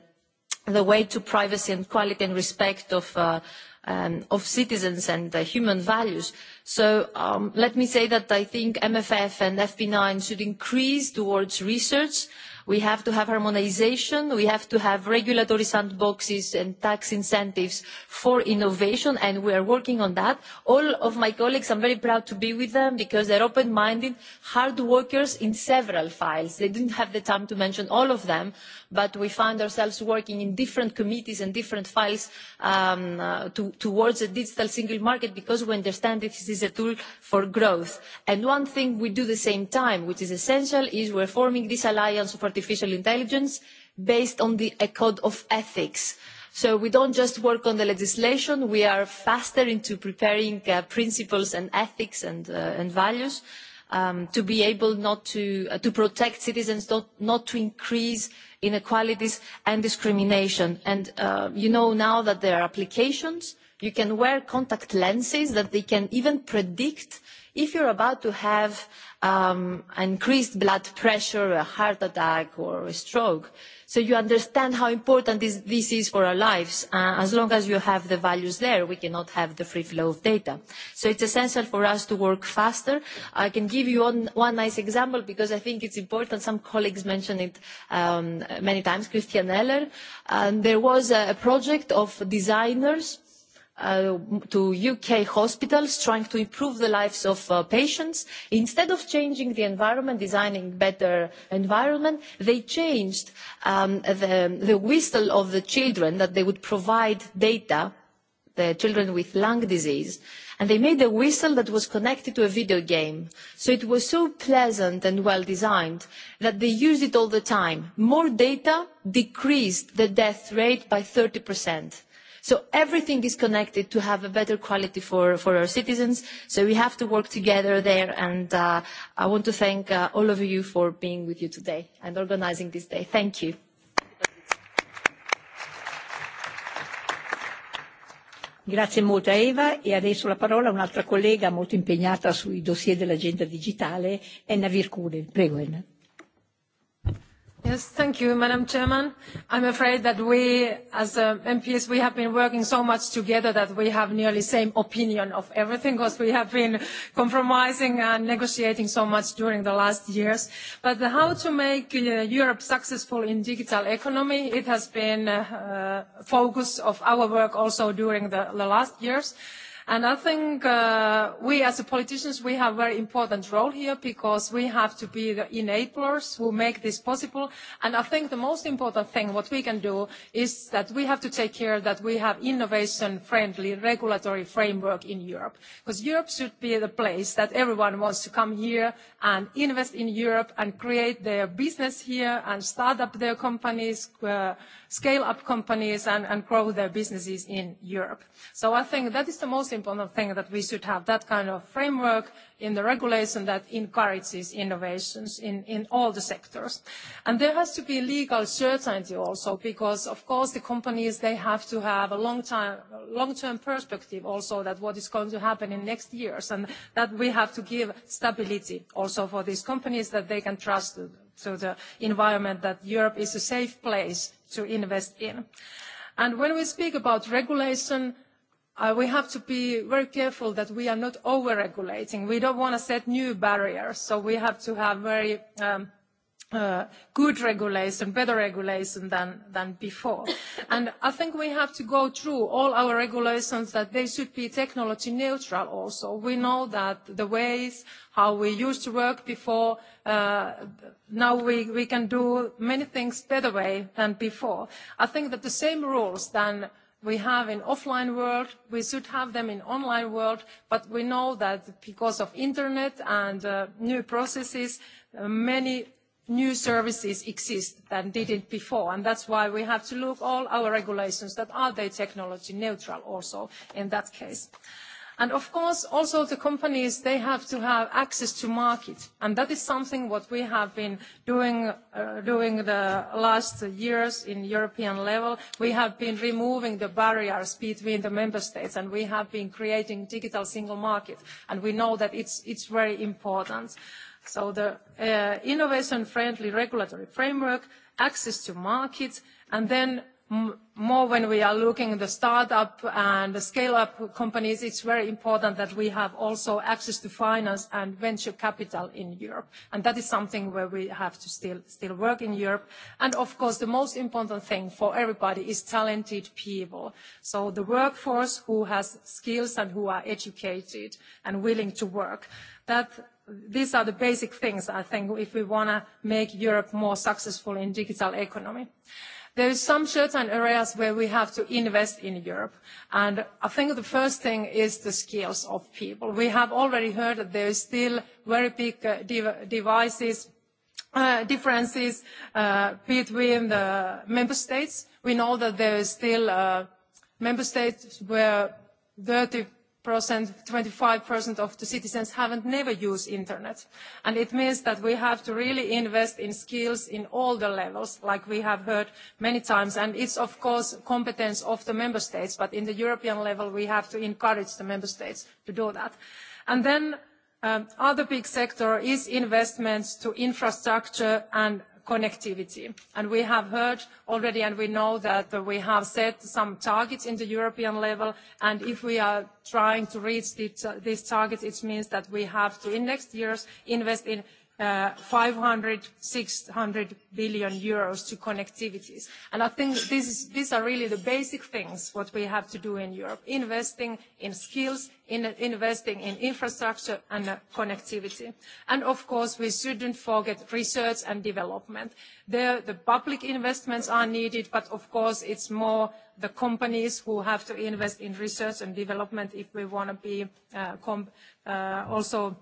the way to privacy and quality and respect of, uh, um, of citizens and uh, human values. So um, let me say that I think MFF and FP9 should increase towards research We have to have harmonization. We have to have regulatory sandboxes and tax incentives for innovation, and we are working on that. All of my colleagues, I'm very proud to be with them because they're open-minded, hard workers in several files. They didn't have the time to mention all of them, but we find ourselves working in different committees and different files um, uh, to, towards a digital single market because we understand this is a tool for growth. And one thing we do at the same time, which is essential, is we're forming this alliance for artificial intelligence based on the, a code of ethics. So we don't just work on the legislation, we are faster into preparing uh, principles and ethics and, uh, and values um, to be able not to, uh, to protect citizens, not, not to increase inequalities and discrimination. And uh, you know now that there are applications, you can wear contact lenses that they can even predict if you're about to have um, increased blood pressure, a heart attack or a stroke. So you understand how important this, this is for our lives. Uh, as long as you have the values there, we cannot have the free flow of data. So it's essential for us to work faster. I can give you one, one nice example because I think it's important. Some colleagues mentioned it um, many times, Christian Eller. Um, there was a, a project of designers Uh, to uk hospitals trying to improve the lives of uh, patients instead of changing the environment designing a better environment they changed um, the whistle of the children that they would provide data the children with lung disease and they made a whistle that was connected to a video game so it was so pleasant and well designed that they used it all the time. more data decreased the death rate by thirty percent. So everything is connected to have a better quality for, for our citizens. So we have to work together there. And uh, I want to thank uh, all of you for being with you today and organizing this day. Thank you. Grazie molto a Eva e adesso la parola a un'altra collega molto impegnata sui dossier dell'agenda digitale, Enna Virkunen. Prego Enna. Yes, thank you, Madam Chairman. I'm afraid that we, as uh, MPs, we have been working so much together that we have nearly same opinion of everything because we have been compromising and negotiating so much during the last years. But the how to make uh, Europe successful in digital economy, it has been a uh, focus of our work also during the, the last years. Uh, i think uh, we as politicians have a very important role here because we have to be the enablers who make this possible and i think the most important thing that we can do is that we have to take care that we have an innovation friendly regulatory framework in europe because europe should be the place that everyone wants to come here and invest in europe and create their business here and start up their companies uh, scale up companies and grow their businesses in Europe. I think that is the most important thing, that we should have that kind of framework in the regulation that encourages innovations in all the sectors. There has to be legal certainty also, because of course, the companies, they have to have a long-term perspective also that what is going to happen in next years, and that we have to give stability also for these companies that they can trust to the environment that Europe is a safe place to invest in. When we speak about regulation, uh, we have to be very careful that we are not over regulating. We don't want to set new barriers, so we have to have very um, Uh, good regulation, better regulation than before. I think we have to go through all our regulations that they should be technology neutral also. We know that the ways how we used to work before, uh, now we can do many things better way than before. I think that the same rules than we have in offline world, we should have them in online world, but we know that because of internet and uh, new processes, many new services exist that didn't before and that's why we have to look at all our regulations that are they technology neutral also in that case. And of course also the companies they have to have access to market and that is something what we have been doing uh, during the last years in European level. We have been removing the barriers between the member states and we have been creating digital single market and we know that it's, it's very important. Uh, The uh, innovation-friendly regulatory framework, access to market, and then more when we are looking at the startup and the scale-up companies, it's very important that we have also access to finance and venture capital in Europe. That is something where we have to still work in Europe. Of course, the most important thing for everybody is talented people. The workforce who has skills and who are educated and willing to work. That these are the basic things I think if we want to make Europe more successful in digital economy. There are some certain areas where we have to invest in Europe. And I think the first thing is the skills of people. We have already heard that there are still very big uh, div devices, uh, differences uh, between the member states. We know that there are still uh, member states where 30 25% of the citizens haven't never used internet. It means that we have to really invest in skills in all the levels, like we have heard many times. It's of course competence of the member states, but in the European level, we have to encourage the member states to do that. Um, other big sector is investments to infrastructure and connectivity. We have heard already, and we know that we have set some targets in the European level, and if we are trying to reach these targets, it means that we have to, in next years, invest in 500 uh, billion-600 billion euros to connectivities. I think these are really the basic things what we have to do in Europe, investing in skills, investing in infrastructure and uh, connectivity. Of course, we shouldn't forget research and development. There, the public investments are needed, but of course, it's more the companies who have to invest in research and development if we wanna be uh, also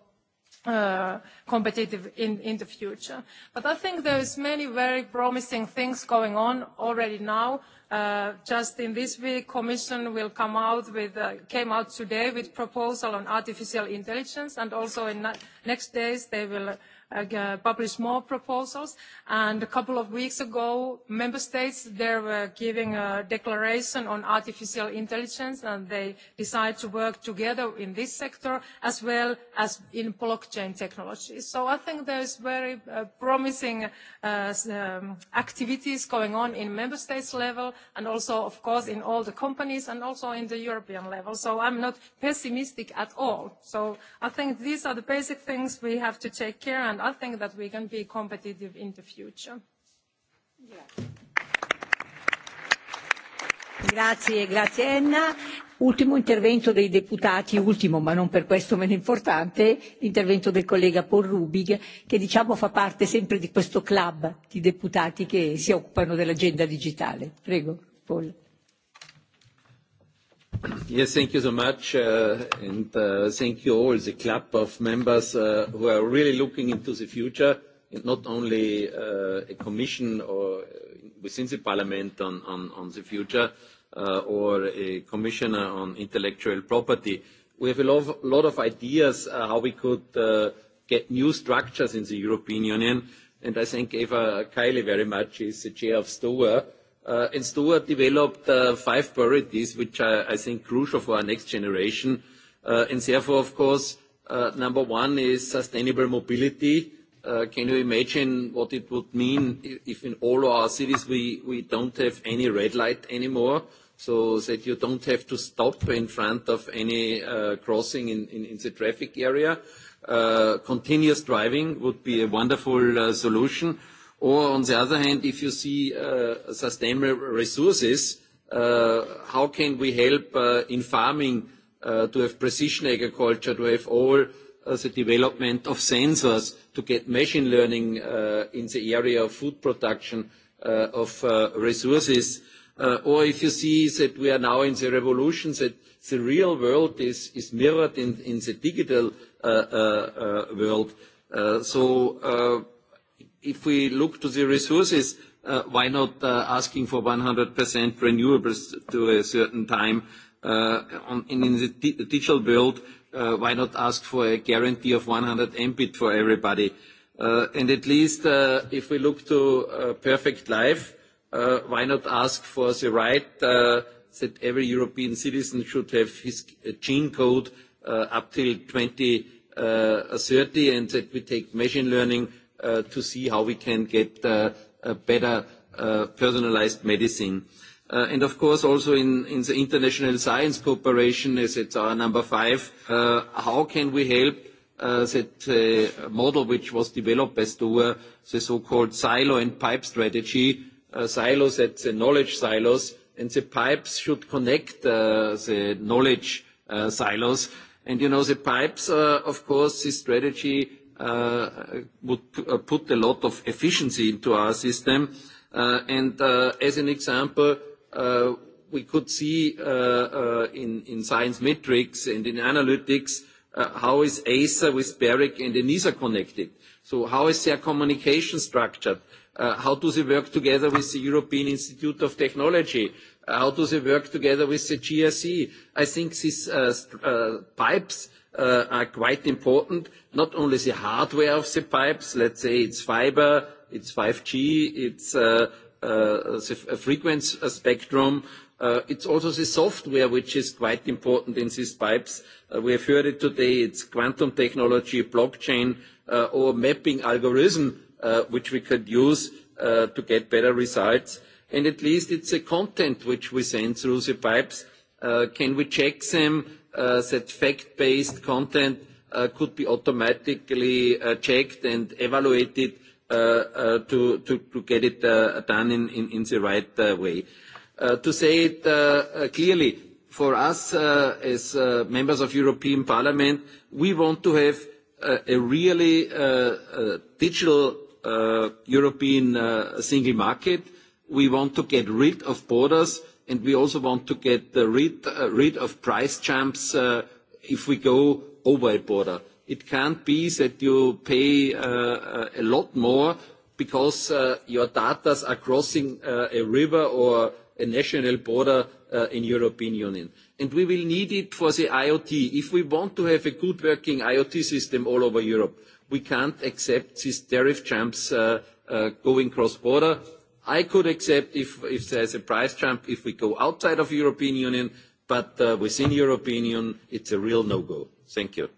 Uh, competitive in the future. But I think there's many very promising things going on already now. Uh, just in this week, Commission will come out with, uh, came out today with proposal on artificial intelligence, and also in ne next days they will uh, Uh, publish more proposals. And a couple of weeks ago, member states, they were giving a declaration on artificial intelligence and they decided to work together in this sector as well as in blockchain technology. So I think there's very uh, promising uh, um, activities going on in member states level and also, of course, in all the companies and also in the European level. So I'm not pessimistic at all. So I think these are the basic things we have to take care of and I think that we can be competitive in the future. Grazie. Grazie, grazie Anna. Ultimo intervento dei deputati, ultimo ma non per questo meno importante, l'intervento del collega Paul Rubig, che diciamo fa parte sempre di questo club di deputati che si occupano dell'agenda digitale. Prego, Paul. Yes, thank you so much. Uh, and uh, thank you all, the club of members uh, who are really looking into the future, and not only a commission or within the parliament on the future or a commissioner on intellectual property. We have a lot of ideas how we could get new structures in the European Union, and I thank Eva Kaili very much. She's the chair of STOA, Uh, and Stuart developed uh, five priorities, which are, I think, crucial for our next generation. Uh, and therefore, of course, number one is sustainable mobility. Can you imagine what it would mean if in all our cities we don't have any red light anymore? So that you don't have to stop in front of any crossing in the traffic area. Continuous driving would be a wonderful solution. On the other hand, if you see uh, sustainable resources, uh, how can we help uh, in farming to have precision agriculture, to have all the development of sensors, to get machine learning in the area of food production of resources? If you see that we are now in the revolution, that the real world is mirrored in the digital world if we look to the resources, uh, why not uh, asking for 100% renewables to a certain time? Uh, in the digital world, why not ask for a guarantee of 100 Mbit for everybody? At least, if we look to perfect life, why not ask for the right that every European citizen should have his gene code up till 2030, and that we take machine learning Uh, to see how we can get uh, a better uh, personalized medicine. Of course, also in the international science cooperation, as it's our number five, how can we help that model which was developed as the so-called silo and pipe strategy. Silos, that's the knowledge silos, and the pipes should connect the knowledge silos. The pipes, of course, this strategy Uh, would uh, put a lot of efficiency into our system. Uh, and as an example, we could see in ScienceMetrix and in analytics how is Acer with Barrick and Enisa connected? So how is their communication structured? How do they work together with the European Institute of Technology? How do they work together with the GSE? I think these pipes Uh, are quite important, not only the hardware of the pipes, let's say it's fiber, it's 5G, it's a uh, uh, frequency spectrum. It's also the software, which is quite important in these pipes. We have heard it today, it's quantum technology, blockchain, or mapping algorithm, which we could use to get better results. At least it's a content which we send through the pipes. Can we check them? uh, that fact-based content uh, could be automatically uh, checked and evaluated uh, uh, to, to, to get it uh, done in, in, in the right uh, way. Uh, to say it uh, uh clearly, for us uh, as uh, members of European Parliament, we want to have uh, a really uh, uh, digital uh, European uh, single market. We want to get rid of borders uh, and we also want to get rid, uh, rid of price jumps uh, if we go over a border. It can't be that you pay uh, a lot more because uh, your data are crossing uh, a river or a national border uh, in European Union. And we will need it for the IoT. If we want to have a good working IoT system all over Europe, we can't accept these tariff jumps uh, uh, going cross-border. Uh, I could accept if there's a price jump, if we go outside of European Union, but uh, within European Union, it's a real no-go. Thank you.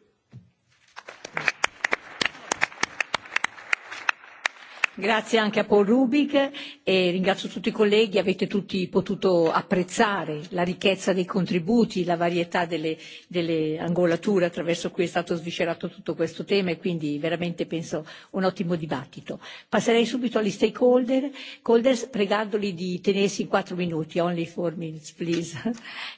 Grazie anche a Paul Rubig e ringrazio tutti i colleghi avete tutti potuto apprezzare la ricchezza dei contributi la varietà delle, delle angolature attraverso cui è stato sviscerato tutto questo tema e quindi veramente penso un ottimo dibattito. Passerei subito agli stakeholder colders, pregandoli di tenersi in quattro minuti only four minutes please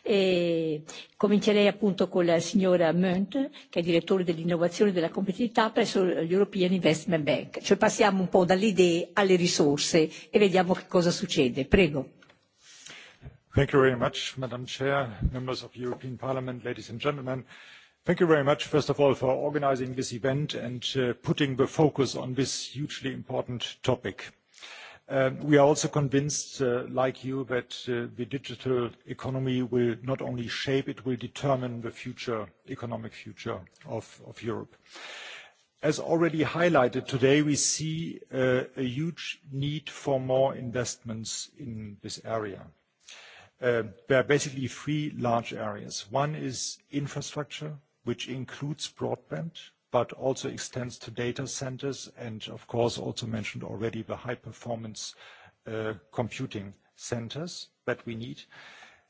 e comincerei appunto con la signora Munt che è direttore dell'innovazione e della competitività presso l'European Investment Bank cioè passiamo un po' dalle idee alle risorse e vediamo vediamo che cosa succede. Prego. Thank you very much, Madam Chair, members of European Parliament, ladies and gentlemen. Thank you very much, first of all, for organizing this event and uh, putting the focus on this hugely important topic. Um, we are also convinced, uh, like you, that uh, the digital economy will not only shape, it will determine the future, economic future of, of Europe. Uh, As already highlighted today, we see uh, a huge need for more investments in this area. Uh, there are basically three large areas. One is infrastructure, which includes broadband, but also extends to data centers and of course, also mentioned already the high-performance uh, computing centers that we need.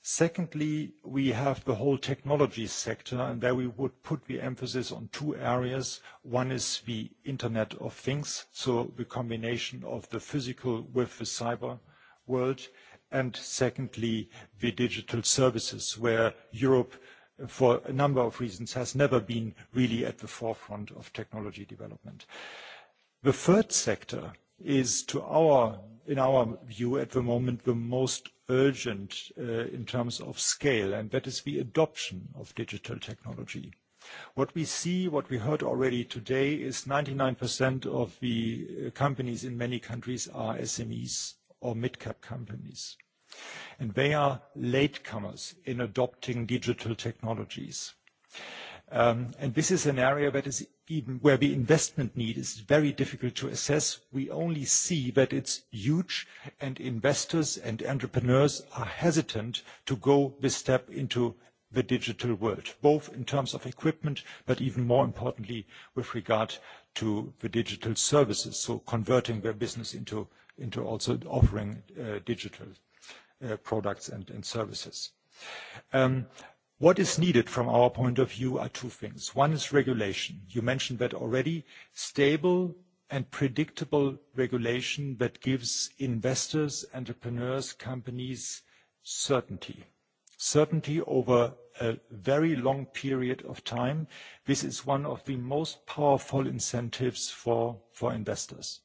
Secondly, we have the whole technology sector, and there we would put the emphasis on two areas. One is the Internet of Things, so the combination of the physical with the cyber world. Secondly, the digital services, where Europe, for a number of reasons, has never been really at the forefront of technology development. The third sector is, in our view at the moment, the most urgent uh, in terms of scale, and that is the adoption of digital technology. What we see, what we heard already today, is 99% of the uh, companies in many countries are SMEs or mid-cap companies. They are latecomers in adopting digital technologies. Um, this is an area that is even where the investment need is very difficult to assess. We only see that it's huge, and investors and entrepreneurs are hesitant to go this step into the digital world, both in terms of equipment, but even more importantly, with regard to the digital services, so converting their business into also offering uh, digital uh, products and services. Um, What is needed from our point of view are two things. One is regulation. You mentioned that already. Stable and predictable regulation that gives investors, entrepreneurs, companies certainty. Certainty over a very long period of time. This is one of the most powerful incentives for investors.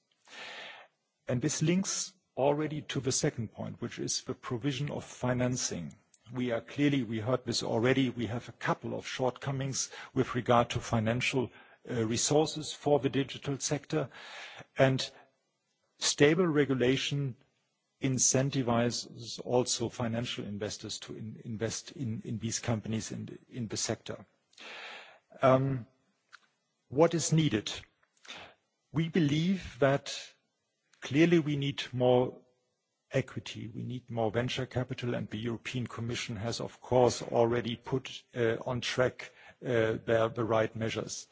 This links already to the second point, which is the provision of financing we are clearly, we heard this already, we have a couple of shortcomings with regard to financial uh, resources for the digital sector. Stable regulation incentivizes also financial investors to invest in these companies and in the sector. Um, what is needed? We believe that clearly we need more equity. We need more venture capital, and the European Commission has, of course, already put uh, on track uh, the right measures.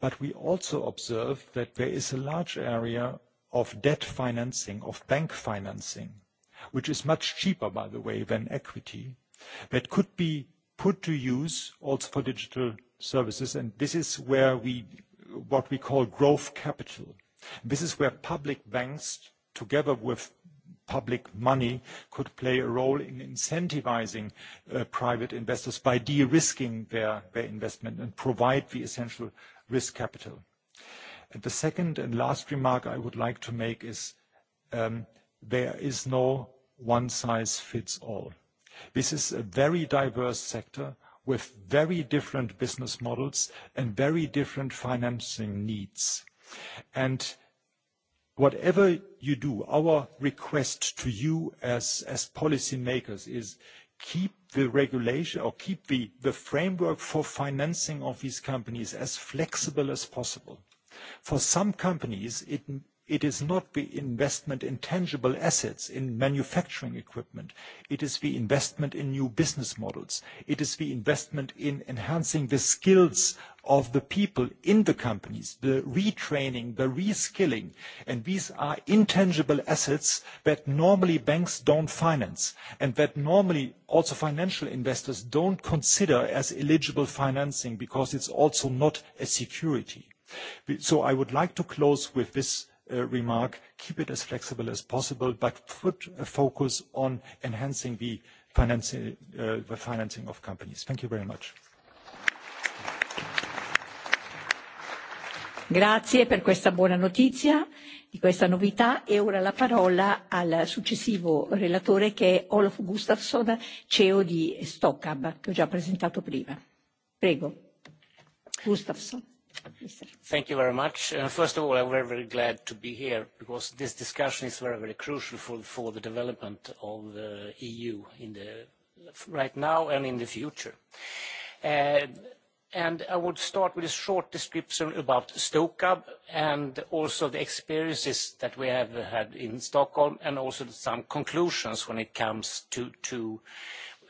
But we also observe that there is a large area of debt financing, of bank financing, which is much cheaper, by the way, than equity, that could be put to use also for digital services, and this is where we, what we call growth capital. This is where public banks, together with public money could play a role in incentivizing uh, private investors by de-risking their investment and provide the essential risk capital. The second and last remark I would like to make is, um, there is no one-size-fits-all. This is a very diverse sector with very different business models and very different financing needs whatever you do, our request to you as, as policymakers is keep the regulation or keep the, the framework for financing of these companies as flexible as possible. For some companies, it, It is not the investment in tangible assets, in manufacturing equipment. It is the investment in new business models. It is the investment in enhancing the skills of the people in the companies, the retraining, the reskilling. These are intangible assets that normally banks don't finance and that normally also financial investors don't consider as eligible financing because it's also not a security. I would like to close with this Uh, remark, keep it as flexible as possible, but put a focus on enhancing the financing, uh, the financing of companies. Thank you very much. Grazie per questa buona notizia, di questa novità. E ora la parola al successivo relatore, che è Olof Gustafsson, CEO di StockHub, che ho già presentato prima. Prego, Gustafsson thank you very much. Uh, first of all, i'm very, very glad to be here because this discussion is very, very crucial for, for the development of the eu in the, right now and in the future. And, uh, and i would start with a short description about stokab and also the experiences that we have had in stockholm and also some conclusions when it comes to, to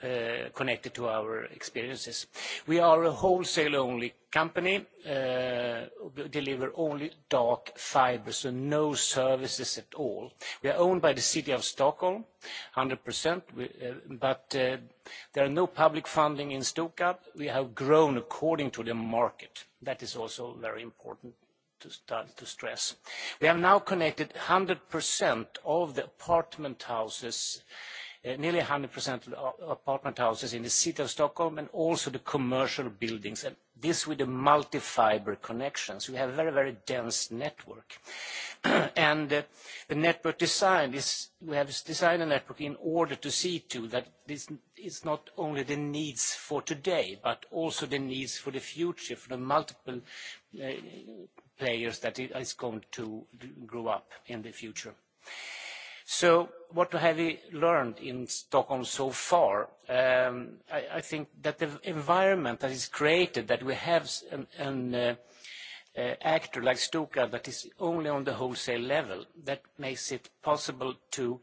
Uh, connected to our experiences. We are a wholesale-only company. Uh, we deliver only dark fiber, so no services at all. We are owned by the City of Stockholm 100%, uh, but there are no public funding in Stockholm. We have grown according to the market. That is also very important to stress. We have now connected 100% of the apartment houses Uh, nearly 100% of uh, apartment houses in the city of Stockholm and also the commercial buildings, and this with the multi-fiber connections. We have a very, very dense network. Uh, the network design is we have designed a network in order to see to that this is not only the needs for today, but also the needs for the future, for the multiple players that is going to grow up in the future. So what have you learned in Stockholm so far? Um, I, I think that the environment that is created, that we have an, an uh, uh, actor like Stuka that is only on the wholesale level, that makes it possible to,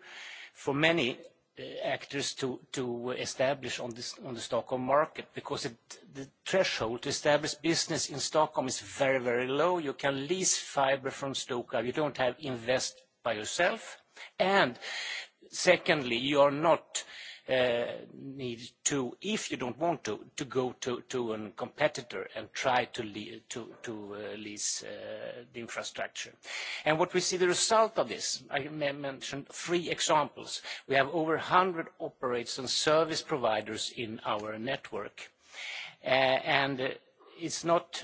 for many uh, actors to, to establish on, this, on the Stockholm market because it, the threshold to establish business in Stockholm is very, very low. You can lease fiber from Stuka. You don't have invest by yourself and secondly you are not uh, need to if you don't want to to go to to a competitor and try to to to uh, lease uh, the infrastructure and what we see the result of this i mentioned three examples we have over 100 operators and service providers in our network uh, and uh, it's not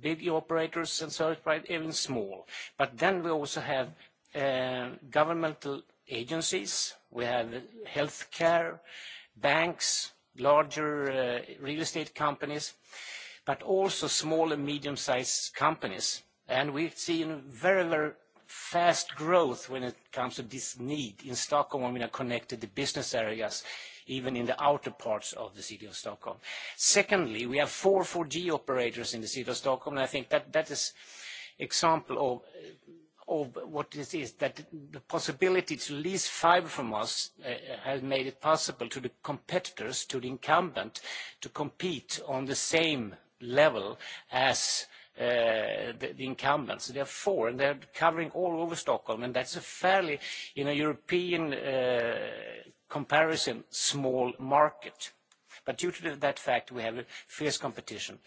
big operators and service providers even small but then we also have Uh, governmental agencies. We have healthcare, banks, larger uh, real estate companies, but also small and medium-sized companies. We've seen very fast growth when it comes to this need in Stockholm when we have connected the business areas, even in the outer parts of the city of Stockholm. Secondly, we have four 4G operators in the city of Stockholm, and I think that is example of what this is, that the possibility to lease fiber from us uh, has made it possible to the competitors, to the incumbent, to compete on the same level as uh, the incumbents. There are four, and they're covering all over Stockholm, and that's a fairly, in a European uh, comparison, small market but due to that fact we have fierce competition.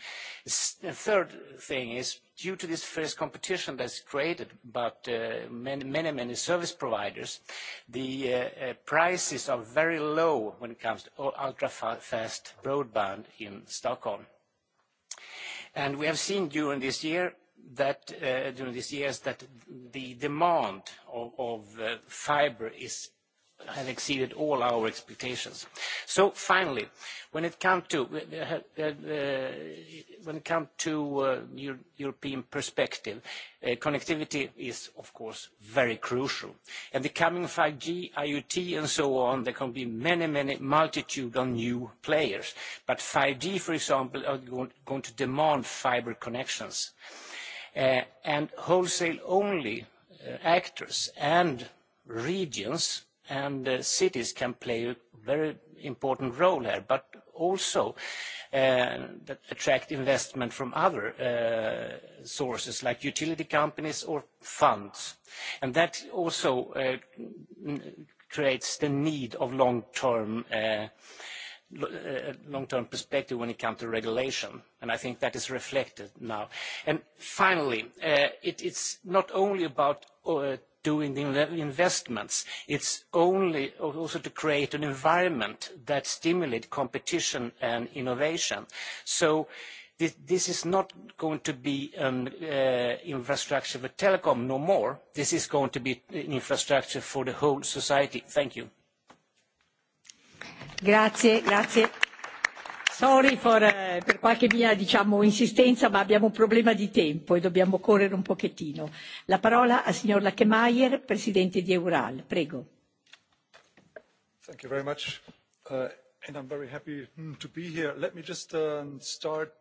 the third thing is due to this fierce competition that is created by uh, many many service providers the uh, uh, prices are very low when it comes to ultra fast broadband in stockholm and we have seen during this year that uh, during these years that the demand of, of uh, fiber is have exceeded all our expectations. Finally, when it come to uh, uh, uh, European perspective, connectivity is of course very crucial. In the coming 5G, IoT and so on, there can be many multitude of new players. 5G, for example, are going to demand fiber connections. Wholesale only actors and regions and uh, cities can play a very important role here but also uh, attract investment from other uh, sources like utility companies or funds and that also creates the need of long term perspective when it comes to regulation and i think that is reflected now. finally it is not only about doing the investments. It's only also to create an environment that stimulate competition and innovation. This is not going to be an uh, infrastructure for telecom no more. This is going to be infrastructure for the whole society. Thank you. Grazie. Grazie sorry eh, per qualche mia diciamo insistenza ma abbiamo un problema di tempo e dobbiamo correre un pochettino. la parola al signor lechmeyer presidente di eural prego. thank you very much uh, and i'm very happy mm, to be here. let me just uh, start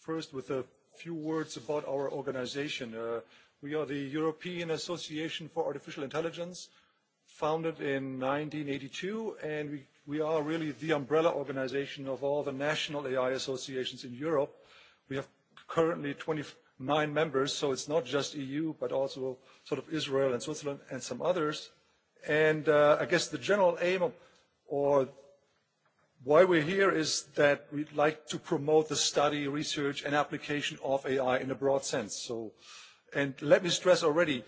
first with a few words about our organization. Uh, we are the european association for artificial intelligence founded in 1982 and we we are really the umbrella organization of all the national AI associations in Europe. We have currently 29 members, so it's not just EU, but also sort of Israel and Switzerland and some others. And uh, I guess the general aim of, or why we're here is that we'd like to promote the study, research, and application of AI in a broad sense. So, and let me stress already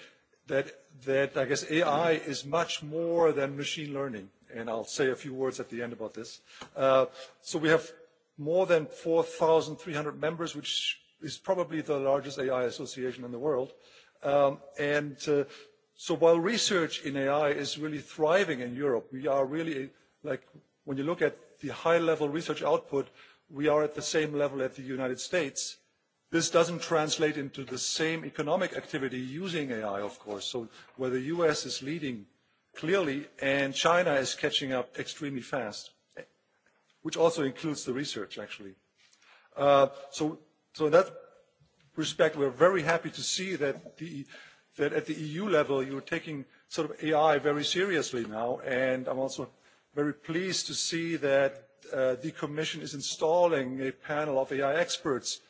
that, that I guess AI is much more than machine learning and I'll say a few words at the end about this. Uh, so we have more than 4,300 members, which is probably the largest AI association in the world. Um, and uh, so while research in AI is really thriving in Europe, we are really, like, when you look at the high-level research output, we are at the same level as the United States. This doesn't translate into the same economic activity using AI, of course. So where the U.S. is leading clearly, and China is catching up extremely fast, which also includes the research, actually. Uh, so in that respect, we're very happy to see that at the EU level, you're taking sort of AI very seriously now, and I'm also very pleased to see that uh, the Commission is installing a panel of AI experts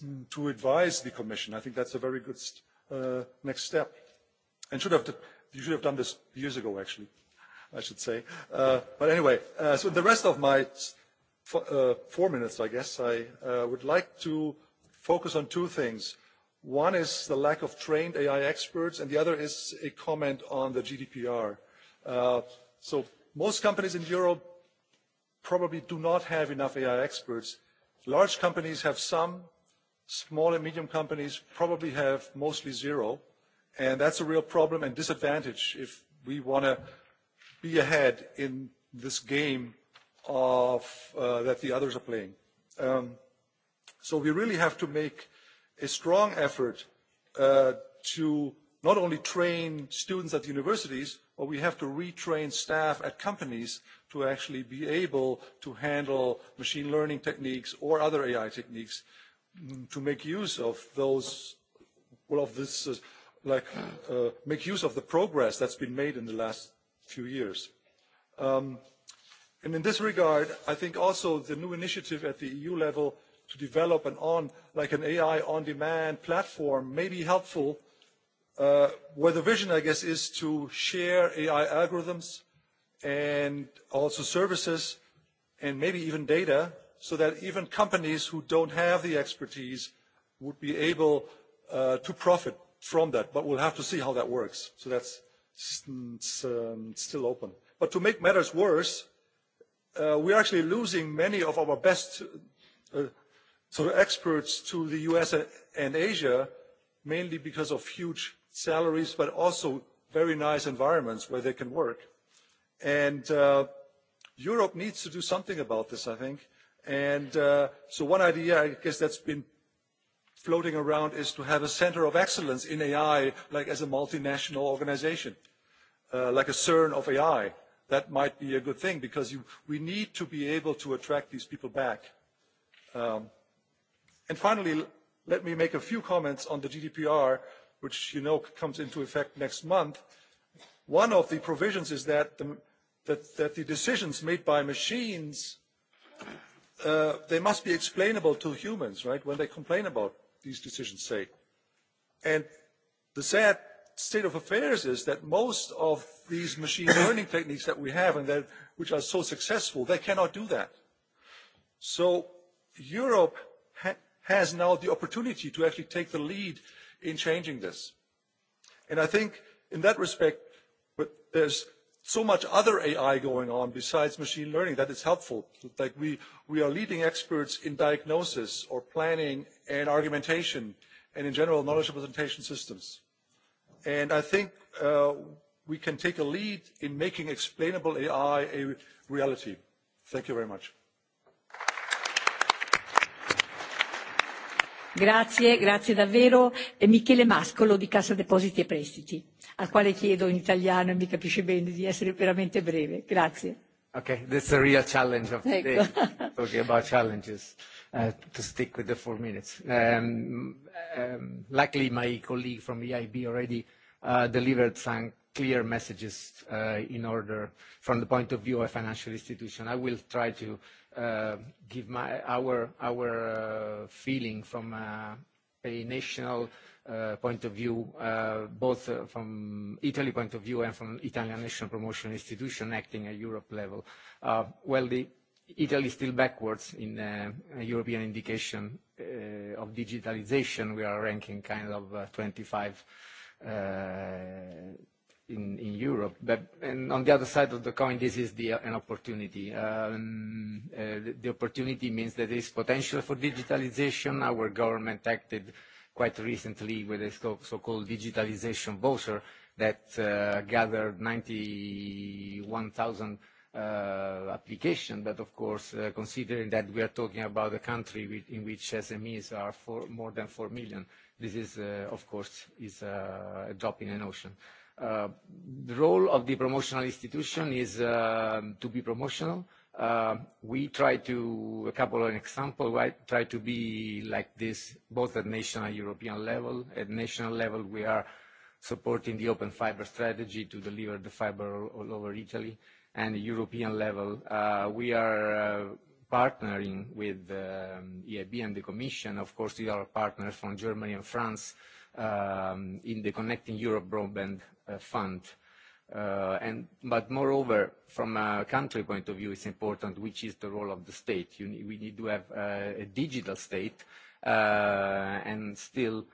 hmm, to advise the Commission. I think that's a very good uh, next step, and should have You should have done this years ago, actually, I should say. Uh, but anyway, uh, so the rest of my f uh, four minutes, I guess, I uh, would like to focus on two things. One is the lack of trained AI experts, and the other is a comment on the GDPR. Uh, so most companies in Europe probably do not have enough AI experts. Large companies have some. Small and medium companies probably have mostly zero. Uh, And that's a real problem and disadvantage if we want to be ahead in this game of, uh, that the others are playing. Um, so we really have to make a strong effort uh, to not only train students at the universities, but we have to retrain staff at companies to actually be able to handle machine learning techniques or other AI techniques mm, to make use of those, well, of this. Uh, like uh, make use of the progress that's been made in the last few years. Um, and in this regard, I think also the new initiative at the EU level to develop an on, like an AI on-demand platform may be helpful, uh, where the vision, I guess, is to share AI algorithms and also services and maybe even data so that even companies who don't have the expertise would be able uh, to profit from that, but we'll have to see how that works. So that's s- um, still open. But to make matters worse, uh, we're actually losing many of our best uh, sort of experts to the US and Asia, mainly because of huge salaries, but also very nice environments where they can work. And uh, Europe needs to do something about this, I think. And uh, so one idea, I guess, that's been floating around is to have a center of excellence in AI, like as a multinational organization, uh, like a CERN of AI. That might be a good thing because you, we need to be able to attract these people back. Um, and finally, let me make a few comments on the GDPR, which you know comes into effect next month. One of the provisions is that the, that, that the decisions made by machines, uh, they must be explainable to humans, right, when they complain about these decisions say. And the sad state of affairs is that most of these machine learning techniques that we have and that which are so successful, they cannot do that. So Europe ha has now the opportunity to actually take the lead in changing this. And I think in that respect, but there's so much other AI going on besides machine learning that it's helpful. Like we, we are leading experts in diagnosis or planning and argumentation and in general knowledge representation systems. And I think uh, we can take a lead in making explainable AI a reality. Thank you very much. grazie grazie davvero è e michele mascolo di cassa depositi e prestiti al quale chiedo in italiano e mi capisce bene di essere veramente breve grazie ok that's a real challenge of today ecco. talking about challenges uh, to stick with the four minutes um, um, luckily my colleague from eib already uh, delivered some clear messages uh, in order from the point of view of a financial institution i will try to Uh, give our uh, feeling from uh, a national point of view, both from Italy point of view and from Italian National Promotion Institution acting at Europe level. Well, Italy is still backwards in European indication of digitalization. We are ranking kind of 25 in, in Europe. But and on the other side of the coin, this is the, an opportunity. Um, uh, the opportunity means that there is potential for digitalization. Our government acted quite recently with a so-called digitalization voucher that uh, gathered 91,000 uh, application, but of course, uh, considering that we are talking about a country with, in which SMEs are four, more than 4 million, this is, uh, of course, is uh, a drop in an ocean. Uh, Uh, the role of the promotional institution is uh, to be promotional. Uh, we try to, a couple of examples, right, try to be like this, both at national and European level. At national level, we are supporting the open fiber strategy to deliver the fiber all, all over Italy. And European level, uh, we are uh, partnering with um, EIB and the Commission, of course, with our partners from Germany and France, uh, Um, in the Connecting Europe Broadband uh, Fund. Uh, moreover, from a country point of view, it's important which is the role of the state. We need to have uh, a digital state, and still,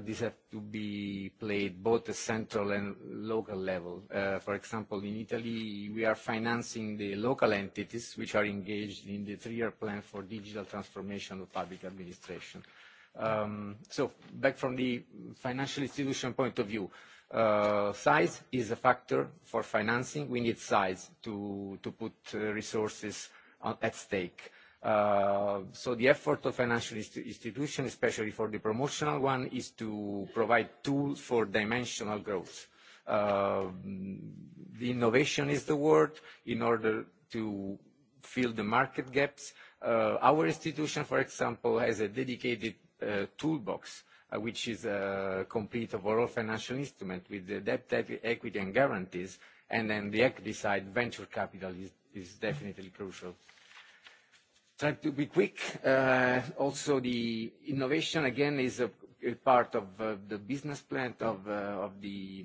this have to be played both the central and local level. For example, in Italy, we are financing the local entities which are engaged in the three-year plan for digital transformation of public administration. Um, so back from the financial institution point of view, uh, size is a factor for financing. We need size to put uh, resources at stake. Uh, so the effort of financial institution, especially for the promotional one, is to provide tools for dimensional growth. Um, the innovation is the word in order to fill the market gaps. Our institution, for example, has a dedicated Uh, toolbox, uh, which is a uh, complete overall financial instrument with the debt, equity, and guarantees. Then the equity side, venture capital is definitely crucial. Try to be quick. Also the innovation, again, is a part of the business plan of the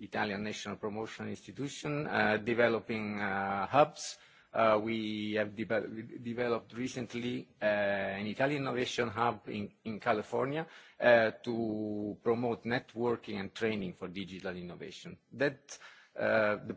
Italian National Promotion Institution, developing hubs Uh, we have developed recently uh, an Italian innovation hub in California uh, to promote networking and training for digital innovation. The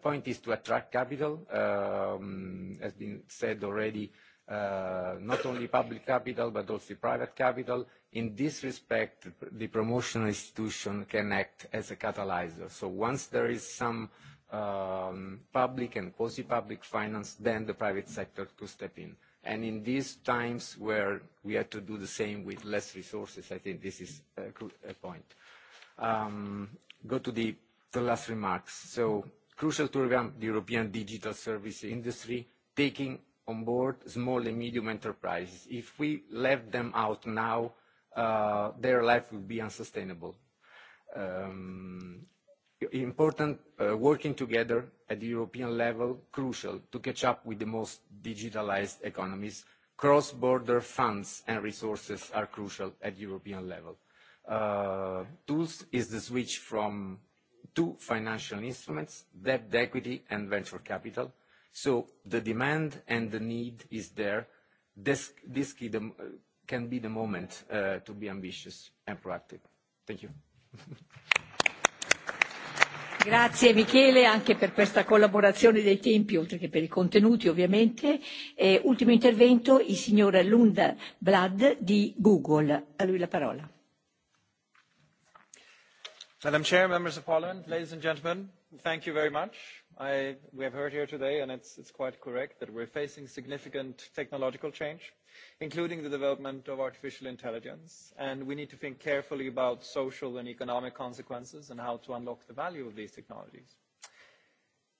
point is to attract capital. Um, has been said already, not only public capital, but also private capital. In this respect, the promotional institution can act as a catalyzer. Once there is some um, public and quasi-public finance, then the private sector could step in. And in these times where we have to do the same with less resources, I think this is a, a point. Um, go to the, the last remarks. So crucial to revamp the European digital service industry, taking on board small and medium enterprises. If we left them out now, uh, their life would be unsustainable. Um, important uh, working together at the European level, crucial to catch up with the most digitalized economies. Cross-border funds and resources are crucial at European level. Uh, tools is the switch from two financial instruments, debt equity and venture capital. So the demand and the need is there. This, this key the, can be the moment uh, to be ambitious and proactive. Thank you. Grazie Michele anche per questa collaborazione dei tempi, oltre che per i contenuti ovviamente. E ultimo intervento, il signor Lunda Blad di Google. A lui la parola. Madam Chair, members of Parliament, ladies and gentlemen, thank you very much I, we have heard here today, and it's, it's quite correct, that we're facing significant technological change, including the development of artificial intelligence, and we need to think carefully about social and economic consequences and how to unlock the value of these technologies.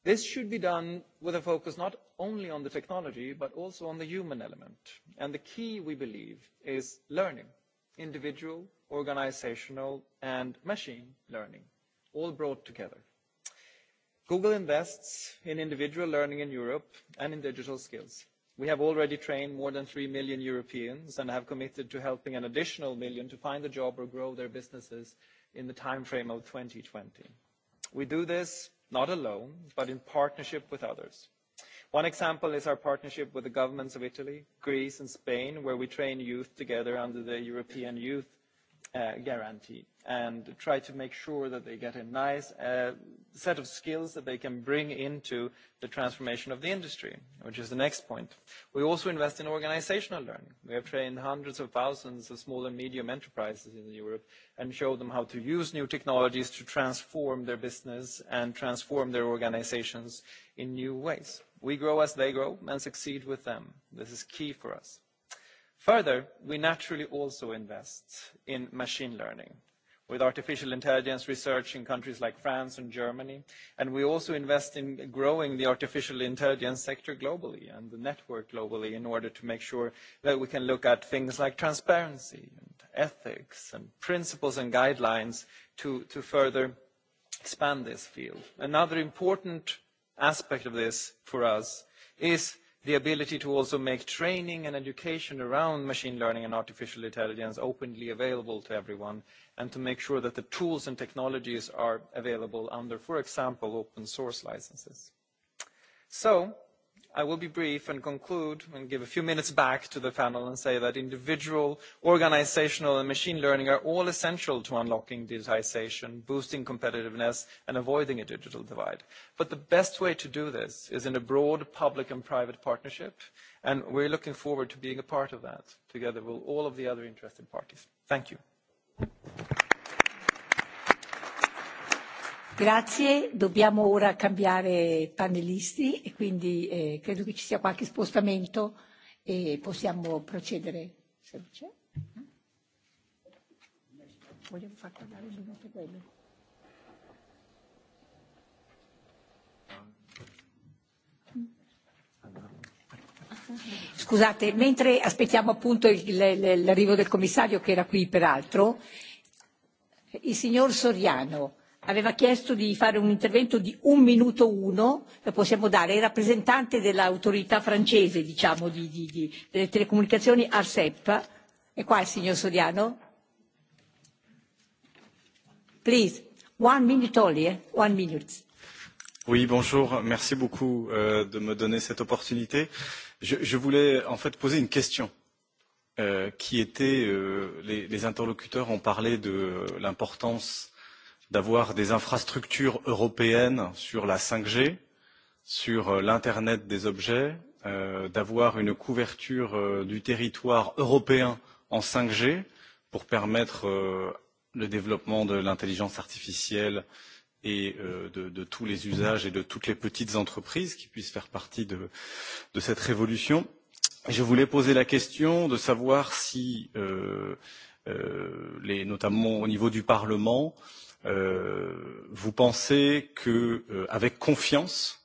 This should be done with a focus not only on the technology, but also on the human element. And the key, we believe, is learning individual, organizational, and machine learning, all brought together google invests in individual learning in europe and in digital skills. we have already trained more than three million europeans and have committed to helping an additional million to find a job or grow their businesses in the timeframe of. two thousand and twenty we do this not alone but in partnership with others. one example is our partnership with the governments of italy greece and spain where we train youth together under the european youth Uh, guarantee and try to make sure that they get a nice uh, set of skills that they can bring into the transformation of the industry which is the next point. we also invest in organisational learning. we have trained hundreds of thousands of small and medium enterprises in europe and showed them how to use new technologies to transform their business and transform their organisations in new ways. we grow as they grow and succeed with them. this is key for us. Further, we naturally also invest in machine learning with artificial intelligence research in countries like France and Germany, and we also invest in growing the artificial intelligence sector globally and the network globally in order to make sure that we can look at things like transparency and ethics and principles and guidelines to further expand this field. Another important aspect of this for us is the ability to also make training and education around machine learning and artificial intelligence openly available to everyone, and to make sure that the tools and technologies are available under, for example, open source licenses. I will be brief and conclude and give a few minutes back to the panel and say that individual, organizational, and machine learning are all essential to unlocking digitization, boosting competitiveness, and avoiding a digital divide. The best way to do this is in a broad public and private partnership, and we're looking forward to being a part of that together with all of the other interested parties. Thank you. Grazie, dobbiamo ora cambiare panelisti e quindi eh, credo che ci sia qualche spostamento e possiamo procedere. Se non c'è. Mm? Vogliamo far parlare un minuto quello. Scusate, mentre aspettiamo appunto il, l, l'arrivo del commissario che era qui peraltro, il signor Soriano aveva chiesto di fare un intervento di un minuto uno, lo possiamo dare, il rappresentante dell'autorità francese, diciamo, di, di, di, delle telecomunicazioni ARCEP. E qua il signor Soriano. Please, one minute only, eh? one minute. Oui, bonjour, merci beaucoup euh, de me donner cette opportunité. Je, je voulais en fait poser une question euh, qui était, euh, les, les interlocuteurs ont parlé de euh, l'importance euh, d'avoir des infrastructures européennes sur la 5G, sur euh, l'Internet des objets, euh, d'avoir une couverture euh, du territoire européen en 5G pour permettre euh, le développement de l'intelligence artificielle et euh, de, de tous les usages et de toutes les petites entreprises qui puissent faire partie de, de cette révolution. Je voulais poser la question de savoir si, euh, euh, les, notamment au niveau du Parlement, euh, Euh, vous pensez que, euh, avec confiance,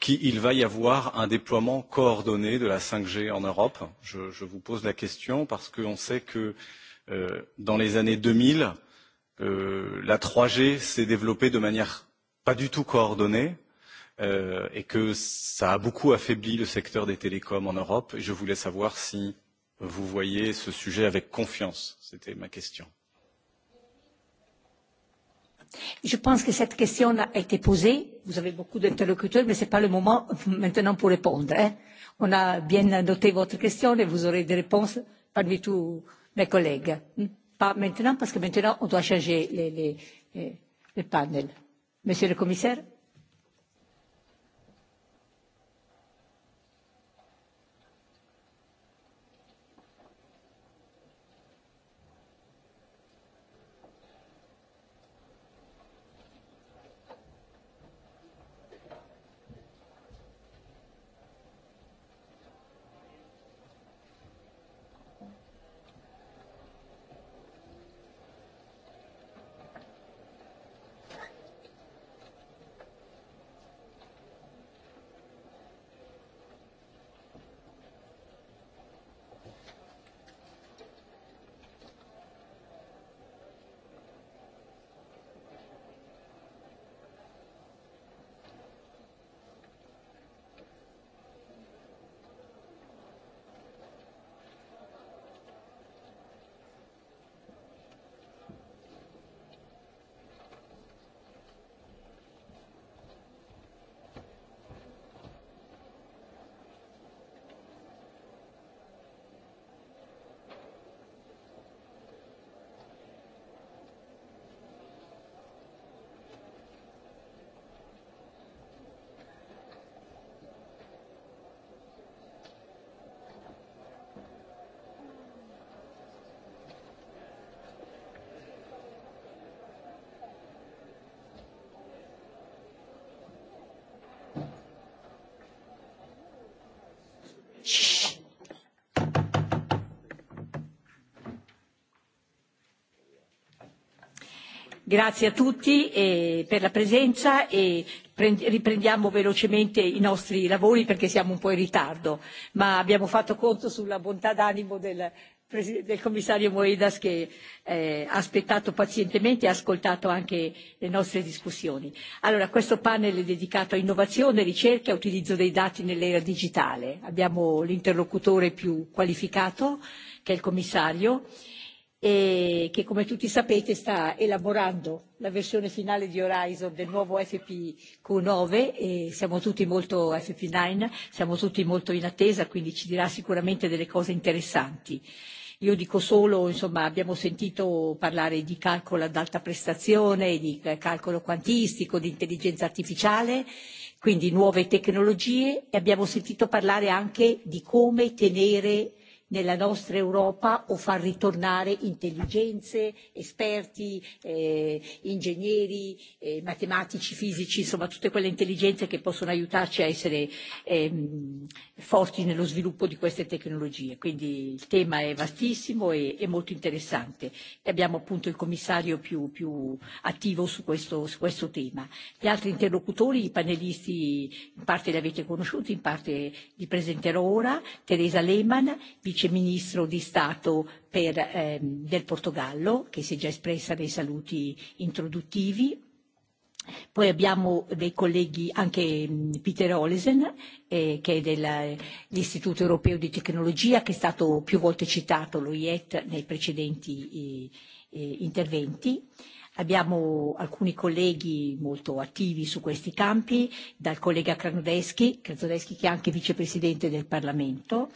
qu'il va y avoir un déploiement coordonné de la 5G en Europe je, je vous pose la question parce qu'on sait que euh, dans les années 2000, euh, la 3G s'est développée de manière pas du tout coordonnée euh, et que ça a beaucoup affaibli le secteur des télécoms en Europe. Et je voulais savoir si vous voyez ce sujet avec confiance. C'était ma question. Je pense que cette question a été posée. Vous avez beaucoup d'interlocuteurs, mais ce n'est pas le moment maintenant pour répondre. Hein. On a bien noté votre question et vous aurez des réponses parmi tous mes collègues. Hmm? Pas maintenant, parce que maintenant, on doit changer le panel. Monsieur le commissaire grazie a tutti e per la presenza e riprendiamo velocemente i nostri lavori perché siamo un po' in ritardo ma abbiamo fatto conto sulla bontà d'animo del, del commissario Moedas che eh, ha aspettato pazientemente e ha ascoltato anche le nostre discussioni. Allora questo panel è dedicato a innovazione, ricerca e utilizzo dei dati nell'era digitale. Abbiamo l'interlocutore più qualificato che è il commissario. E che come tutti sapete sta elaborando la versione finale di Horizon del nuovo FPQ9 e siamo tutti molto FP9, siamo tutti molto in attesa, quindi ci dirà sicuramente delle cose interessanti. Io dico solo, insomma, abbiamo sentito parlare di calcolo ad alta prestazione, di calcolo quantistico, di intelligenza artificiale, quindi nuove tecnologie e abbiamo sentito parlare anche di come tenere nella nostra Europa o far ritornare intelligenze, esperti, eh, ingegneri, eh, matematici, fisici, insomma tutte quelle intelligenze che possono aiutarci a essere ehm, forti nello sviluppo di queste tecnologie. Quindi il tema è vastissimo e, e molto interessante. E abbiamo appunto il commissario più, più attivo su questo, su questo tema. Gli altri interlocutori, i panelisti, in parte li avete conosciuti, in parte li presenterò ora. Teresa Lehmann, vice ministro di Stato per, eh, del Portogallo, che si è già espressa nei saluti introduttivi. Poi abbiamo dei colleghi, anche mm, Peter Olesen, eh, che è dell'Istituto Europeo di Tecnologia, che è stato più volte citato, l'OIET, nei precedenti eh, interventi. Abbiamo alcuni colleghi molto attivi su questi campi, dal collega Krasnodeschi, che è anche vicepresidente del Parlamento, eh,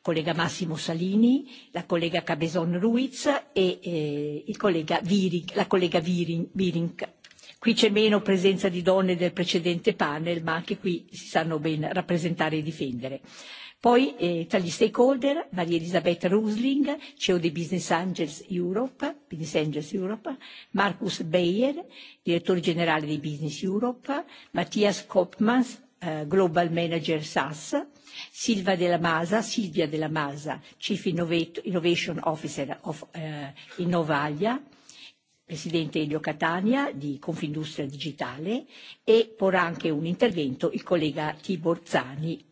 collega Massimo Salini, la collega Cabezon Ruiz e eh, il collega Viring, la collega Virink. Qui c'è meno presenza di donne del precedente panel, ma anche qui si sanno ben rappresentare e difendere. Poi eh, tra gli stakeholder Maria Elisabeth Rusling, CEO di Business Angels Europe, Business Angels Europe Marcus Bayer, direttore generale di Business Europe, Mattias Kopmans, Eh, Global Manager SaaS, Silvia Della Masa, Silvia Della Masa, Chief Innovation Officer of eh, Innovalia, Presidente Elio Catania di Confindustria Digitale e porrà anche un intervento il collega Tibor Zani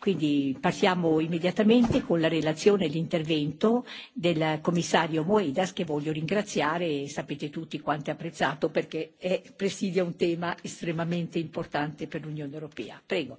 Quindi passiamo immediatamente con la relazione e l'intervento del commissario Moedas che voglio ringraziare e sapete tutti quanto è apprezzato perché è, presidia un tema estremamente importante per l'Unione Europea. Prego.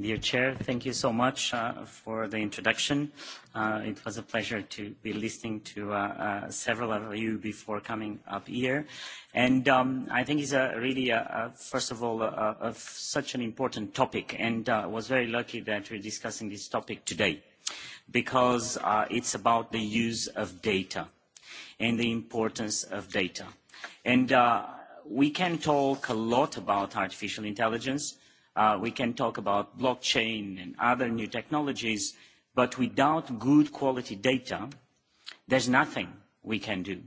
Dear Chair, thank you so much uh, for the introduction. Uh, it was a pleasure to be listening to uh, uh, several of you before coming up here. And um, I think it's a really, a, uh, a, uh, first of all, a, a, a such an important topic and uh, was very lucky that we're discussing this topic today because uh, it's about the use of data and the importance of data. And uh, we can talk a lot about artificial intelligence, uh, Uh, we can talk about blockchain and other new technologies, but without good quality data, there's nothing we can do.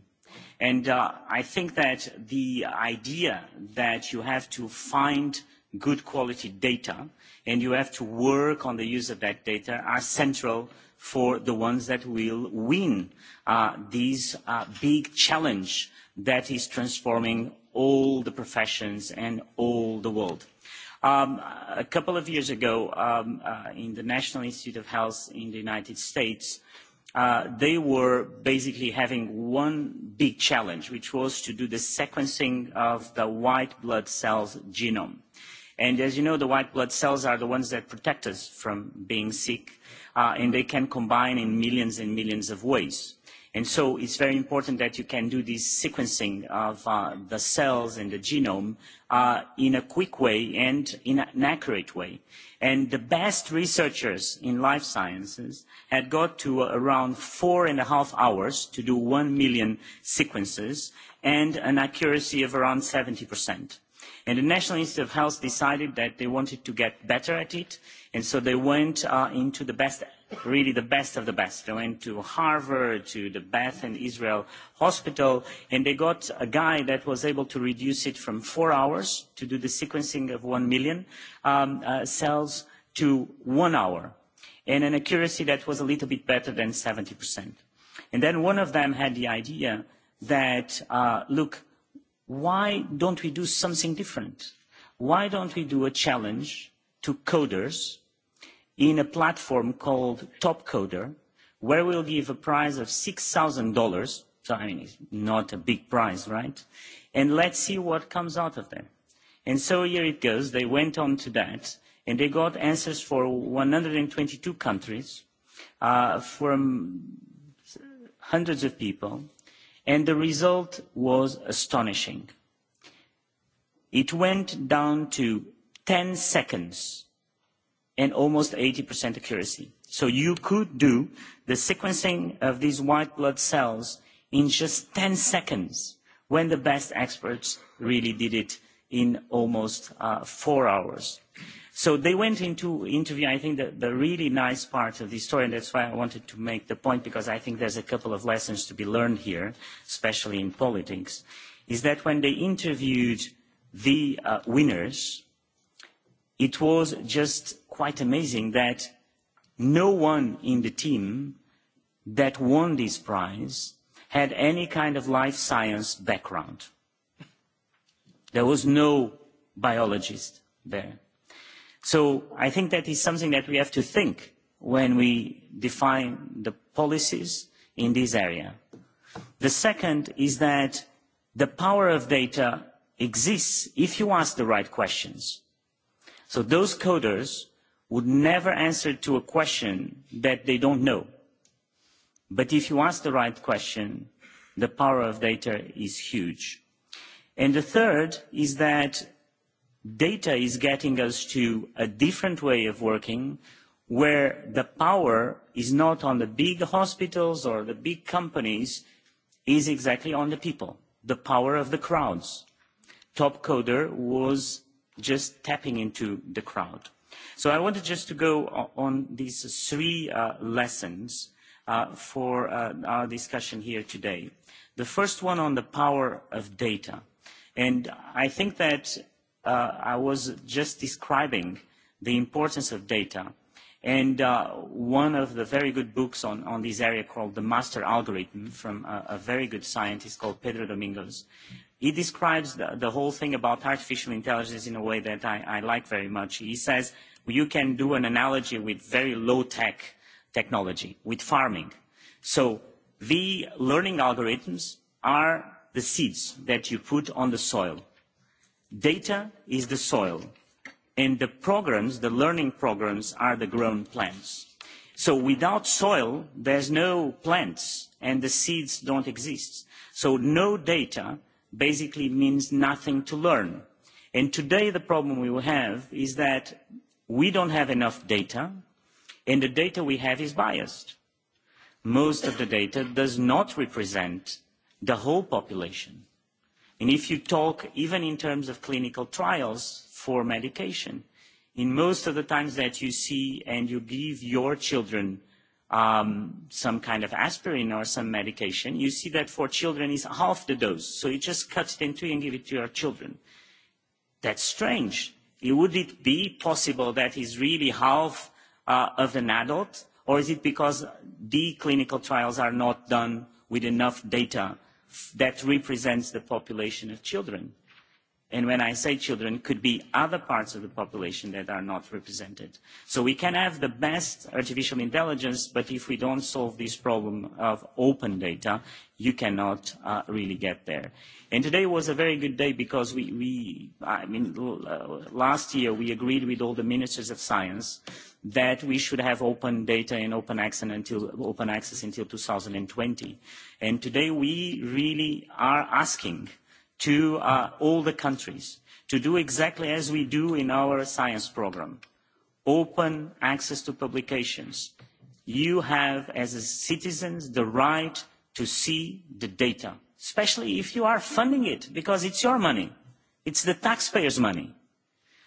And uh, I think that the idea that you have to find good quality data and you have to work on the use of that data are central for the ones that will win uh, this uh, big challenge that is transforming all the professions and all the world. Um, a couple of years ago, um, uh, in the National Institutes of Health in the United States, uh, they were basically having one big challenge, which was to do the sequencing of the white blood cells genome. And as you know, the white blood cells are the ones that protect us from being sick, uh, and they can combine in millions and millions of ways. And so it's very important that you can do this sequencing of uh, the cells and the genome uh, in a quick way and in an accurate way. And the best researchers in life sciences had got to around four and a half hours to do one million sequences and an accuracy of around 70%. And the National Institute of Health decided that they wanted to get better at it, and so they went uh, into the best really the best of the best. They went to Harvard, to the Beth and Israel Hospital, and they got a guy that was able to reduce it from four hours to do the sequencing of one million um, uh, cells to one hour, and an accuracy that was a little bit better than 70%. And then one of them had the idea that, uh, look, why don't we do something different? Why don't we do a challenge to coders, in a platform called Topcoder, where we'll give a prize of $6,000. So, I mean, it's not a big prize, right? And let's see what comes out of that. And so here it goes. They went on to that, and they got answers for 122 countries uh, from hundreds of people. And the result was astonishing. It went down to 10 seconds and almost 80% accuracy. So you could do the sequencing of these white blood cells in just 10 seconds when the best experts really did it in almost uh, four hours. So they went into interview. I think that the really nice part of the story, and that's why I wanted to make the point, because I think there's a couple of lessons to be learned here, especially in politics, is that when they interviewed the uh, winners, it was just quite amazing that no one in the team that won this prize had any kind of life science background. There was no biologist there. So I think that is something that we have to think when we define the policies in this area. The second is that the power of data exists if you ask the right questions. So those coders would never answer to a question that they don't know. But if you ask the right question, the power of data is huge. And the third is that data is getting us to a different way of working where the power is not on the big hospitals or the big companies, is exactly on the people, the power of the crowds. Top Coder was just tapping into the crowd. So I wanted just to go on these three uh, lessons uh, for uh, our discussion here today. The first one on the power of data. And I think that uh, I was just describing the importance of data. And uh, one of the very good books on, on this area called The Master Algorithm from a, a very good scientist called Pedro Domingos, he describes the, the whole thing about artificial intelligence in a way that I, I like very much. He says you can do an analogy with very low tech technology with farming so the learning algorithms are the seeds that you put on the soil data is the soil and the programs the learning programs are the grown plants so without soil there's no plants and the seeds don't exist so no data basically means nothing to learn and today the problem we will have is that we don't have enough data and the data we have is biased. Most of the data does not represent the whole population. And if you talk even in terms of clinical trials for medication, in most of the times that you see and you give your children um, some kind of aspirin or some medication, you see that for children is half the dose. So you just cut it in two and give it to your children. That's strange would it be possible that it is really half uh, of an adult or is it because the clinical trials are not done with enough data that represents the population of children? and when I say children, could be other parts of the population that are not represented. So we can have the best artificial intelligence, but if we don't solve this problem of open data, you cannot uh, really get there. And today was a very good day because we, we I mean, l uh, last year we agreed with all the ministers of science that we should have open data and open access until, open access until 2020. And today we really are asking to uh, all the countries to do exactly as we do in our science programme open access to publications. You have, as a citizens, the right to see the data, especially if you are funding it, because it's your money. It's the taxpayers' money.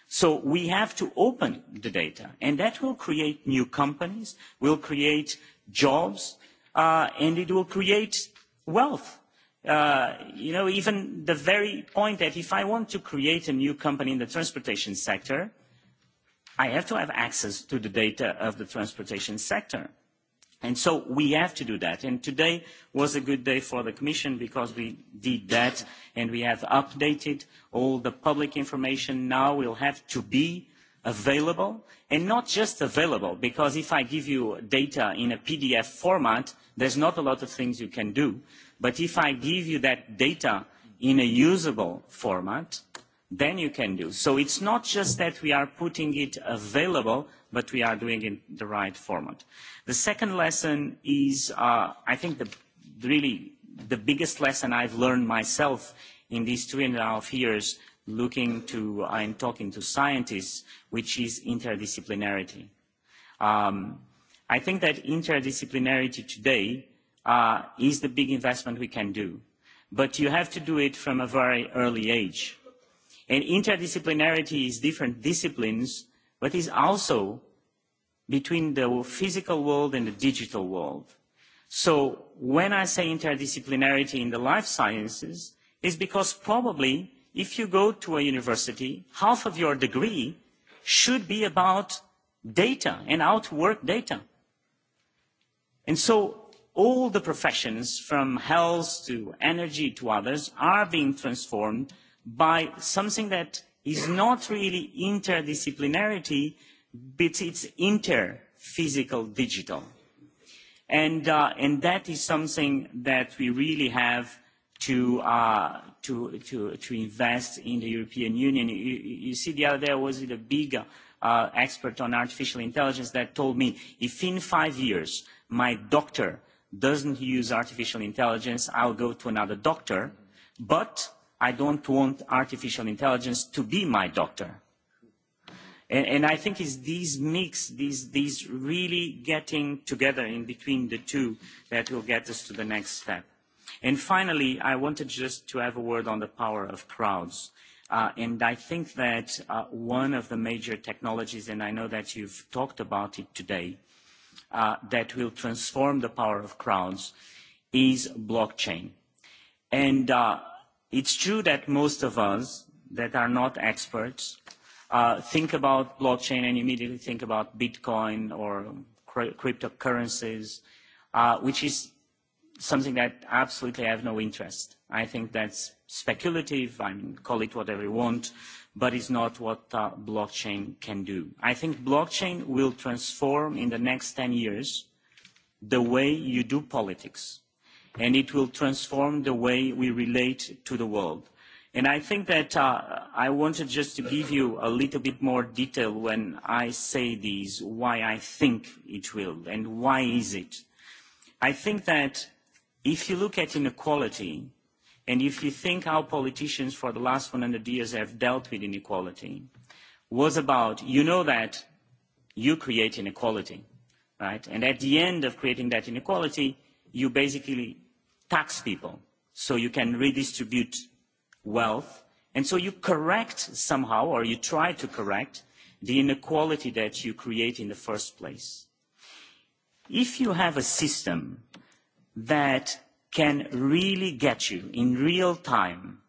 So we have to open the data, and that will create new companies, will create jobs, uh, and it will create wealth Uh, you know, even the very point that if I want to create a new company in the transportation sector, I have to have access to the data of the transportation sector. And so we have to do that. And today was a good day for the Commission because we did that and we have updated all the public information now will have to be available and not just available because if I give you data in a PDF format, there's not a lot of things you can do but if i give you that data in a usable format then you can do so it's not just that we are putting it available but we are doing it in the right format. the second lesson is uh, i think the, really the biggest lesson i've learned myself in these three and a half years looking to uh, and talking to scientists which is interdisciplinarity um, i think that interdisciplinarity today Uh, is the big investment we can do. But you have to do it from a very early age. And interdisciplinarity is different disciplines, but is also between the physical world and the digital world. So when I say interdisciplinarity in the life sciences, is because probably if you go to a university, half of your degree should be about data and how to work data. And so all the professions from health to energy to others are being transformed by something that is not really interdisciplinarity but it's interphysical digital and, uh, and that is something that we really have to, uh, to, to, to invest in the European Union. You, you see, the other day I was with a big uh, expert on artificial intelligence that told me if in five years my doctor doesn't use artificial intelligence, I'll go to another doctor, but I don't want artificial intelligence to be my doctor. And, and I think it's these mix, these, these really getting together in between the two that will get us to the next step. And finally, I wanted just to have a word on the power of crowds. Uh, and I think that uh, one of the major technologies, and I know that you've talked about it today, uh, Uh, that will transform the power of crowds is blockchain. And uh, it's true that most of us that are not experts uh, think about blockchain and immediately think about Bitcoin or cri cryptocurrencies, uh, which is something that absolutely have no interest. I think that's speculative, I mean, call it whatever you want, but it's not what uh, blockchain can do. I think blockchain will transform in the next 10 years the way you do politics, and it will transform the way we relate to the world. And I think that uh, I wanted just to give you a little bit more detail when I say these, why I think it will, and why is it. I think that if you look at inequality, And if you think how politicians for the last 100 years have dealt with inequality, was about, you know that you create inequality, right? And at the end of creating that inequality, you basically tax people so you can redistribute wealth. And so you correct somehow, or you try to correct, the inequality that you create in the first place. If you have a system that can really get you in real time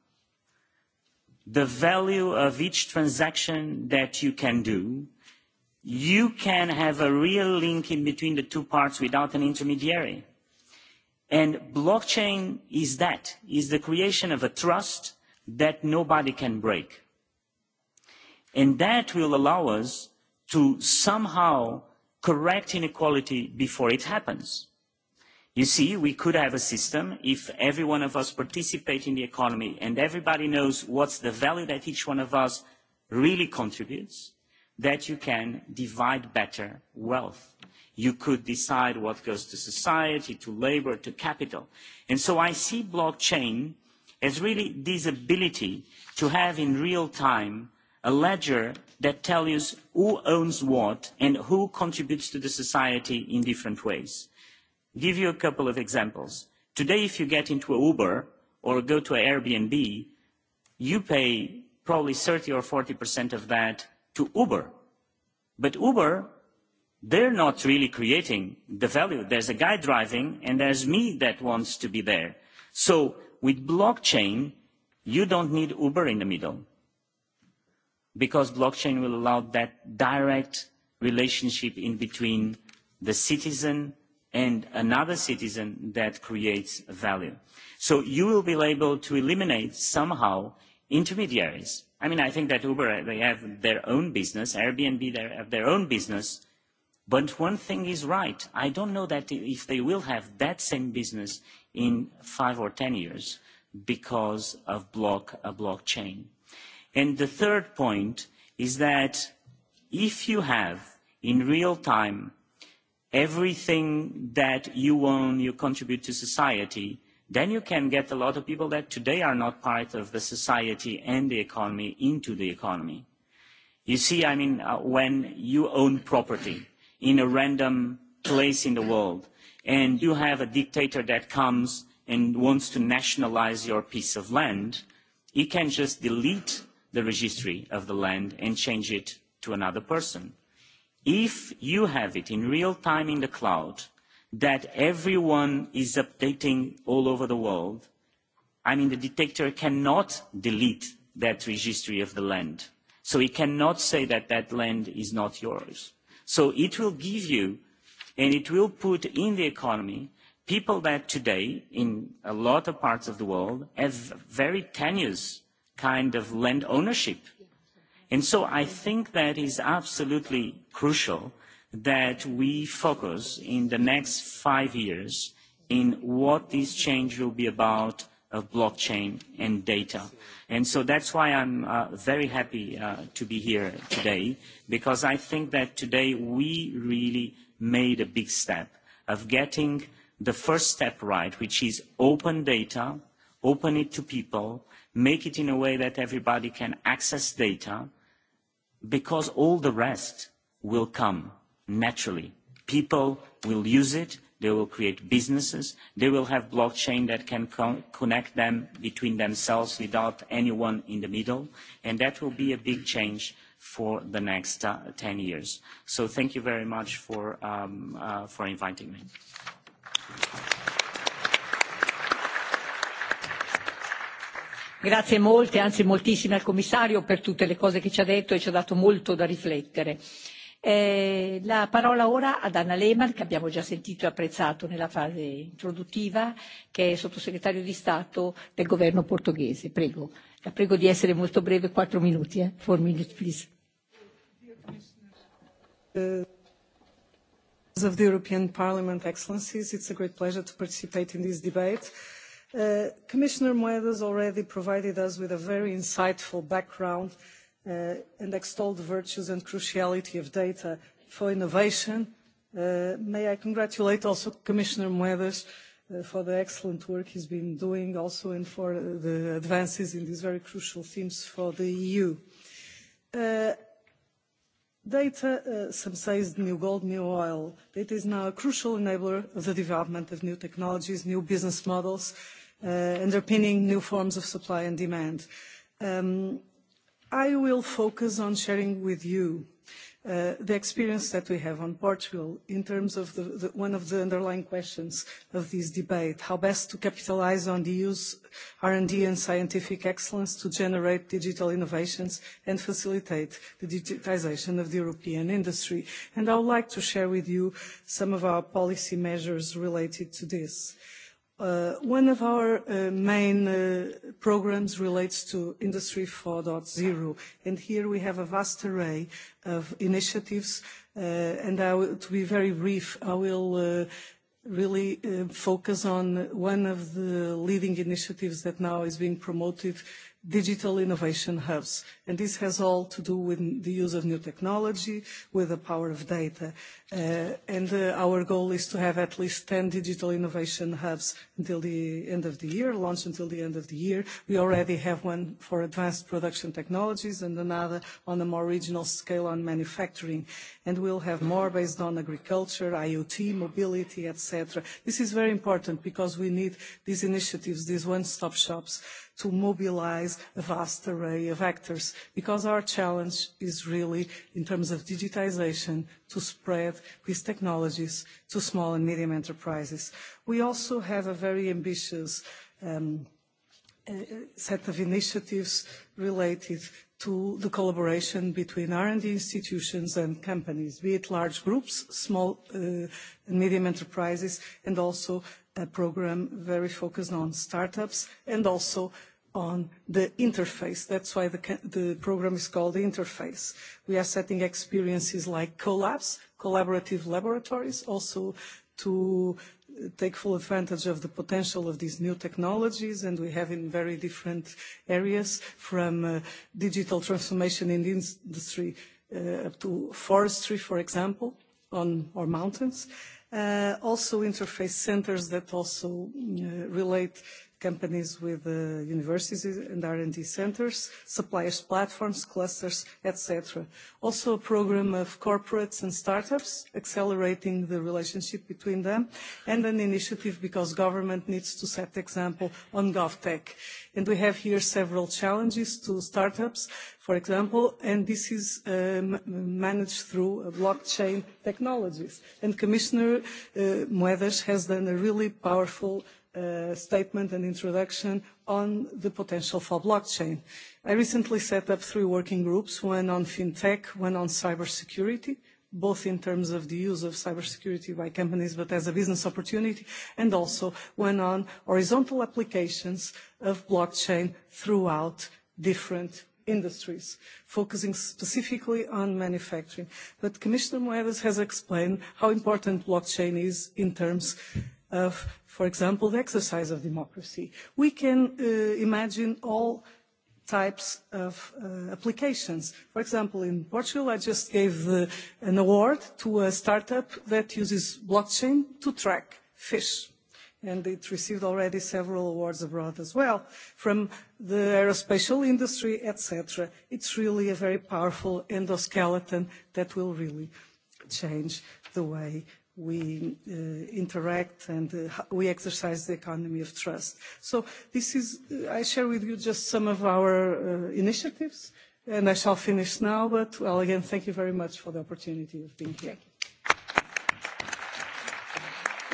the value of each transaction that you can do. You can have a real link in between the two parts without an intermediary. And blockchain is that, is the creation of a trust that nobody can break. And that will allow us to somehow correct inequality before it happens. You see, we could have a system if every one of us participate in the economy and everybody knows what's the value that each one of us really contributes, that you can divide better wealth. You could decide what goes to society, to labor, to capital. And so I see blockchain as really this ability to have in real time a ledger that tells you who owns what and who contributes to the society in different ways give you a couple of examples. Today, if you get into an Uber or go to an Airbnb, you pay probably 30 or 40% of that to Uber. But Uber, they're not really creating the value. There's a guy driving and there's me that wants to be there. So with blockchain, you don't need Uber in the middle because blockchain will allow that direct relationship in between the citizen and another citizen that creates value. So you will be able to eliminate somehow intermediaries. I mean, I think that Uber, uh, they have their own business, Airbnb, they have their own business. But one thing is right. I don't know that if they will have that same business in five or 10 years because of block, a blockchain. And the third point is that if you have in real time everything that you own you contribute to society then you can get a lot of people that today are not part of the society and the economy into the economy you see i mean uh, when you own property in a random place in the world and you have a dictator that comes and wants to nationalize your piece of land he can just delete the registry of the land and change it to another person if you have it in real time in the cloud that everyone is updating all over the world i mean the detector cannot delete that registry of the land so it cannot say that that land is not yours so it will give you and it will put in the economy people that today in a lot of parts of the world have very tenuous kind of land ownership. And so I think that is absolutely crucial that we focus in the next five years in what this change will be about of blockchain and data. And so that's why I'm uh, very happy uh, to be here today, because I think that today we really made a big step of getting the first step right, which is open data, open it to people, make it in a way that everybody can access data, uh, because all the rest will come naturally. People will use it, they will create businesses, they will have blockchain that can con connect them between themselves without anyone in the middle, and that will be a big change for the next uh, 10 years. So thank you very much for, um, uh, for inviting me. Thank you. grazie molte anzi moltissime al commissario per tutte le cose che ci ha detto e ci ha dato molto da riflettere. Eh, la parola ora ad Anna Lehmann, che abbiamo già sentito e apprezzato nella fase introduttiva, che è sottosegretario di Stato del governo portoghese. Prego, la prego di essere molto breve, quattro minuti, eh? four minutes please. Uh, of the European Parliament, Excellencies, it's a great pleasure to participate in this debate. Uh, commissioner moedas already provided us with a very insightful background uh, and extolled the virtues and cruciality of data for innovation. Uh, may i congratulate also commissioner moedas for the excellent work he has been doing also and for the advances in these very crucial themes for the eu. data some say is the new gold new oil. it is now a crucial enabler of the development of new technologies new business models Uh, underpinning new forms of supply and demand. Um, I will focus on sharing with you uh, the experience that we have on Portugal in terms of the one of the underlying questions of this debate, how best to capitalize on the use R&D and scientific excellence to generate digital innovations and facilitate the digitization of the European industry. I would like to share with you some of our policy measures related to this. Uh, one of our uh, main uh, programs relates to Industry 4.0, and here we have a vast array of initiatives. To be very brief, I will really focus on one of the leading initiatives that now is being promoted digital innovation hubs. This has all to do with the use of new technology, with the power of data. Uh, uh, our goal is to have at least 10 digital innovation hubs until the end of the year, launch until the end of the year. We already have one for advanced production technologies and another on a more regional scale on manufacturing. We'll have more based on agriculture, IoT, mobility, et cetera. This is very important because we need these initiatives, these one-stop shops, to mobilize a vast array of actors, because our challenge is really in terms of digitization to spread these technologies to small and medium enterprises. We also have a very ambitious um, uh, set of initiatives related to the collaboration between R&D institutions and companies, be it large groups, small uh, and medium enterprises, and also a program very focused on startups and also on the interface. That's why the program is called Interface. We are setting experiences like collabs, collaborative laboratories, also to take full advantage of the potential of these new technologies, and we have in very different areas, from uh, digital transformation in the industry uh, up to forestry, for example, on our mountains. Uh, also interface centers that also relate companies with uh, universities and R&D centers, suppliers platforms, clusters, etc. Also a program of corporates and startups, accelerating the relationship between them, and an initiative because government needs to set example on GovTech. And we have here several challenges to startups, for example, and this is uh, managed through uh, blockchain technologies. And Commissioner uh, Muedas has done a really powerful Uh, statement and introduction on the potential for blockchain. I recently set up three working groups, one on fintech, one on cybersecurity, both in terms of the use of cybersecurity by companies, but as a business opportunity, and also one on horizontal applications of blockchain throughout different industries, focusing specifically on manufacturing. But Commissioner Moedas has explained how important blockchain is in terms of of, for example, the exercise of democracy. We can uh, imagine all types of uh, applications. For example, in Portugal, I just gave uh, an award to a startup that uses blockchain to track fish. And it received already several awards abroad as well from the aerospace industry, etc. It's really a very powerful endoskeleton that will really change the way we uh, interact and uh, we exercise the economy of trust. This is, uh, I share with you just some of our initiatives, and I shall finish now. Well, again, thank you very much for the opportunity of being here.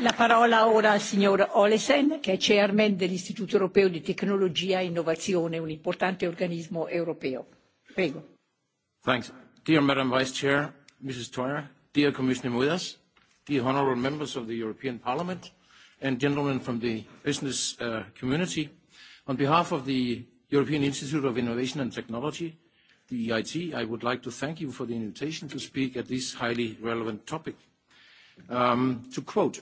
La parola ora al signor Olesen, che è Chairman dell'Istituto Europeo di Tecnologia e Innovazione, un importante organismo europeo. Prego. Thanks. Dear Madam Vice Chair, Mrs. Theurer, dear Commissioner Moedas, dear honourable members of the European Parliament and gentlemen from the business uh, community. On behalf of the European Institute of Innovation and Technology, the EIT, I would like to thank you for the invitation to speak at this highly relevant topic. Um, to quote,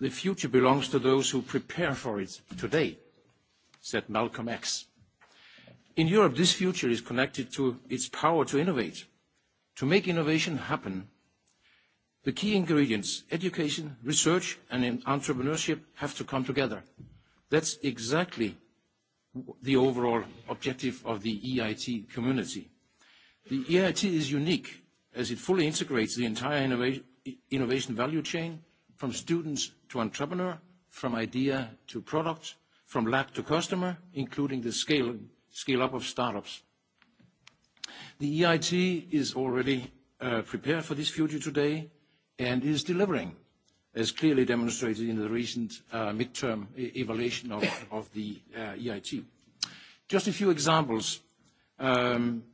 the future belongs to those who prepare for it today, said Malcolm X. In Europe, this future is connected to its power to innovate. To make innovation happen, the key ingredients, education, research, and entrepreneurship, have to come together. That's exactly the overall objective of the EIT community. The EIT is unique as it fully integrates the entire innovation value chain, from students to entrepreneur, from idea to product, from lab to customer, including the scale-up of startups. The EIT is already uh, prepared for this future today, and is delivering, as clearly demonstrated in the recent uh, midterm e-, evaluation of the uh, EIT. Just a few examples. Um,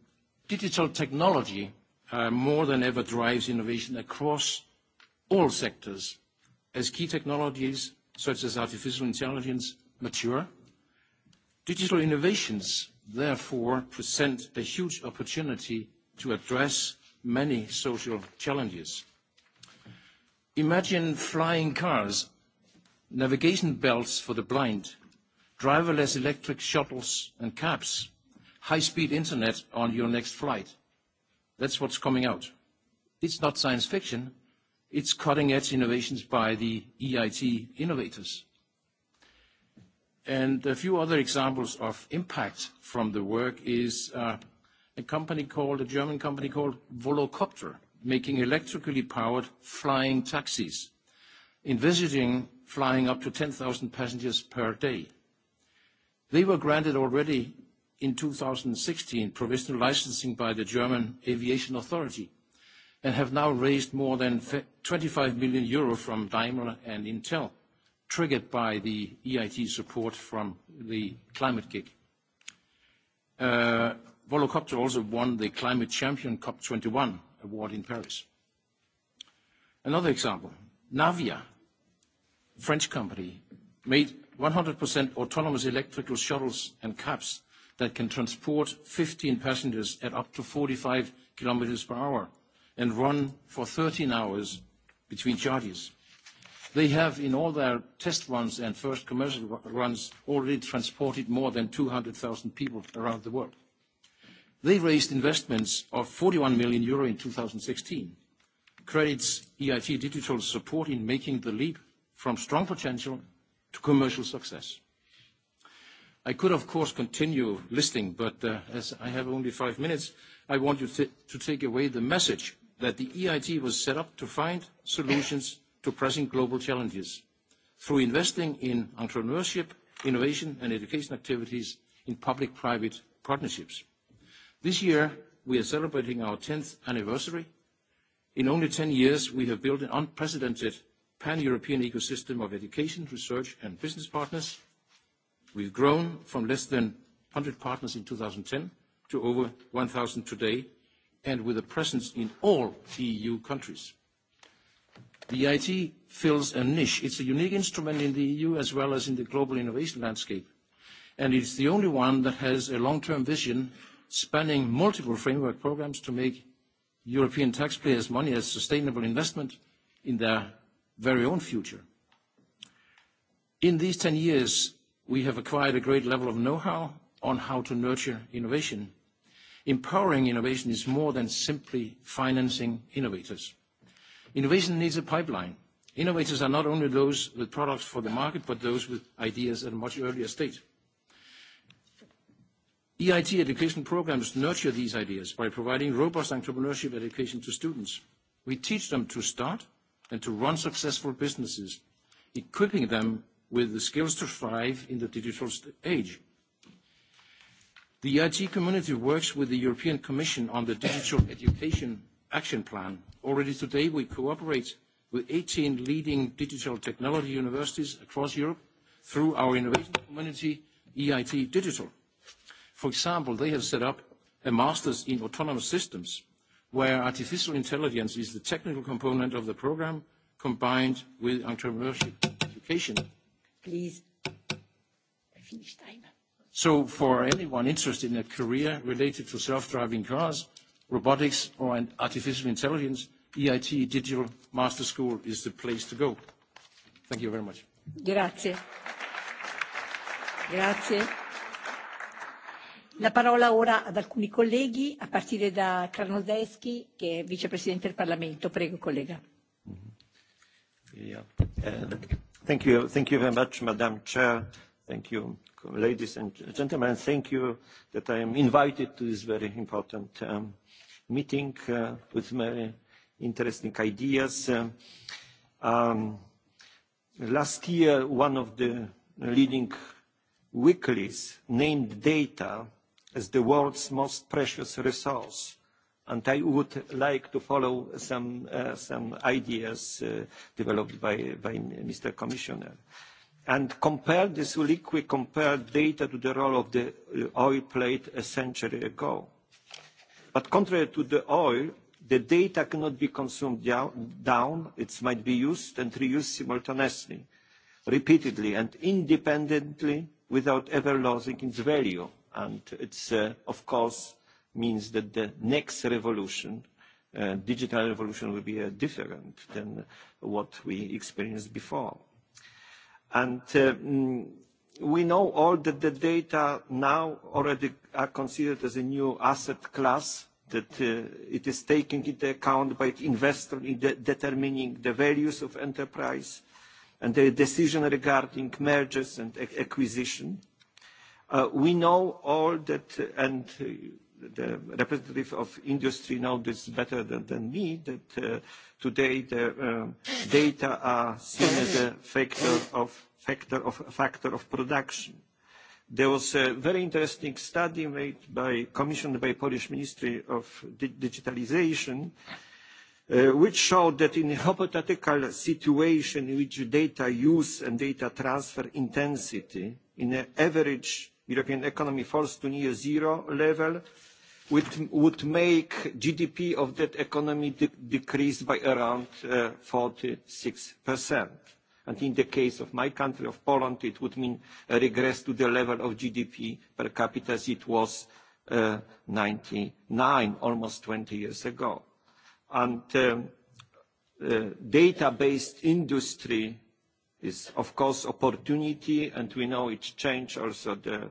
digital technology uh, more than ever drives innovation across all sectors as key technologies such as artificial intelligence mature. Digital innovations, therefore, present a huge opportunity to address many social challenges. Imagine flying cars, navigation belts for the blind, driverless electric shuttles and cabs, high-speed internet on your next flight. That's what's coming out. It's not science fiction. It's cutting-edge innovations by the EIT innovators. And a few other examples of impact from the work is uh, a company called, a German company called Volocopter making electrically powered flying taxis, envisaging flying up to 10,000 passengers per day. They were granted already in 2016 provisional licensing by the German Aviation Authority and have now raised more than 25 million euro from Daimler and Intel, triggered by the EIT support from the Climate Gig. Uh, Volocopter also won the Climate Champion COP21 award in Paris. Another example, Navia, French company, made 100% autonomous electrical shuttles and cabs that can transport 15 passengers at up to 45 kilometers per hour and run for 13 hours between charges. They have, in all their test runs and first commercial runs, already transported more than 200,000 people around the world. They raised investments of 41 million euro in 2016, credits EIT Digital's support in making the leap from strong potential to commercial success. I could, of course, continue listing, but uh, as I have only five minutes, I want you to take away the message that the EIT was set up to find solutions to pressing global challenges through investing in entrepreneurship, innovation, and education activities in public-private partnerships. This year, we are celebrating our 10th anniversary. In only 10 years, we have built an unprecedented pan-European ecosystem of education, research, and business partners. We've grown from less than 100 partners in 2010 to over 1,000 today, and with a presence in all EU countries. VIT fills a niche. It's a unique instrument in the EU as well as in the global innovation landscape, and it's the only one that has a long-term vision spanning multiple framework programs to make European taxpayers' money a sustainable investment in their very own future. In these 10 years, we have acquired a great level of know-how on how to nurture innovation. Empowering innovation is more than simply financing innovators. Innovation needs a pipeline. Innovators are not only those with products for the market, but those with ideas at a much earlier stage. EIT education programs nurture these ideas by providing robust entrepreneurship education to students. We teach them to start and to run successful businesses, equipping them with the skills to thrive in the digital age. The EIT community works with the European Commission on the Digital Education Action Plan. Already today, we cooperate with 18 leading digital technology universities across Europe through our innovation community, EIT Digital. For example, they have set up a master's in autonomous systems where artificial intelligence is the technical component of the program combined with entrepreneurship education. Please, finish time. So for anyone interested in a career related to self-driving cars, robotics or an artificial intelligence, EIT Digital Master School is the place to go. Thank you very much. Grazie. Grazie la parola ora ad alcuni colleghi a partire da Karnoldeski che è vicepresidente del Parlamento prego collega mm-hmm. yeah. uh, thank you thank you very much madam chair thank you ladies and gentlemen thank you that i am invited to this very important um, meeting uh, with very interesting ideas uh, um, last year one of the leading weeklies named data as the world's most precious resource. I would like to follow some uh, ideas uh, developed by Mr. Commissioner. Compare this liquid compared data to the role of the oil played a century ago. Contrary to the oil, the data cannot be consumed down. It might be used and reused simultaneously, repeatedly, and independently without ever losing its value. It's uh, of course means that the next revolution, uh, digital revolution will be uh, different than what we experienced before. Mm, we know all that the data now already are considered as a new asset class, that it is taken into account by investor in determining the values of enterprise and their decision regarding mergers and acquisition. Uh, we know all that uh, and uh, the representative of industry know this better than, than me that uh, today the um, data are seen as a factor of factor of factor of production there was a very interesting study made by commissioned by polish ministry of Di digitalization uh, which showed that in a hypothetical situation in which data use and data transfer intensity in an average European economy falls to near zero level, which would make GDP of that economy decrease by around 46%. Uh, in the case of my country, of Poland, it would mean a regress to the level of GDP per capita as it was 1999, uh, almost 20 years ago. Um, uh, data-based industry is of course opportunity, and we know it change also the,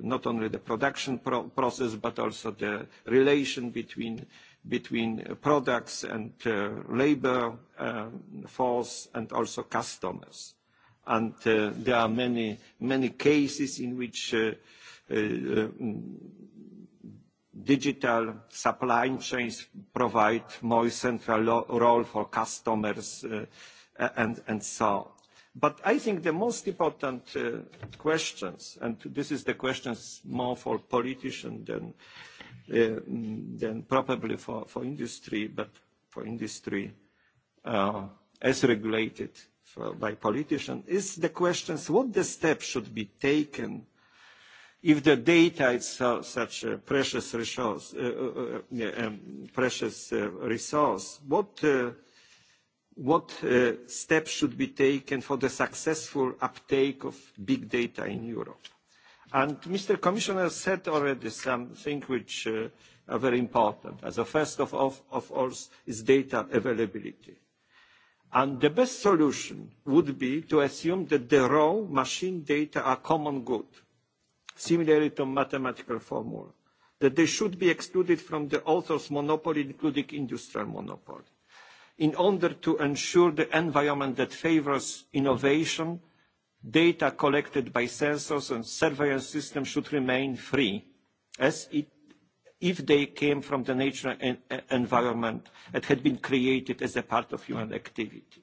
not only the production process, but also the relation between products and uh, labor um, force and also customers. Uh, there are many, many cases in which uh, um, digital supply chains provide more central role for customers and so on but i think the most important uh, questions and this is the questions more for politicians uh, than probably for industry but for industry uh, as regulated by politicians is the question what steps should be taken if the data is such a precious resource um, what what uh, steps should be taken for the successful uptake of big data in Europe. Mr. Commissioner said already something which uh, are very important. As a first of all, of course, is data availability. The best solution would be to assume that the raw machine data are common good, similarly to mathematical formula, that they should be excluded from the author's monopoly, including industrial monopoly in order to ensure the environment that favours innovation data collected by sensors and surveillance systems should remain free as it, if they came from the natural en e-, environment that had been created as a part of human activity.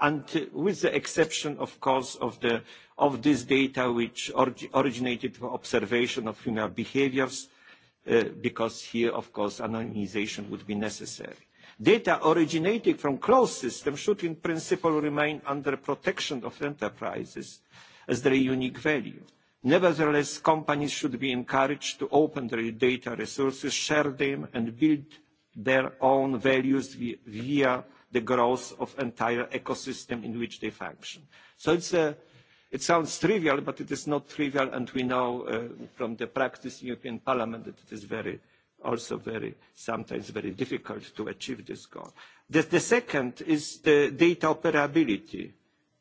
And with the exception, of course, of, the, of this data which orig originated from observation of human behaviours, uh, because here, of course, anonymisation would be necessary data originating from closed systems should in principle remain under protection of enterprises as their unique value. Nevertheless, companies should be encouraged to open their data resources, share them and build their own values via the growth of entire ecosystem in which they function. So it's a, it sounds trivial, but it is not trivial, and we know uh, from the practice in the European Parliament that it is very also very sometimes very difficult to achieve this goal. The, the second is the data operability.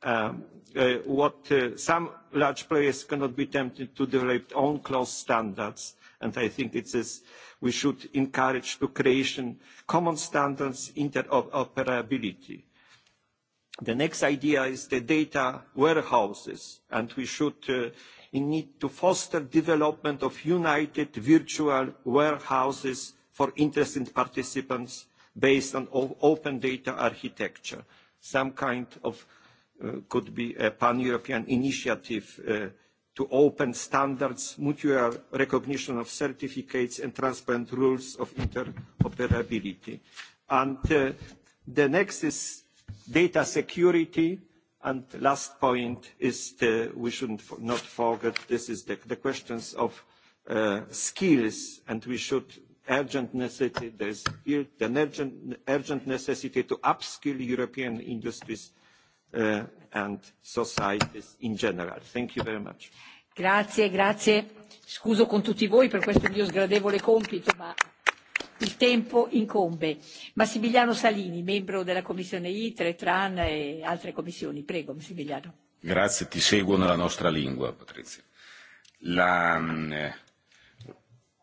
Um, uh, what uh, some large players cannot be tempted to develop own closed standards, and I think it is we should encourage the creation common standards interoperability. The next idea is the data warehouses, and we should uh, in need to foster development of united virtual warehouses for interested participants based on open data architecture. Some kind of uh, could be a pan-European initiative uh, to open standards, mutual recognition of certificates and transparent rules of interoperability. And uh, the next is data security. Uh, Last point is we shouldn't not forget this is the questions of uh, skills, and we should urgent necessity. There's here an urgent necessity to upskill European industries uh, and societies in general. Thank you very much. Grazie, grazie. Scuso con tutti voi per questo mio sgradevole compito, ma il tempo incombe. massimiliano salini membro della commissione itre tran e altre commissioni prego massimiliano grazie ti seguo nella nostra lingua patrizia la, mm, eh,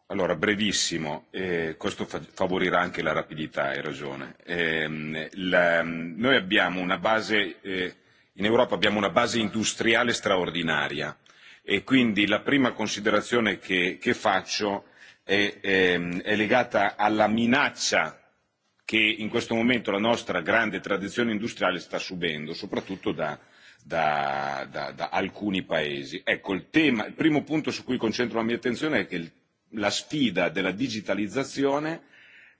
allora brevissimo eh, questo fa- favorirà anche la rapidità hai ragione eh, mm, la, mm, noi abbiamo una base eh, in Europa abbiamo una base industriale straordinaria e quindi la prima considerazione che, che faccio è è, è, ehm, è legata alla minaccia che in questo momento la nostra grande tradizione industriale sta subendo, soprattutto da, da, da, da alcuni paesi. Ecco, il, tema, il primo punto su cui concentro la mia attenzione è che il, la sfida della digitalizzazione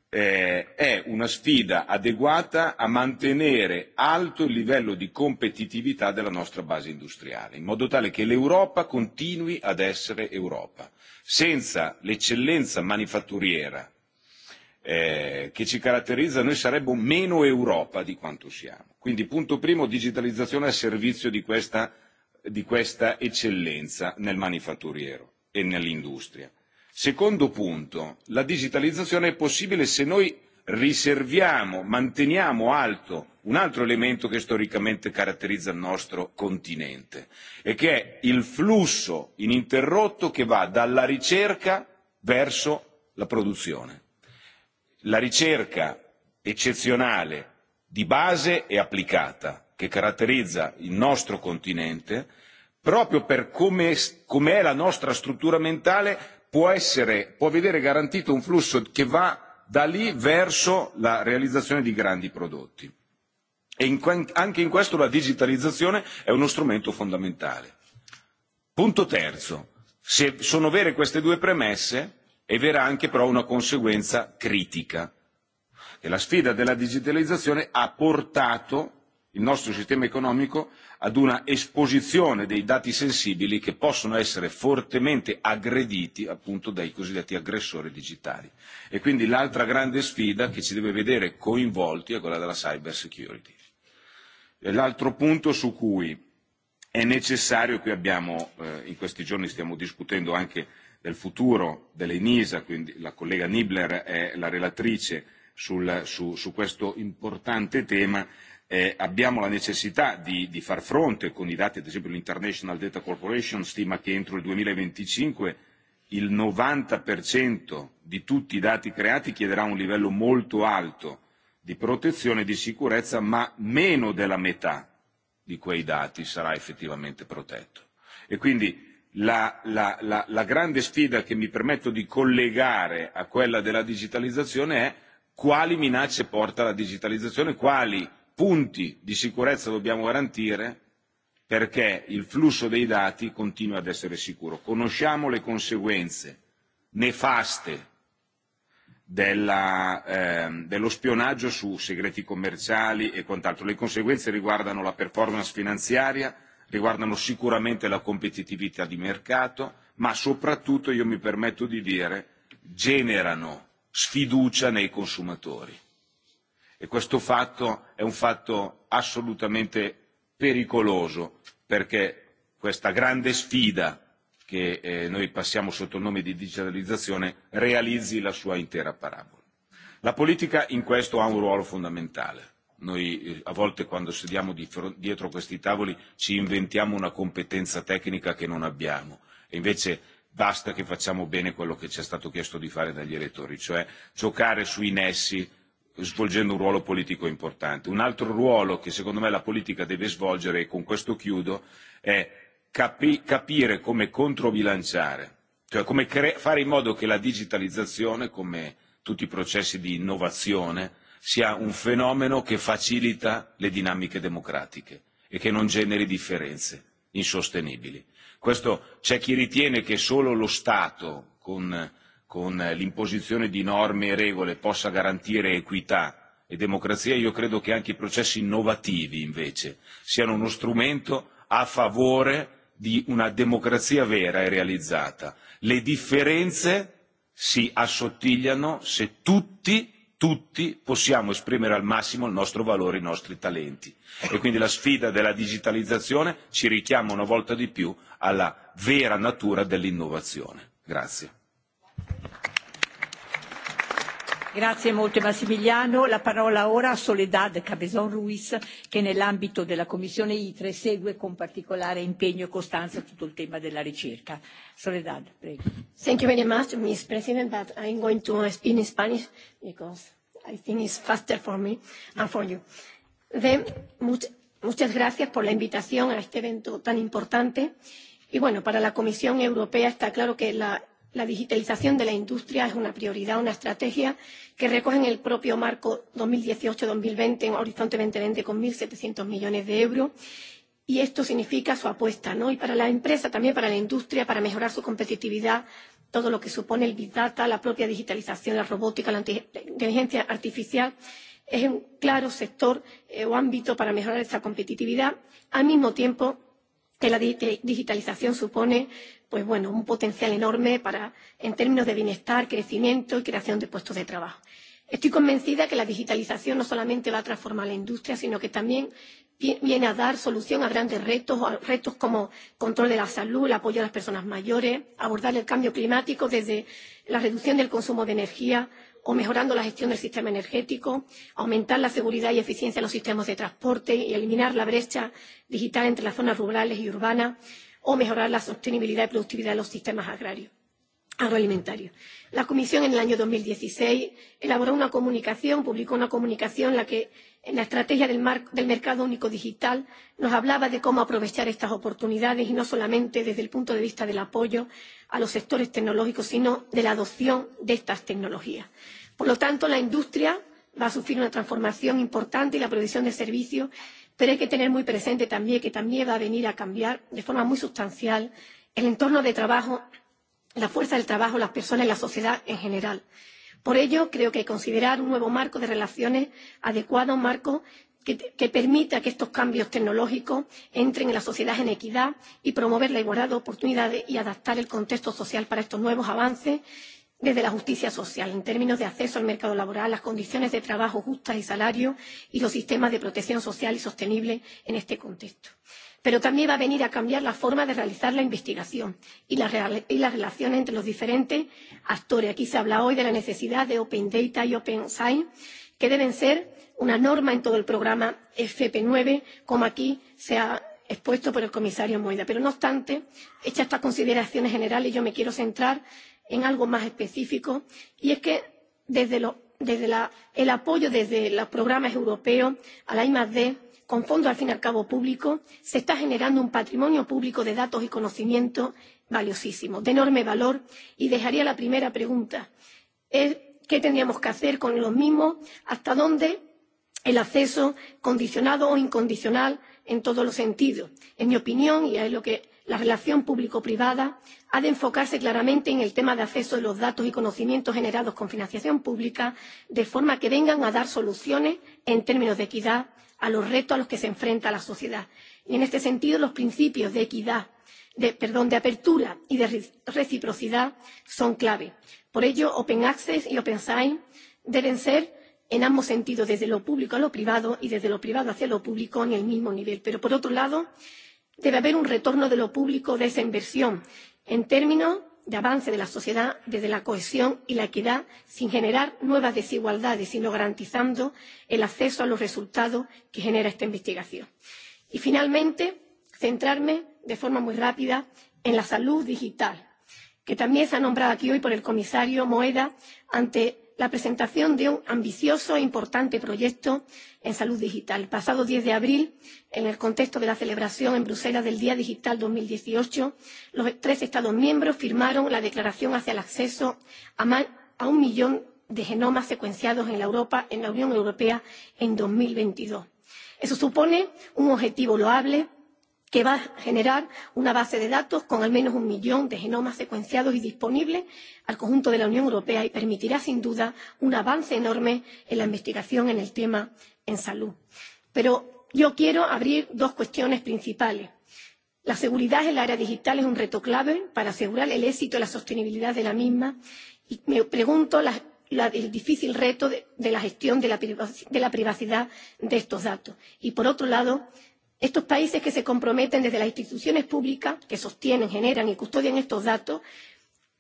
eh, è una sfida adeguata a mantenere alto il livello di competitività della nostra base industriale, in modo tale che l'Europa continui ad essere Europa senza l'eccellenza manifatturiera eh, che ci caratterizza noi saremmo meno Europa di quanto siamo. Quindi punto primo, digitalizzazione al servizio di questa, di questa eccellenza nel manifatturiero e nell'industria. Secondo punto, la digitalizzazione è possibile se noi riserviamo, manteniamo alto un altro elemento che storicamente caratterizza il nostro continente e che è il flusso ininterrotto che va dalla ricerca verso la produzione. La ricerca eccezionale di base e applicata che caratterizza il nostro continente, proprio per come, come è la nostra struttura mentale, può, essere, può vedere garantito un flusso che va da lì verso la realizzazione di grandi prodotti e in, anche in questo la digitalizzazione è uno strumento fondamentale. Punto terzo, se sono vere queste due premesse è vera anche però una conseguenza critica che la sfida della digitalizzazione ha portato il nostro sistema economico ad una esposizione dei dati sensibili che possono essere fortemente aggrediti appunto dai cosiddetti aggressori digitali. E quindi l'altra grande sfida che ci deve vedere coinvolti è quella della cyber security. E l'altro punto su cui è necessario qui abbiamo eh, in questi giorni stiamo discutendo anche del futuro dell'ENISA, quindi la collega Nibler è la relatrice sul, su, su questo importante tema, eh, abbiamo la necessità di, di far fronte con i dati, ad esempio l'International Data Corporation stima che entro il 2025 il 90% di tutti i dati creati chiederà un livello molto alto di protezione e di sicurezza, ma meno della metà di quei dati sarà effettivamente protetto. E quindi la, la, la, la grande sfida che mi permetto di collegare a quella della digitalizzazione è quali minacce porta la digitalizzazione, quali punti di sicurezza dobbiamo garantire perché il flusso dei dati continua ad essere sicuro. Conosciamo le conseguenze nefaste della, ehm, dello spionaggio su segreti commerciali e quant'altro. Le conseguenze riguardano la performance finanziaria, riguardano sicuramente la competitività di mercato, ma soprattutto, io mi permetto di dire, generano sfiducia nei consumatori. E questo fatto è un fatto assolutamente pericoloso perché questa grande sfida che eh, noi passiamo sotto il nome di digitalizzazione realizzi la sua intera parabola. La politica in questo ha un ruolo fondamentale. Noi eh, a volte quando sediamo dietro questi tavoli ci inventiamo una competenza tecnica che non abbiamo e invece basta che facciamo bene quello che ci è stato chiesto di fare dagli elettori, cioè giocare sui nessi svolgendo un ruolo politico importante. Un altro ruolo che secondo me la politica deve svolgere, e con questo chiudo, è capi, capire come controbilanciare, cioè come cre- fare in modo che la digitalizzazione, come tutti i processi di innovazione, sia un fenomeno che facilita le dinamiche democratiche e che non generi differenze insostenibili. Questo c'è chi ritiene che solo lo Stato, con, con l'imposizione di norme e regole, possa garantire equità e democrazia, io credo che anche i processi innovativi, invece, siano uno strumento a favore di una democrazia vera e realizzata. Le differenze si assottigliano se tutti, tutti possiamo esprimere al massimo il nostro valore, i nostri talenti. E quindi la sfida della digitalizzazione ci richiama una volta di più alla vera natura dell'innovazione. Grazie. grazie molto massimiliano la parola ora a soledad cabezón ruiz che nell'ambito della commissione itre segue con particolare impegno e costanza tutto il tema della ricerca soledad prego thank you very much miss president but i'm going to uh, speak in spanish because i think it's faster for me and for you then much, muchas gracias por la invitación a este evento tan importante y bueno para la comisión europea está claro que la La digitalización de la industria es una prioridad, una estrategia que recoge en el propio marco 2018-2020 en Horizonte 2020 con 1.700 millones de euros. Y esto significa su apuesta, ¿no? Y para la empresa, también para la industria, para mejorar su competitividad, todo lo que supone el Big Data, la propia digitalización, la robótica, la inteligencia artificial, es un claro sector eh, o ámbito para mejorar esa competitividad. Al mismo tiempo, que la digitalización supone pues bueno, un potencial enorme para, en términos de bienestar, crecimiento y creación de puestos de trabajo. Estoy convencida que la digitalización no solamente va a transformar la industria, sino que también viene a dar solución a grandes retos, a retos como control de la salud, el apoyo a las personas mayores, abordar el cambio climático desde la reducción del consumo de energía, o mejorando la gestión del sistema energético aumentar la seguridad y eficiencia en los sistemas de transporte y eliminar la brecha digital entre las zonas rurales y urbanas o mejorar la sostenibilidad y productividad de los sistemas agrarios agroalimentario. La Comisión en el año 2016 elaboró una comunicación, publicó una comunicación en la que en la estrategia del, mar, del mercado único digital nos hablaba de cómo aprovechar estas oportunidades y no solamente desde el punto de vista del apoyo a los sectores tecnológicos, sino de la adopción de estas tecnologías. Por lo tanto, la industria va a sufrir una transformación importante y la provisión de servicios, pero hay que tener muy presente también que también va a venir a cambiar de forma muy sustancial el entorno de trabajo la fuerza del trabajo las personas y la sociedad en general. por ello creo que considerar un nuevo marco de relaciones adecuado un marco que permita que estos cambios tecnológicos entren en la sociedad en equidad y promover la igualdad de oportunidades y adaptar el contexto social para estos nuevos avances desde la justicia social en términos de acceso al mercado laboral las condiciones de trabajo justas y salarios y los sistemas de protección social y sostenible en este contexto. por pero también va a venir a cambiar la forma de realizar la investigación y las relaciones entre los diferentes actores. aquí se habla hoy de la necesidad de open data y open science que deben ser una norma en todo el programa fp nueve como aquí se ha expuesto por el comisario moedas. pero no obstante hechas estas consideraciones generales yo me quiero centrar en algo más específico y es que desde, lo, desde la, el apoyo desde los programas europeos a la id con fondos al fin y al cabo públicos se está generando un patrimonio público de datos y conocimientos valiosísimos de enorme valor y dejaría la primera pregunta qué tendríamos que hacer con los mismos hasta dónde el acceso condicionado o incondicional en todos los sentidos. En mi opinión, y es lo que la relación público privada ha de enfocarse claramente en el tema de acceso de los datos y conocimientos generados con financiación pública, de forma que vengan a dar soluciones en términos de equidad, a los retos a los que se enfrenta la sociedad. Y en este sentido, los principios de equidad, de, perdón, de apertura y de reciprocidad son clave. Por ello, Open Access y Open Science deben ser, en ambos sentidos, desde lo público a lo privado y desde lo privado hacia lo público, en el mismo nivel. Pero, por otro lado, debe haber un retorno de lo público de esa inversión en términos de avance de la sociedad desde la cohesión y la equidad sin generar nuevas desigualdades sino garantizando el acceso a los resultados que genera esta investigación. y finalmente centrarme de forma muy rápida en la salud digital que también se ha nombrado aquí hoy por el comisario moedas ante la presentación de un ambicioso e importante proyecto en salud digital. El pasado 10 de abril, en el contexto de la celebración en Bruselas del Día Digital 2018, los tres Estados miembros firmaron la declaración hacia el acceso a más a un millón de genomas secuenciados en la, Europa, en la Unión Europea en 2022. Eso supone un objetivo loable, que va a generar una base de datos con al menos un millón de genomas secuenciados y disponibles al conjunto de la unión europea y permitirá sin duda un avance enorme en la investigación en el tema en salud. pero yo quiero abrir dos cuestiones principales la seguridad en la era digital es un reto clave para asegurar el éxito y la sostenibilidad de la misma y me pregunto la, la, el difícil reto de, de la gestión de la privacidad de estos datos y por otro lado Estos países que se comprometen desde las instituciones públicas que sostienen, generan y custodian estos datos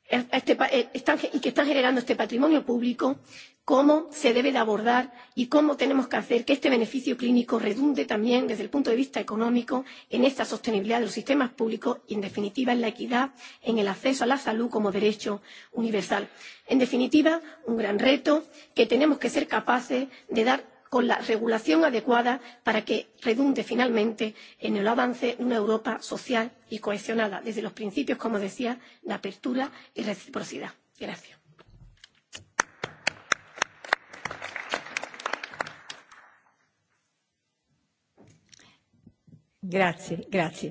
eh, este, eh, están, y que están generando este patrimonio público, cómo se debe de abordar y cómo tenemos que hacer que este beneficio clínico redunde también desde el punto de vista económico en esta sostenibilidad de los sistemas públicos y, en definitiva, en la equidad en el acceso a la salud como derecho universal. En definitiva, un gran reto que tenemos que ser capaces de dar con la regulación adecuada para que redunde finalmente en el avance de una europa social y cohesionada desde los principios como decía de apertura y reciprocidad. gracias. Grazie, grazie.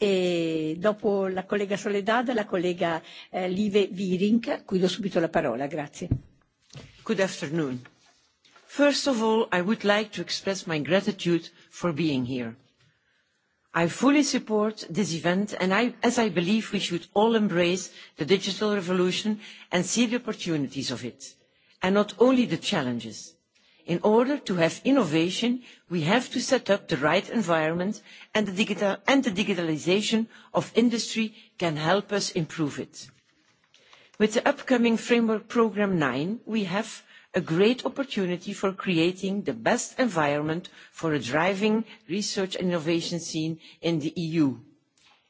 E dopo la collega Soledad, la collega eh, Live Wiering, qui do subito la parola. Grazie. Good afternoon. First of all, I would like to express my gratitude for being here. I fully support this event, as I believe we should all embrace the digital revolution and see the opportunities of it, and not only the challenges. In order to have innovation, we have to set up the right environment, and the digitalization of industry can help us improve it. With the upcoming Framework Program 9, we have a great opportunity for creating the best environment for a thriving research and innovation scene in the eu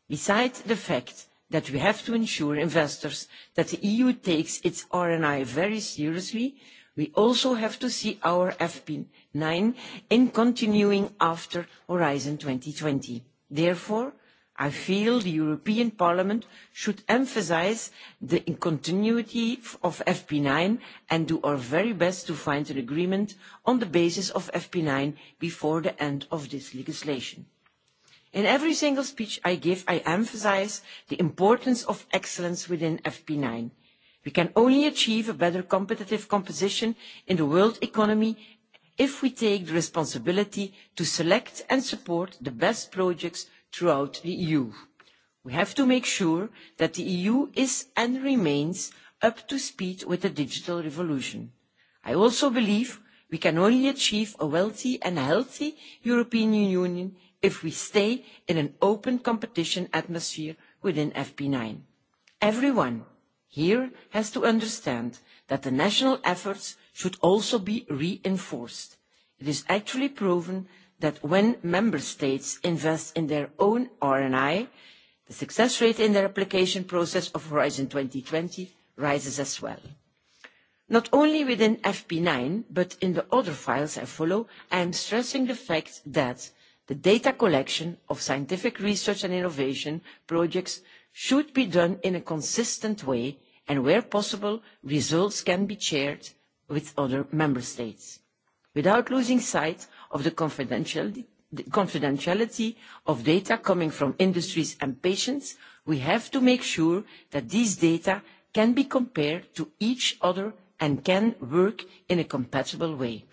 besides the fact that we have to ensure investors that the eu takes its rni very seriously we also have to see our fp nine in continuing after horizon. two thousand and twenty therefore i feel the european parliament should emphasise the continuity of fp nine and do our very best to find an agreement on the basis of fp nine before the end of this legislature. in every single speech i give i emphasise the importance of excellence within fp nine. we can only achieve a better competitive composition in the world economy if we take the responsibility to select and support the best projects throughout the eu. we have to make sure that the eu is and remains up to speed with the digital revolution. i also believe we can only achieve a wealthy and healthy european union if we stay in an open competition atmosphere within fp. nine everyone here has to understand that the national efforts should also be reinforced. it is actually proven that when member states invest in their own rni the success rate in their application process of horizon two thousand and twenty rises as well not only within fp nine but in the other files i follow i am stressing the fact that the data collection of scientific research and innovation projects should be done in a consistent way and where possible results can be shared with other member states without losing sight of the confidentiality of data coming from industries and patients, we have to make sure that these data can be compared to each other and can work in a compatible way.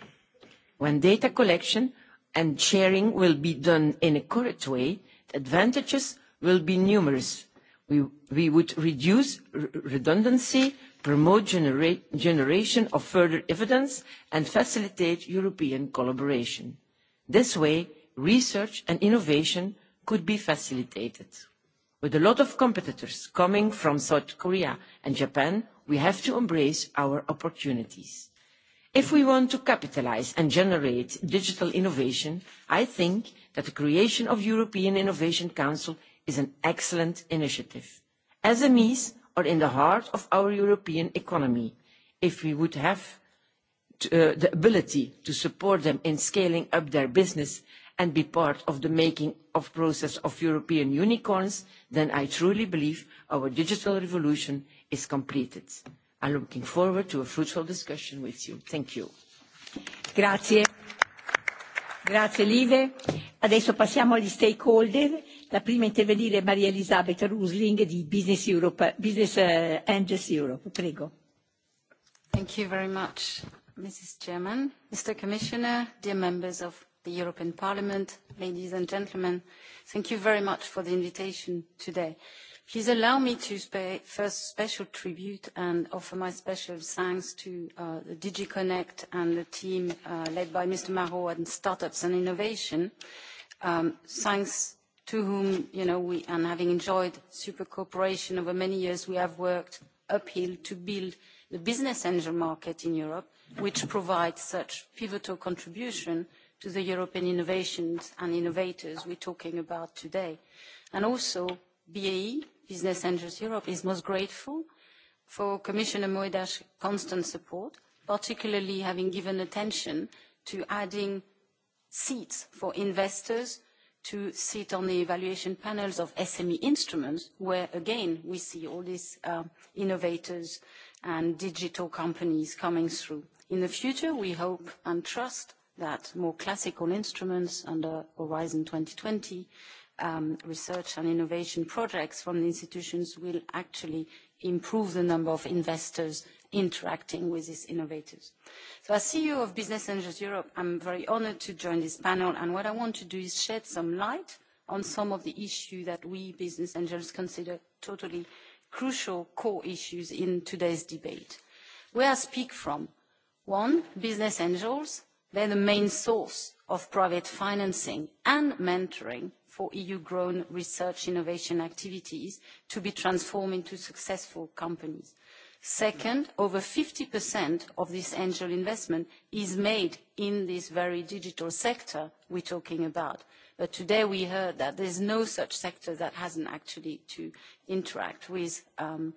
When data collection and sharing will be done in a correct way, advantages will be numerous. We would reduce redundancy, promote generation of further evidence and facilitate european collaboration. this way research and innovation could be facilitated. with a lot of competitors coming from south korea and japan we have to embrace our opportunities. if we want to capitalise and generate digital innovation i think that the creation of the european innovation council is an excellent initiative. smes or in the heart of our european economy if we would have uh, the ability to support them in scaling up their business and be part of the making of process of european unicorns then i truly believe our digital revolution is completed. i am looking forward to a fruitful discussion with you. thank you. grazie. grazie lieve. adesso passiamo agli stakeholder. La prima intervenire è Maria Elisabeth Rusling di Business Europe, Business uh, Angels Europe. Prego. Thank you very much, Mrs. Chairman, Mr. Commissioner, dear members of the European Parliament, ladies and gentlemen. Thank you very much for the invitation today. Please allow me to pay first special tribute and offer my special thanks to uh, the DigiConnect and the team uh, led by Mr. Marot and Startups and Innovation. Um, thanks to whom you know we and having enjoyed super cooperation over many years we have worked uphill to build the business engine market in europe which provides such pivotal contribution to the european innovations and innovators we are talking about today and also bae business engines europe is most grateful for commissioner moedas constant support particularly having given attention to adding seats for investors to sit on the evaluation panels of SME instruments, where again we see all these uh, innovators and digital companies coming through. In the future, we hope and trust that more classical instruments under Horizon 2020 um, research and innovation projects from the institutions will actually improve the number of investors interacting with these innovators. So as CEO of Business Angels Europe, I'm very honored to join this panel. And what I want to do is shed some light on some of the issues that we business angels consider totally crucial core issues in today's debate. Where I speak from, one, business angels, they're the main source of private financing and mentoring for EU-grown research innovation activities to be transformed into successful companies. Second, over 50% of this angel investment is made in this very digital sector we're talking about. But today we heard that there's no such sector that hasn't actually to interact with um,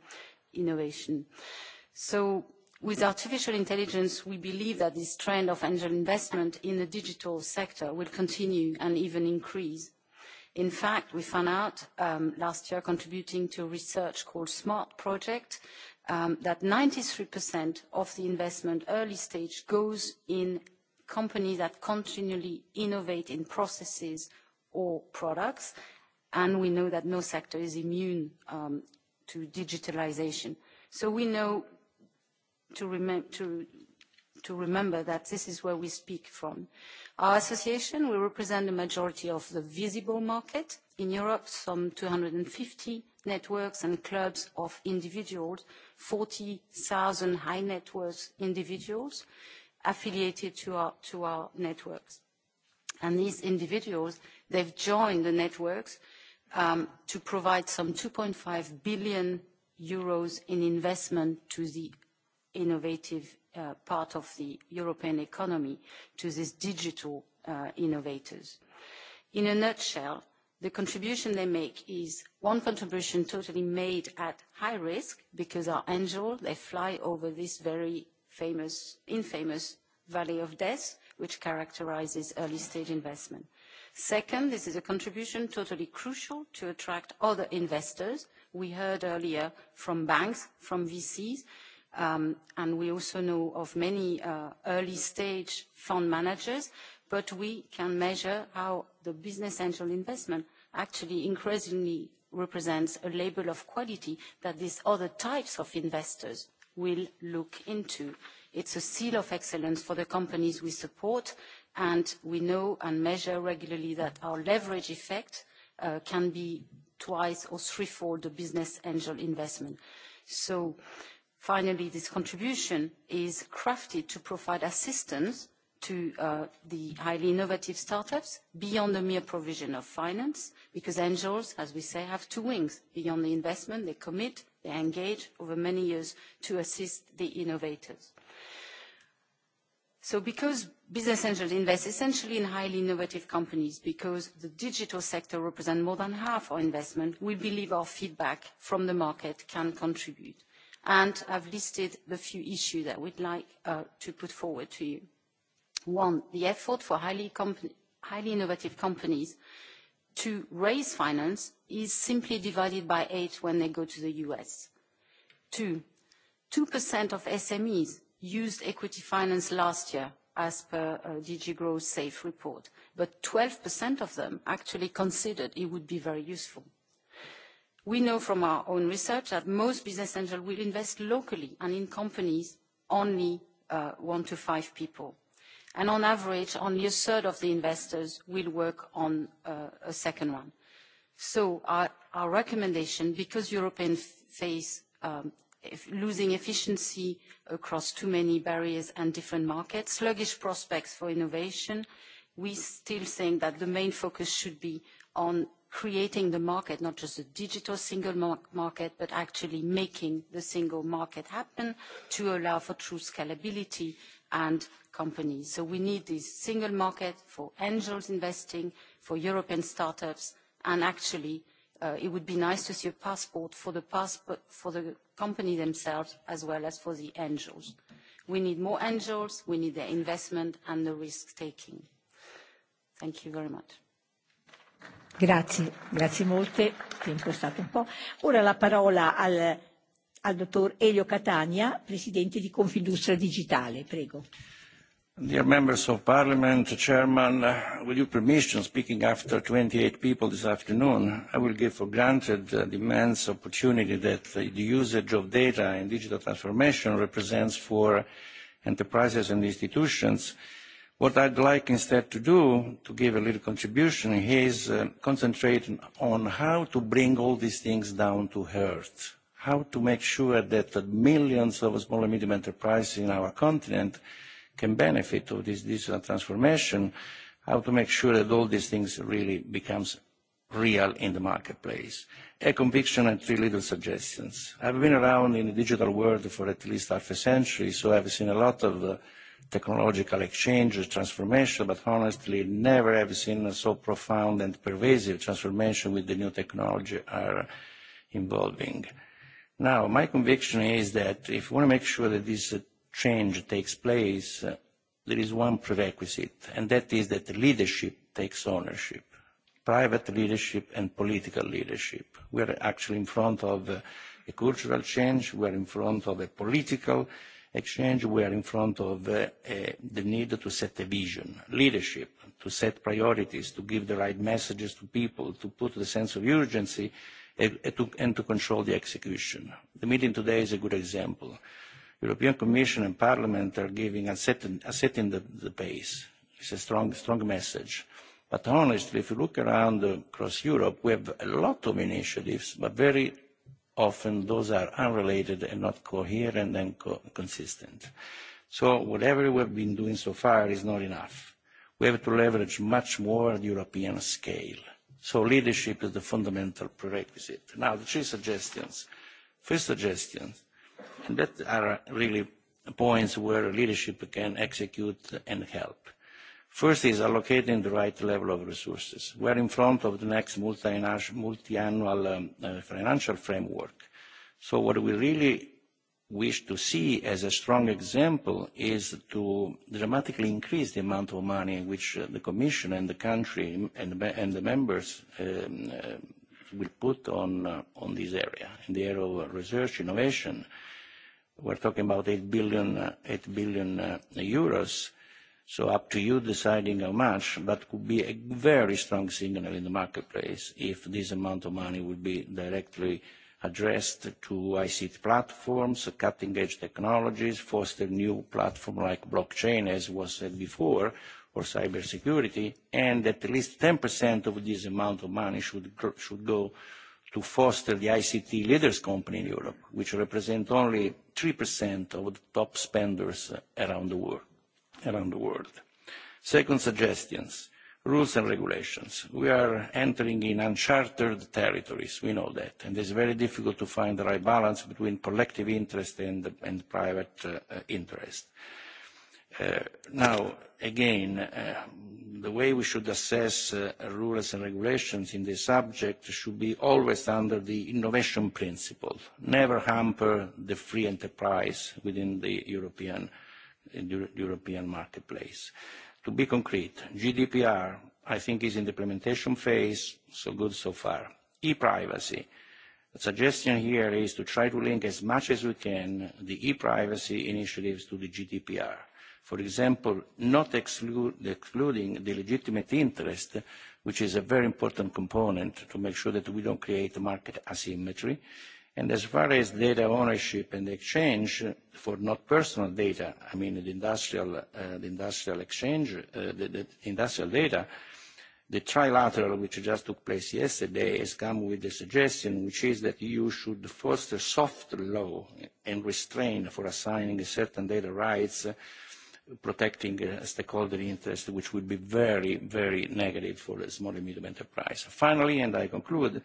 innovation. So with artificial intelligence, we believe that this trend of angel investment in the digital sector will continue and even increase. In fact, we found out um, last year, contributing to research called Smart Project, Um, that 93% of the investment early stage goes in companies that continually innovate in processes or products, and we know that no sector is immune um, to digitalization. We know to remember that this is where we speak from. Our association, we represent the majority of the visible market, in Europe, some 250 networks and clubs of individuals, 40,000 high net worth individuals affiliated to our, to our networks. And these individuals, they've joined the networks um, to provide some 2.5 billion euros in investment to the innovative uh, part of the European economy, to these digital uh, innovators. In a nutshell, the contribution they make is one contribution totally made at high risk because our angel they fly over this very famous infamous valley of death which characterizes early stage investment second this is a contribution totally crucial to attract other investors we heard earlier from banks from vcs um, and we also know of many uh, early stage fund managers but we can measure how the business angel investment actually increasingly represents a label of quality that these other types of investors will look into. It's a seal of excellence for the companies we support, and we know and measure regularly that our leverage effect uh, can be twice or threefold the business angel investment. Finally, this contribution is crafted to provide assistance to uh, the highly innovative startups beyond the mere provision of finance, because angels, as we say, have two wings. Beyond the investment, they commit, they engage over many years to assist the innovators. Because business angels invest essentially in highly innovative companies, because the digital sector represent more than half our investment, we believe our feedback from the market can contribute. I've listed the few issues that we'd like uh, to put forward to you one the effort for highly innovative companies to raise finance is simply divided by eight when they go to the us; two two of smes used equity finance last year as per uh, dg grow's safe report but twelve of them actually considered it would be very useful. we know from our own research that most business angels will invest locally and in companies only uh, one to five people and on average only a third of the investors will work on uh, a second one. So our, our recommendation, because Europeans face um, if losing efficiency across too many barriers and different markets, sluggish prospects for innovation, we still think that the main focus should be on creating the market, not just a digital single mar market, but actually making the single market happen to allow for true scalability and companies so we need this single market for angel investing for european start ups and actually uh, it would be nice to see a passport for the companies themselves as well as for the angels. we need more angels we need their investment and the risk taking. thank you very much al dottor Elio Catania, presidente di Confindustria Digitale. Prego. Dear members of Parliament, Chairman, uh, with your permission, speaking after 28 people this afternoon, I will give for granted uh, the immense opportunity that uh, the usage of data in digital transformation represents for enterprises and institutions. What I'd like instead to do, to give a little contribution, is uh, concentrate on how to bring all these things down to earth how to make sure that the millions of small and medium enterprises in our continent can benefit of this digital transformation, how to make sure that all these things really becomes real in the marketplace. A conviction and three little suggestions. I've been around in the digital world for at least half a century, so I've seen a lot of uh, technological exchanges, transformation, but honestly, never have seen a so profound and pervasive transformation with the new technology are involving. Now, my conviction is that if we want to make sure that this uh, change takes place, uh, there is one prerequisite, and that is that leadership takes ownership, private leadership and political leadership. We are actually in front of uh, a cultural change. We are in front of a political exchange. We are in front of uh, uh, the need to set a vision, leadership, to set priorities, to give the right messages to people, to put the sense of urgency uh, E, e and to control the execution. The meeting today is a good example. European Commission and Parliament are giving a setting, a setting the, the pace. It's a strong, strong message. But honestly, if you look around across Europe, we have a lot of initiatives, but very often those are unrelated and not coherent and co- consistent. So whatever we've been doing so far is not enough. We have to leverage much more European scale so leadership is the fundamental prerequisite. Now, the three suggestions. First suggestion, and that are really points where leadership can execute and help. First is allocating the right level of resources. We're in front of the next multi-annual um, uh, financial framework. So what we really wish to see as a strong example is to dramatically increase the amount of money which uh, the Commission and the country and, and the members um, uh, will put on, uh, on this area, in the area of research, innovation. We're talking about 8 billion, uh, 8 billion uh, euros, so up to you deciding how much, but could be a very strong signal in the marketplace if this amount of money would be directly uh, addressed to ICT platforms, cutting-edge technologies, foster new platform like blockchain, as was said before, or cybersecurity, and at least 10% of this amount of money should go to foster the ICT leaders company in Europe, which represent only 3% of the top spenders around the world. Second suggestions, rules and regulations. We are entering in uncharted territories, we know that, and it's very difficult to find the right balance between collective interest and, and private uh, interest. Uh, now, again, uh, the way we should assess uh, rules and regulations in this subject should be always under the innovation principle. Never hamper the free enterprise within the European, uh, European marketplace. Uh, To be concrete, GDPR, I think, is in the implementation phase, so good so far. E-privacy. The suggestion here is to try to link as much as we can the e-privacy initiatives to the GDPR. For example, not exclude, excluding the legitimate interest, which is a very important component to make sure that we don't create market asymmetry, uh, as far as data ownership and exchange for not personal data, I mean the industrial, uh, the industrial exchange, uh, the, the industrial data, the trilateral, which just took place yesterday, has come with a suggestion, which is that EU should foster soft law and restrain for assigning certain data rights, uh, protecting uh, stakeholder interest, which would be very, very negative for the small and medium enterprise. Finally, and I conclude, uh,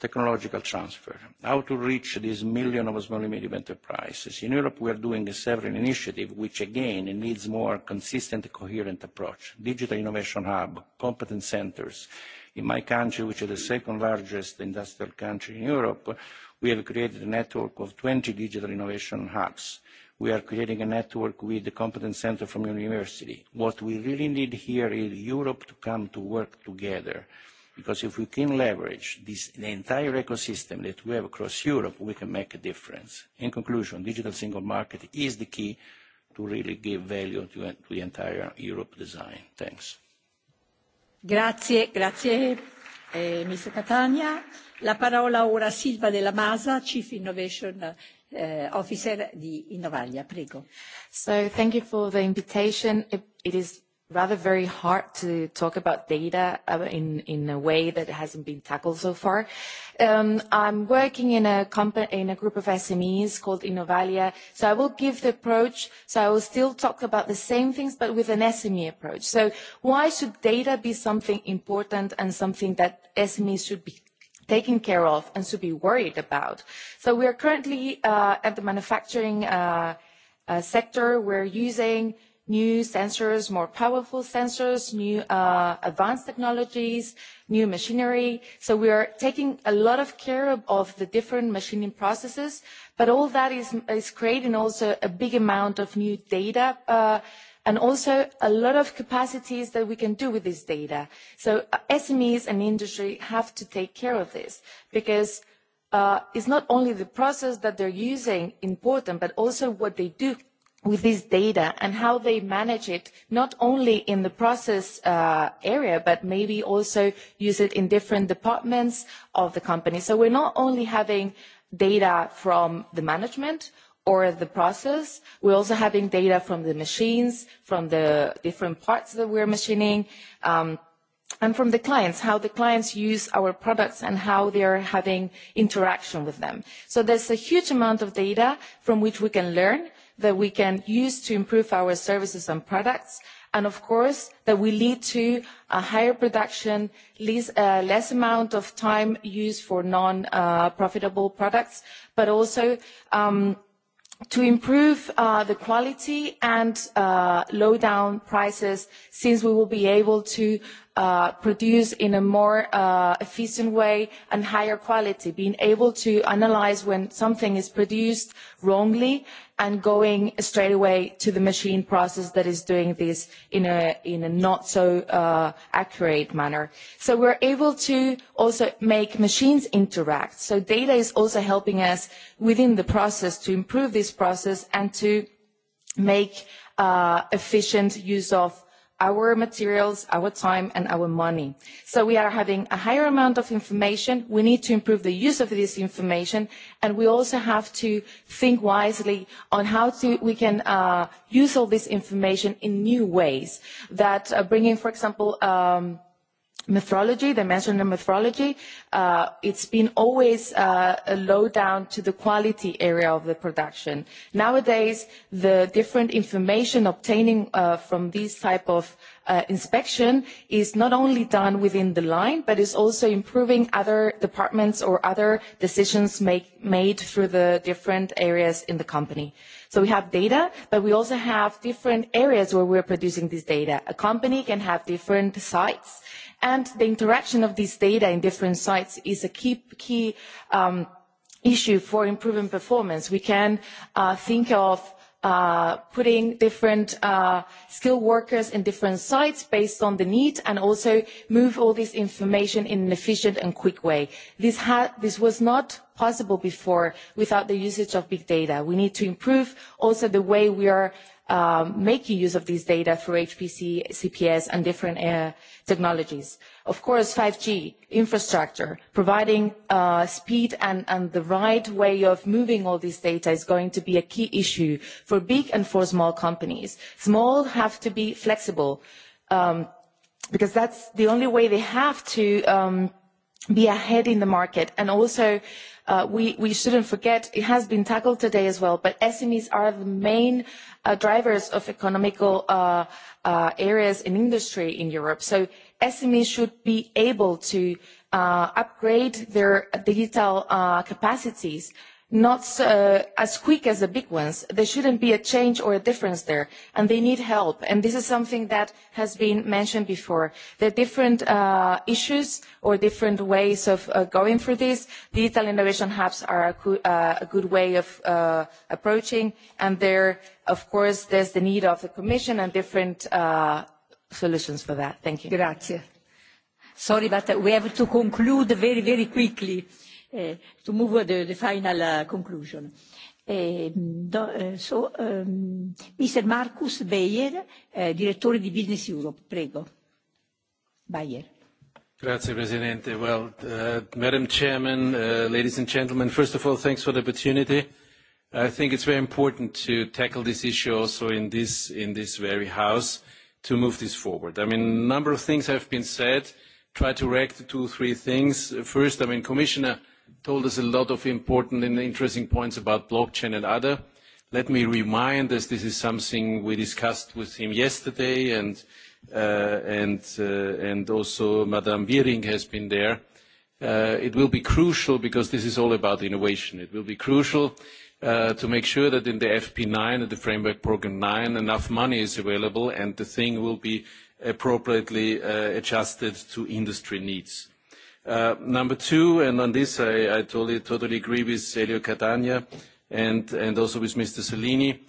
technological transfer. How to reach these million of small and medium enterprises? In Europe, we are doing a several initiatives, which again needs more consistent, coherent approach. Digital innovation hub, competence centers. In my country, which is the second largest industrial country in Europe, we have created a network of 20 digital innovation hubs. We are creating a network with the competence center from university. What we really need here is Europe to come to work together because if we can leverage this, the entire ecosystem that we have across Europe, we can make a difference. In conclusion, digital single market is the key to really give value to, to the entire Europe design. Thanks. Grazie, grazie, eh, Mr. Catania. La parola ora Silva della Masa, Chief Innovation uh, Officer di Innovalia. Prego. So, thank you for the invitation. It, it is rather very hard to talk about data uh, in, in a way that hasn't been tackled so far. Um, I'm working in a, company, in a group of SMEs called Innovalia, so I will give the approach, so I will still talk about the same things, but with an SME approach. So why should data be something important and something that SMEs should be taken care of and should be worried about? So we are currently uh, at the manufacturing uh, uh, sector, we're using new sensors, more powerful sensors, new uh, advanced technologies, new machinery. We are taking a lot of care of the different machining processes, but all that is creating also a big amount of new data, uh, and also a lot of capacities that we can do with this data. SMEs uh, and industry have to take care of this because it's not only the process that they're using important, but also what they do with this data and how they manage it, not only in the process uh, area, but maybe also use it in different departments of the company. So we're not only having data from the management or the process, we're also having data from the machines, from the different parts that we're machining, um, and from the clients, how the clients use our products and how they are having interaction with them. So there's a huge amount of data from which we can learn that we can use to improve our services and products, and of course, that will lead to a higher production, uh, less amount of time used for non-profitable uh, products, but also um, to improve uh, the quality and low down prices since we will be able to Uh, produce in a more uh, efficient way and higher quality, being able to analyze when something is produced wrongly and going straight away to the machine process that is doing this in a, in a not so uh, accurate manner. So we're able to also make machines interact. So data is also helping us within the process to improve this process and to make uh, efficient use of our materials, our time, and our money. We are having a higher amount of information. We need to improve the use of this information, and we also have to think wisely on how we can uh, use all this information in new ways that uh, bring in, for example, um, mythology, they mentioned the mythology. Uh, it's been always uh, a low down to the quality area of the production. Nowadays, the different information obtaining uh, from these type of uh, inspection is not only done within the line, but is also improving other departments or other decisions make, made through the different areas in the company. So we have data, but we also have different areas where we're producing this data. A company can have different sites and the interaction of these data in different sites is a key um, issue for improving performance. we can uh, think of uh, putting different uh, skilled workers in different sites based on the need and also move all this information in an efficient and quick way. this was not possible before without the usage of big data. we need to improve also the way we are making use of this data through hpc cps and different technologies. Of course, 5G infrastructure, providing uh, speed and the right way of moving all this data is going to be a key issue for big and for small companies. Small have to be flexible, um, because that's the only way they have to um, be ahead in the market. Also, Uh, we shouldn't forget it has been tackled today as well but smes are the main uh, drivers of economic uh, areas in industry in europe so smes should be able to upgrade their digital capacities and not uh, as quick as the big ones there shouldn't be a change or a difference there and they need help and this is something that has been mentioned before there are different uh, issues or different ways of uh, going through this digital innovation hubs are a, co- uh, a good way of uh, approaching and there of course there's the need of the commission and different uh, solutions for that thank you grazie sorry but we have to conclude very very quickly uh, Eh, to move with the, the final uh, conclusion. Uh, do, uh, so, um, ehm, Mr. Marcus Bayer, uh, Directore di Business Europe, prego. Bayer. Grazie Presidente. Well, uh, Madam Chairman, uh, ladies and gentlemen, first of all, thanks for the opportunity. I think it's very important to tackle this issue also in this, in this very house to move this forward. I mean, a number of things have been said. Try to react to two or three things. First, I mean, Commissioner, told us a lot of important and interesting points about blockchain and other. Let me remind us, this is something we discussed with him yesterday, and uh, uh, also Madame Wiering has been there. Uh, it will be crucial because this is all about innovation. It will be crucial to make sure that in the FP9 and the Framework Program 9, enough money is available, and the thing will be appropriately adjusted to industry needs. Uh, number two, and on this, I totally agree with Elio Cattaneo and also with Mr. Salini.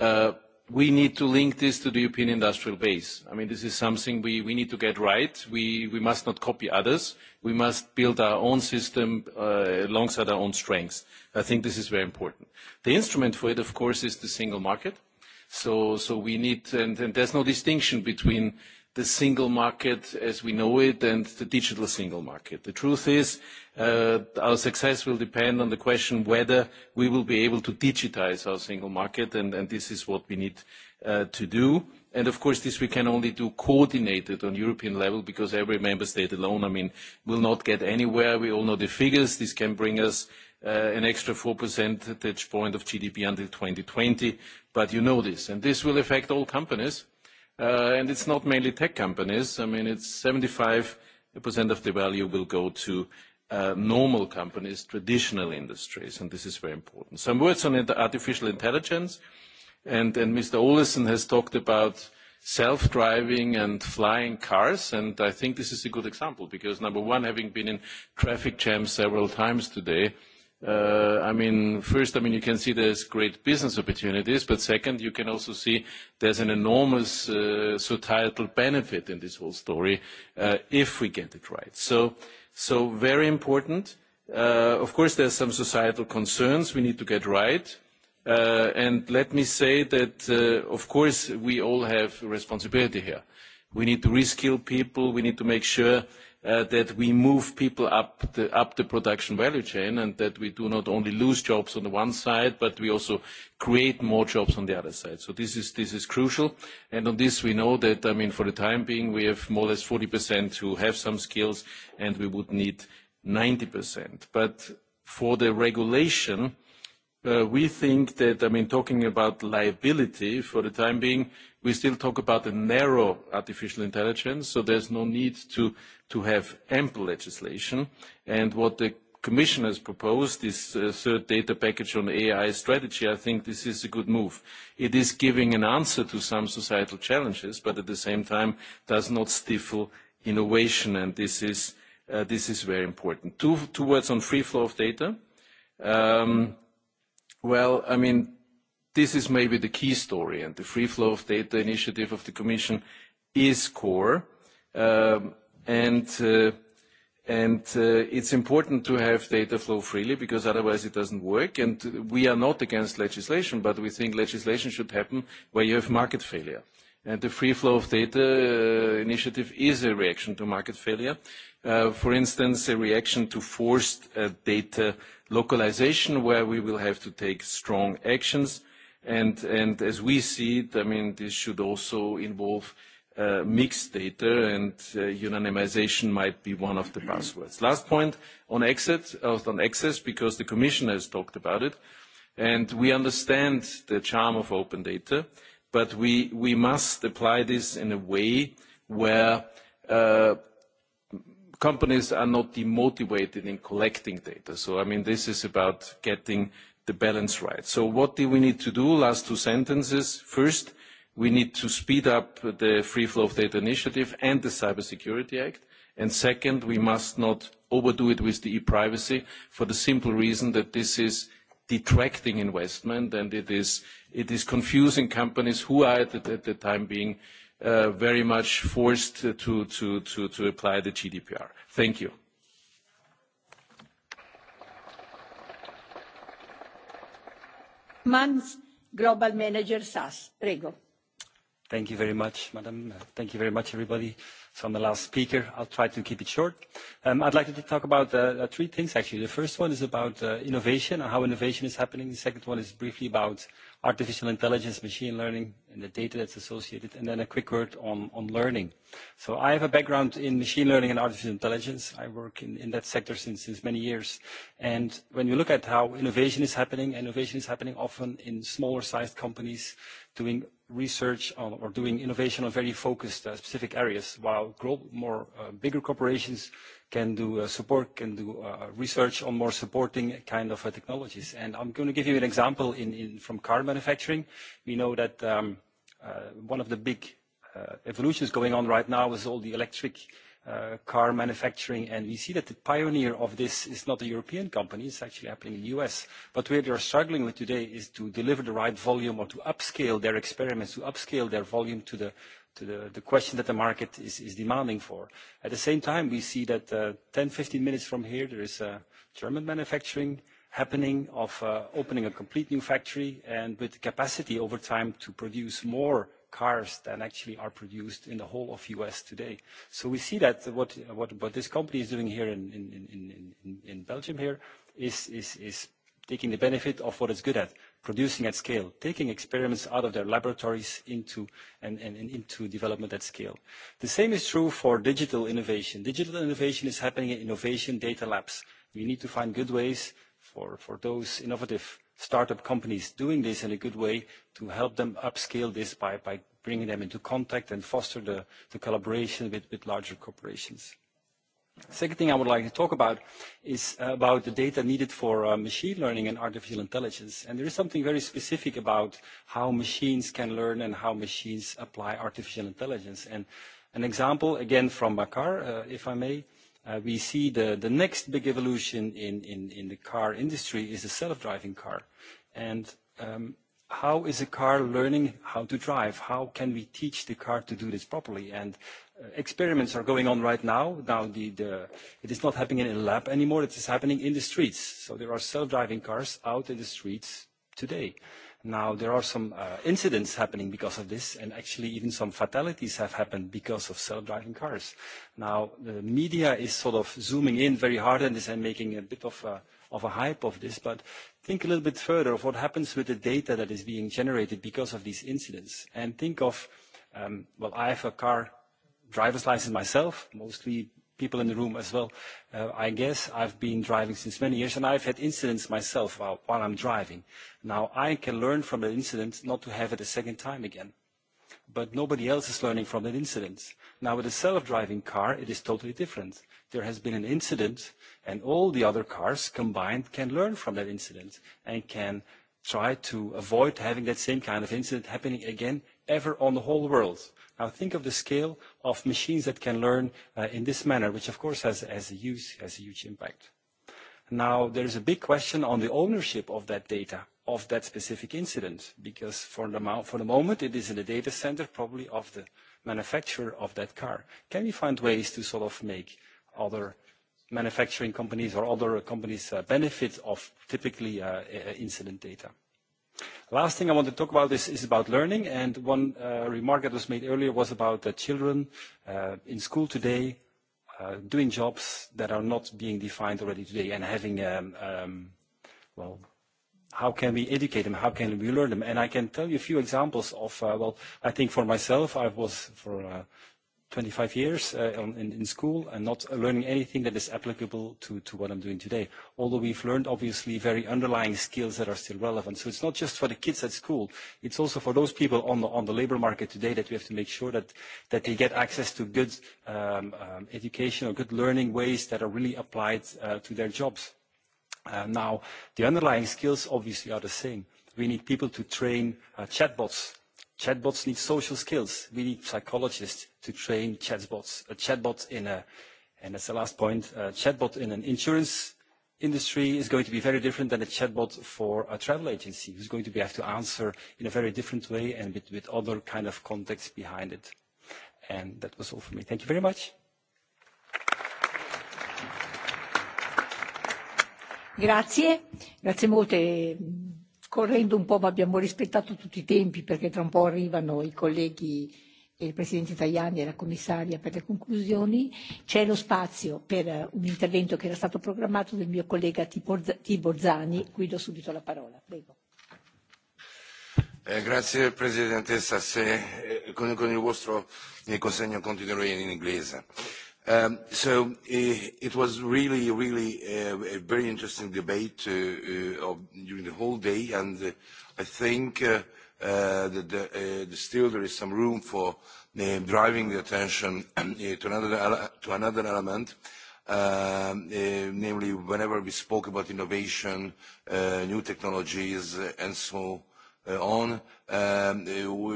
Uh, we need to link this to the European industrial base. I mean, this is something we need to get right. We must not copy others. We must build our own system uh, alongside our own strengths. I think this is very important. The instrument for it, of course, is the single market. So we need, and there's no distinction between the single market as we know it and the digital single market. The truth is, uh, our success will depend on the question whether we will be able to digitize our single market, and this is what we need uh, to do. Of course, this we can only do coordinated on European level because every member state alone, I mean, will not get anywhere. We all know the figures. This can bring us uh, an extra 4 percentage point of GDP until 2020. You know this. This will affect all companies, Uh, and it's not mainly tech companies. I mean, it's 75% of the value will go to uh, normal companies, traditional industries, and this is very important. Some words on artificial intelligence, and then Mr. Olesen has talked about self-driving and flying cars, and I think this is a good example, because number one, having been in traffic jams several times today, Uh, I mean, first, I mean, you can see there's great business opportunities, but second, you can also see there's an enormous uh, societal benefit in this whole story uh, if we get it right. So, so very important. Of course, there are some societal concerns we need to get right. And let me say that, of course, we all have responsibility here. We need to reskill people. We need to make sure Uh, that we move people up the production value chain, and that we do not only lose jobs on the one side, but we also create more jobs on the other side. So this is crucial. And on this, we know that, I mean, for the time being, we have more or less 40% who have some skills, and we would need 90%. But for the regulation, uh, we think that, I mean, talking about liability for the time being, we still talk about a narrow artificial intelligence, so there's no need to have ample legislation. What the commission has proposed, this uh, third data package on AI strategy, I think this is a good move. It is giving an answer to some societal challenges, but at the same time does not stifle innovation, and this is uh, very important. Two words on free flow of data. Um, well, I mean, this is maybe the key story, and the Free Flow of Data initiative of the Commission is core. Um, and uh, uh, it's important to have data flow freely, because otherwise it doesn't work. And we are not against legislation, but we think legislation should happen where you have market failure. And the Free Flow of Data uh, initiative is a reaction to market failure. For instance, a reaction to forced data localization, where we will have to take strong actions. As we see it, I mean, this should also involve uh, mixed data, and uh, unanimization might be one of the passwords. Last point on access, uh, on access, because the commission has talked about it, and we understand the charm of open data, but we must apply this in a way where companies are not demotivated in collecting data. So I mean, this is about getting the balance right. What do we need to do? Last two sentences. First, we need to speed up the Free Flow of Data Initiative and the Cybersecurity Act. Second, we must not overdo it with the ePrivacy for the simple reason that this is detracting investment, and it is confusing companies who are at the time being uh, very much forced to apply the GDPR. Thank you. madam president uh, i'll try to keep it short. Um, i'd like to talk about uh, uh, three things actually. the first one is about innovation and how innovation is happening. the second one is briefly about artificial intelligence, machine learning, and the data that's associated, and then a quick word on learning. So I have a background in machine learning and artificial intelligence. I work in that sector since many years. And when you look at how innovation is happening, innovation is happening often in smaller-sized companies doing research on, or doing innovation on very focused uh, specific areas, while more uh, bigger corporations can do uh, support, can do uh, research on more supporting kind of uh, technologies. And I'm going to give you an example in, in, from car manufacturing. We know that um, uh, one of the big uh, evolutions going on right now is all the electric Uh, car manufacturing. We see that the pioneer of this is not a European company, it's actually happening in the U.S. What they are struggling with today is to deliver the right volume or to upscale their experiments, to upscale their volume to the question that the market is demanding for. At the same time, we see that 10, uh, 15 minutes from here, there is a German manufacturing happening of uh, opening a complete new factory and with capacity over time to produce more cars than actually are produced in the whole of U.S. today. We see that what this company is doing here in Belgium here is taking the benefit of what it's good at, producing at scale, taking experiments out of their laboratories into development at scale. The same is true for digital innovation. Digital innovation is happening in innovation data labs. We need to find good ways for those innovative startup companies doing this in a good way to help them upscale this by bringing them into contact and foster the collaboration with larger corporations. Second thing I would like to talk about is about the data needed for uh, machine learning and artificial intelligence. There is something very specific about how machines can learn and how machines apply artificial intelligence. An example, again, from Makar, uh, if I may. Uh, we see the next big evolution in the car industry is a self-driving car. Um, how is a car learning how to drive? How can we teach the car to do this properly? Uh, experiments are going on right now. Now, it is not happening in a lab anymore. It is happening in the streets. There are self-driving cars out in the streets today. Now, there are some uh, incidents happening because of this, and actually even some fatalities have happened because of self-driving cars. Now, the media is sort of zooming in very hard on this and making a bit of a, of a hype of this, but think a little bit further of what happens with the data that is being generated because of these incidents. And think of, um, well, I have a car driver's license myself, mostly people in the room as well. Uh, I guess I've been driving since many years, and I've had incidents myself while, while I'm driving. Now, I can learn from an incident not to have it a second time again. But nobody else is learning from that incident. Now, with a self-driving car, it is totally different. There has been an incident, and all the other cars combined can learn from that incident and can try to avoid having that same kind of incident happening again ever on the whole world. Uh, Now think of the scale of machines that can learn uh, in this manner, which of course has a huge impact. Now, there is a big question on the ownership of that data, of that specific incident, because for the moment, it is in the data center, probably of the manufacturer of that car. Can we find ways to sort of make other manufacturing companies or other companies uh, benefit of typically uh, incident data? Last thing I want to talk about is about learning, and one uh, remark that was made earlier was about the children uh, in school today uh, doing jobs that are not being defined already today and having, um, um, well, how can we educate them? How can we learn them? And I can tell you a few examples of, uh, well, I think for myself, I was for uh, 25 years uh, on, in, in school and not learning anything that is applicable to, to what I'm doing today. Although we've learned obviously very underlying skills that are still relevant. So it's not just for the kids at school. It's also for those people on the, on the labor market today that we have to make sure that, that they get access to good um, um, education or good learning ways that are really applied uh, to their jobs. Uh, now, the underlying skills obviously are the same. We need people to train uh, chatbots chatbots need social skills. We need psychologists to train chatbots. A chatbot in a, and as the last point, a chatbot in an insurance industry is going to be very different than a chatbot for a travel agency, who's going to be, have to answer in a very different way and with, with other kind of context behind it. And that was all for me. Thank you very much. Grazie, grazie molto. E scorrendo un po' ma abbiamo rispettato tutti i tempi perché tra un po' arrivano i colleghi e il Presidente Tajani e la Commissaria per le conclusioni. C'è lo spazio per eh, un intervento che era stato programmato del mio collega Tibor Zani. Qui do subito la parola. Prego. Eh, grazie Presidentessa. Se, eh, con, con il vostro mi consegno continuerò in inglese. Eh, Um, so it, eh, it was really, really uh, a very interesting debate uh, uh, during the whole day, and uh, I think uh, uh, that the, uh, the still there is some room for uh, driving the attention uh, to another to another element. Uh, uh, namely, whenever we spoke about innovation, uh, new technologies, uh, and so uh, on, uh, Um,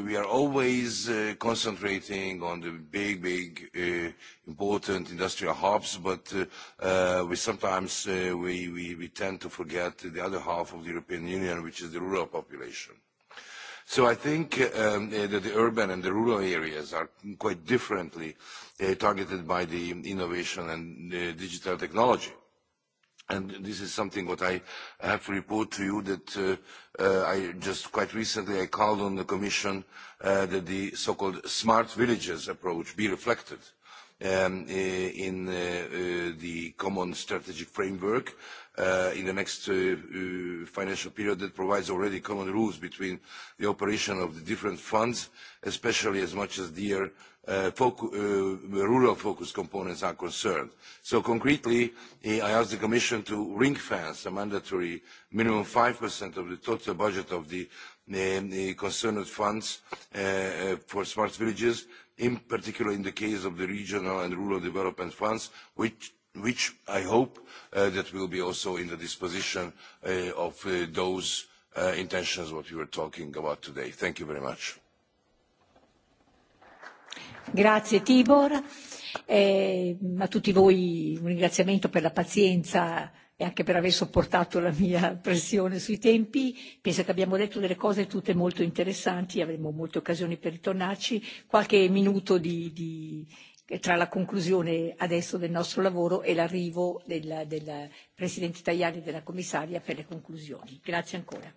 we are always uh, concentrating on the big uh, important industrial hubs, but uh, we sometimes tend to forget the other half of the European Union, which is the rural population. So I think um, that the urban and the rural areas are quite differently targeted by the innovation and digital technology and this is something what I have to report to you that uh, uh, I just quite recently I called on the Commission uh, that the so-called smart villages approach be reflected um, eh, in uh, uh, the common strategic framework Uh, in the next uh, uh, financial period that provides already common rules between the operation of the different funds, especially as much as their uh, uh, rural focus components are concerned. So concretely, eh, I ask the Commission to ring fence a mandatory minimum 5% of the total budget of the, uh, eh, the eh, concerned funds uh, for smart villages, in particular in the case of the regional and rural development funds, which which i hope uh, will also be in the disposition uh, of uh, those intentions that you were talking about today. thank you very much. tibor eh, a tutti voi un ringraziamento per la pazienza e anche per aver sopportato la mia pressione sui tempi. penso che abbiamo detto delle cose tutte molto interessanti avremo molte occasioni per ritornarci qualche minuto di, di tra la conclusione adesso del nostro lavoro e l'arrivo del, del Presidente Tajani e della Commissaria per le conclusioni. Grazie ancora.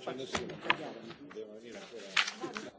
voglio partire.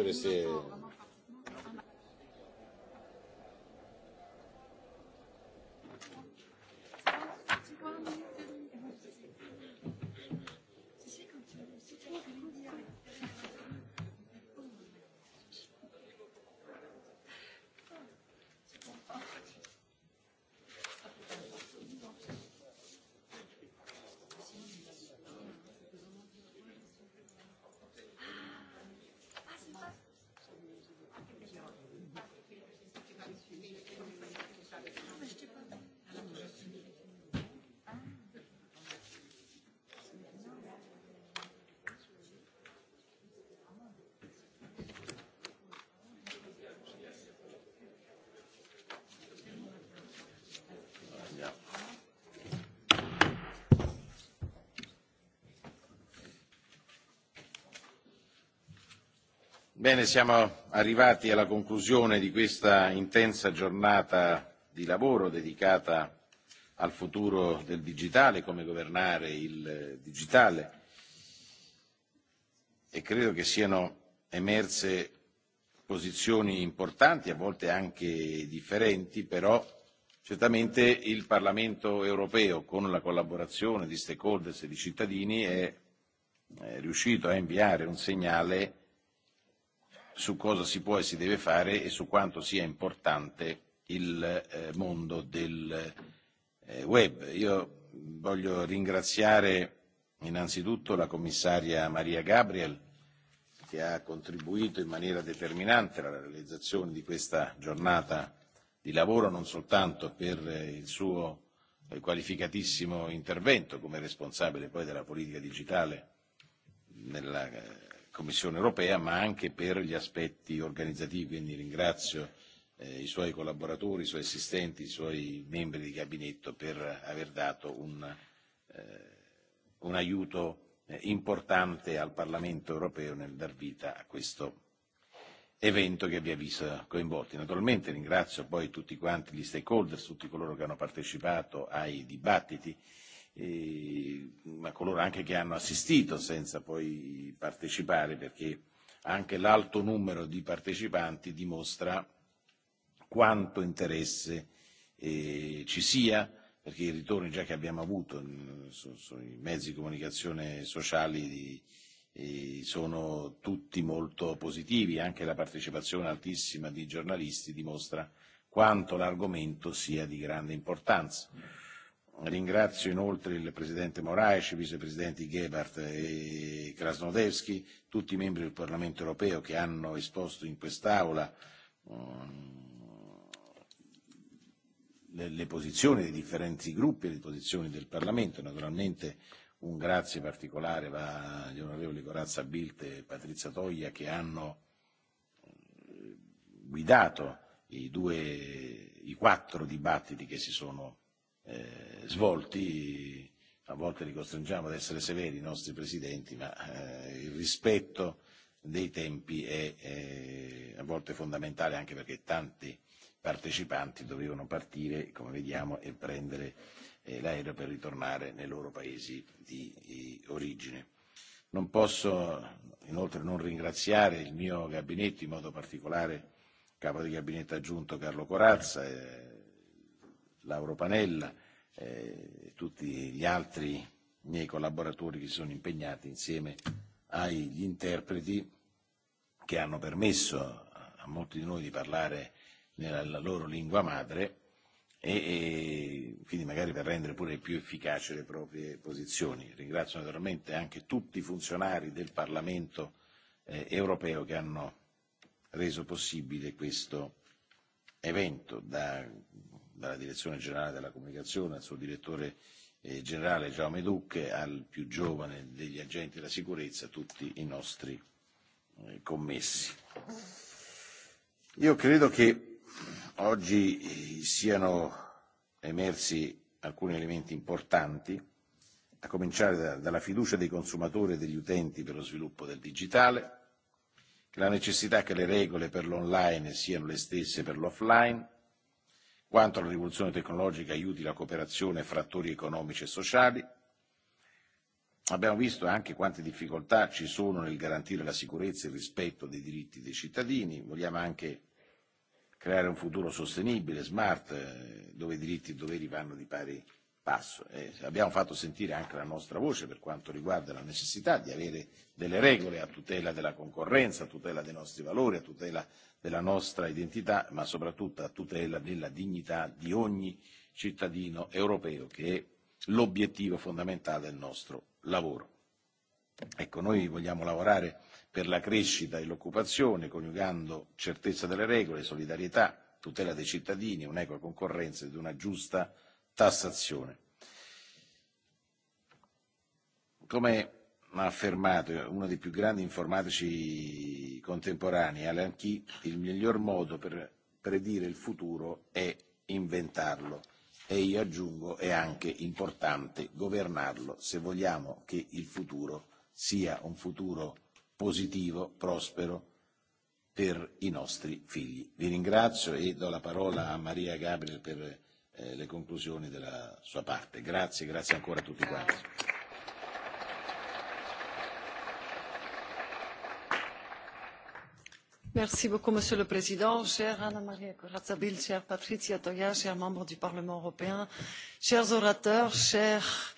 récupérer ces, Bene, siamo arrivati alla conclusione di questa intensa giornata di lavoro dedicata al futuro del digitale, come governare il digitale. E credo che siano emerse posizioni importanti, a volte anche differenti, però certamente il Parlamento europeo, con la collaborazione di stakeholders e di cittadini, è riuscito a inviare un segnale su cosa si può e si deve fare e su quanto sia importante il eh, mondo del eh, web. Io voglio ringraziare innanzitutto la commissaria Maria Gabriel che ha contribuito in maniera determinante alla realizzazione di questa giornata di lavoro, non soltanto per il suo qualificatissimo intervento come responsabile poi della politica digitale nella eh, Commissione europea, ma anche per gli aspetti organizzativi. Quindi ringrazio eh, i suoi collaboratori, i suoi assistenti, i suoi membri di gabinetto per aver dato un, eh, un aiuto eh, importante al Parlamento europeo nel dar vita a questo evento che vi ha visto coinvolti. Naturalmente ringrazio poi tutti quanti gli stakeholders, tutti coloro che hanno partecipato ai dibattiti. E, ma coloro anche che hanno assistito senza poi partecipare, perché anche l'alto numero di partecipanti dimostra quanto interesse eh, ci sia, perché i ritorni già che abbiamo avuto sui su, mezzi di comunicazione sociali di, eh, sono tutti molto positivi, anche la partecipazione altissima di giornalisti dimostra quanto l'argomento sia di grande importanza ringrazio inoltre il presidente moraes i vicepresidenti gebhardt e krasnodbski tutti i membri del parlamento europeo che hanno esposto in quest'aula um, le posizioni dei differenti gruppi e le posizioni del parlamento naturalmente un grazie particolare va agli onorevoli Corazza Bilt e Patrizia Toglia che hanno eh, guidato i, due, i quattro dibattiti che si sono Eh, svolti. A volte li costringiamo ad essere severi i nostri presidenti, ma eh, il rispetto dei tempi è eh, a volte fondamentale anche perché tanti partecipanti dovevano partire, come vediamo, e prendere eh, l'aereo per ritornare nei loro paesi di, di origine. Non posso inoltre non ringraziare il mio gabinetto, in modo particolare il capo di gabinetto aggiunto Carlo Corazza, eh, Lauro Panella, eh, tutti gli altri miei collaboratori che si sono impegnati insieme agli interpreti che hanno permesso a molti di noi di parlare nella la loro lingua madre e, e quindi magari per rendere pure più efficace le proprie posizioni. Ringrazio naturalmente anche tutti i funzionari del Parlamento eh, europeo che hanno reso possibile questo evento. Da, dalla direzione generale della comunicazione al suo direttore eh, generale Jaume Duc, al più giovane degli agenti della sicurezza, tutti i nostri eh, commessi. Io credo che oggi eh, siano emersi alcuni elementi importanti, a cominciare da, dalla fiducia dei consumatori e degli utenti per lo sviluppo del digitale, la necessità che le regole per l'online siano le stesse per l'offline, quanto la rivoluzione tecnologica aiuti la cooperazione fra attori economici e sociali. Abbiamo visto anche quante difficoltà ci sono nel garantire la sicurezza e il rispetto dei diritti dei cittadini. Vogliamo anche creare un futuro sostenibile, smart, eh, dove i diritti e i doveri vanno di pari passo. E abbiamo fatto sentire anche la nostra voce per quanto riguarda la necessità di avere delle regole a tutela della concorrenza, a tutela dei nostri valori, a tutela della nostra identità, ma soprattutto a tutela della dignità di ogni cittadino europeo, che è l'obiettivo fondamentale del nostro lavoro. Ecco, noi vogliamo lavorare per la crescita e l'occupazione, coniugando certezza delle regole, solidarietà, tutela dei cittadini, un'equa concorrenza ed una giusta tassazione. Come ha affermato uno dei più grandi informatici contemporanei, Alan Key, il miglior modo per predire il futuro è inventarlo e io aggiungo è anche importante governarlo se vogliamo che il futuro sia un futuro positivo, prospero per i nostri figli. Vi ringrazio e do la parola a Maria Gabriel per Eh, le conclusioni della sua parte. Grazie, grazie ancora a tutti quanti. Merci beaucoup, Monsieur le Président, chère Anna Maria Corazza Bill, chère Patricia Toya, chers membres du Parlement européen, chers orateurs, chers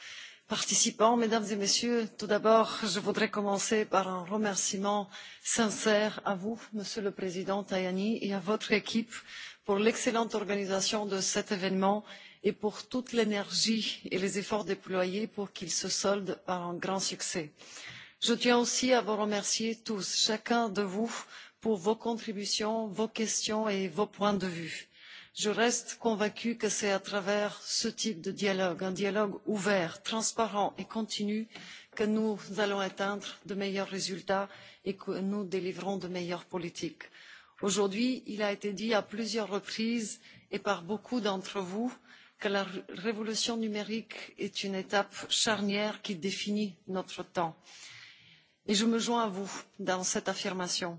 participants, Mesdames et Messieurs, tout d'abord, je voudrais commencer par un remerciement sincère à vous, Monsieur le Président Tajani, et à votre équipe pour l'excellente organisation de cet événement et pour toute l'énergie et les efforts déployés pour qu'il se solde par un grand succès. Je tiens aussi à vous remercier tous, chacun de vous, pour vos contributions, vos questions et vos points de vue. Je reste convaincue que c'est à travers ce type de dialogue, un dialogue ouvert, transparent et continu, que nous allons atteindre de meilleurs résultats et que nous délivrerons de meilleures politiques aujourd'hui il a été dit à plusieurs reprises et par beaucoup d'entre vous que la révolution numérique est une étape charnière qui définit notre temps et je me joins à vous dans cette affirmation.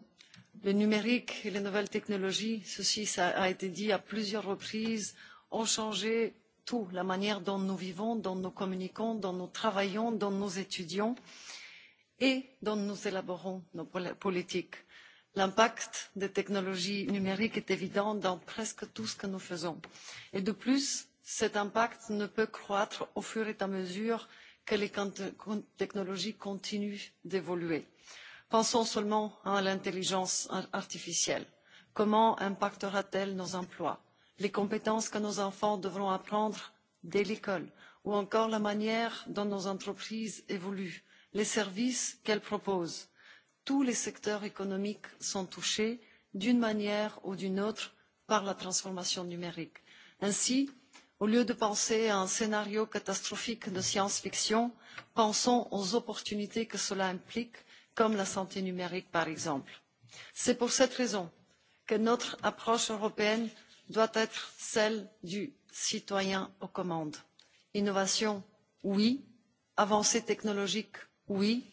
le numérique et les nouvelles technologies cela a été dit à plusieurs reprises ont changé tout la manière dont nous vivons dont nous communiquons dont nous travaillons dont nous étudions et dont nous élaborons nos politiques l'impact des technologies numériques est évident dans presque tout ce que nous faisons et de plus cet impact ne peut croître au fur et à mesure que les technologies continuent d'évoluer. pensons seulement à l'intelligence artificielle comment impactera t elle nos emplois les compétences que nos enfants devront apprendre dès l'école ou encore la manière dont nos entreprises évoluent les services qu'elles proposent? tous les secteurs économiques sont touchés d'une manière ou d'une autre par la transformation numérique. ainsi au lieu de penser à un scénario catastrophique de science fiction pensons aux opportunités que cela implique comme la santé numérique par exemple. c'est pour cette raison que notre approche européenne doit être celle du citoyen aux commandes. innovation oui avancées technologiques oui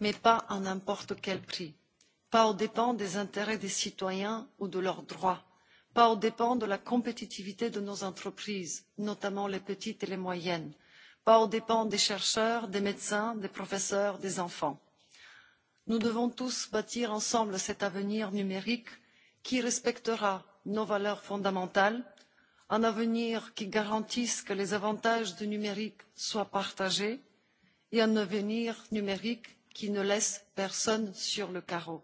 mais pas à n'importe quel prix pas aux dépens des intérêts des citoyens ou de leurs droits pas aux dépens de la compétitivité de nos entreprises notamment les petites et les moyennes pas aux dépens des chercheurs des médecins des professeurs des enfants. nous devons tous bâtir ensemble cet avenir numérique qui respectera nos valeurs fondamentales un avenir qui garantisse que les avantages du numérique soient partagés et un avenir numérique qui ne laisse personne sur le carreau.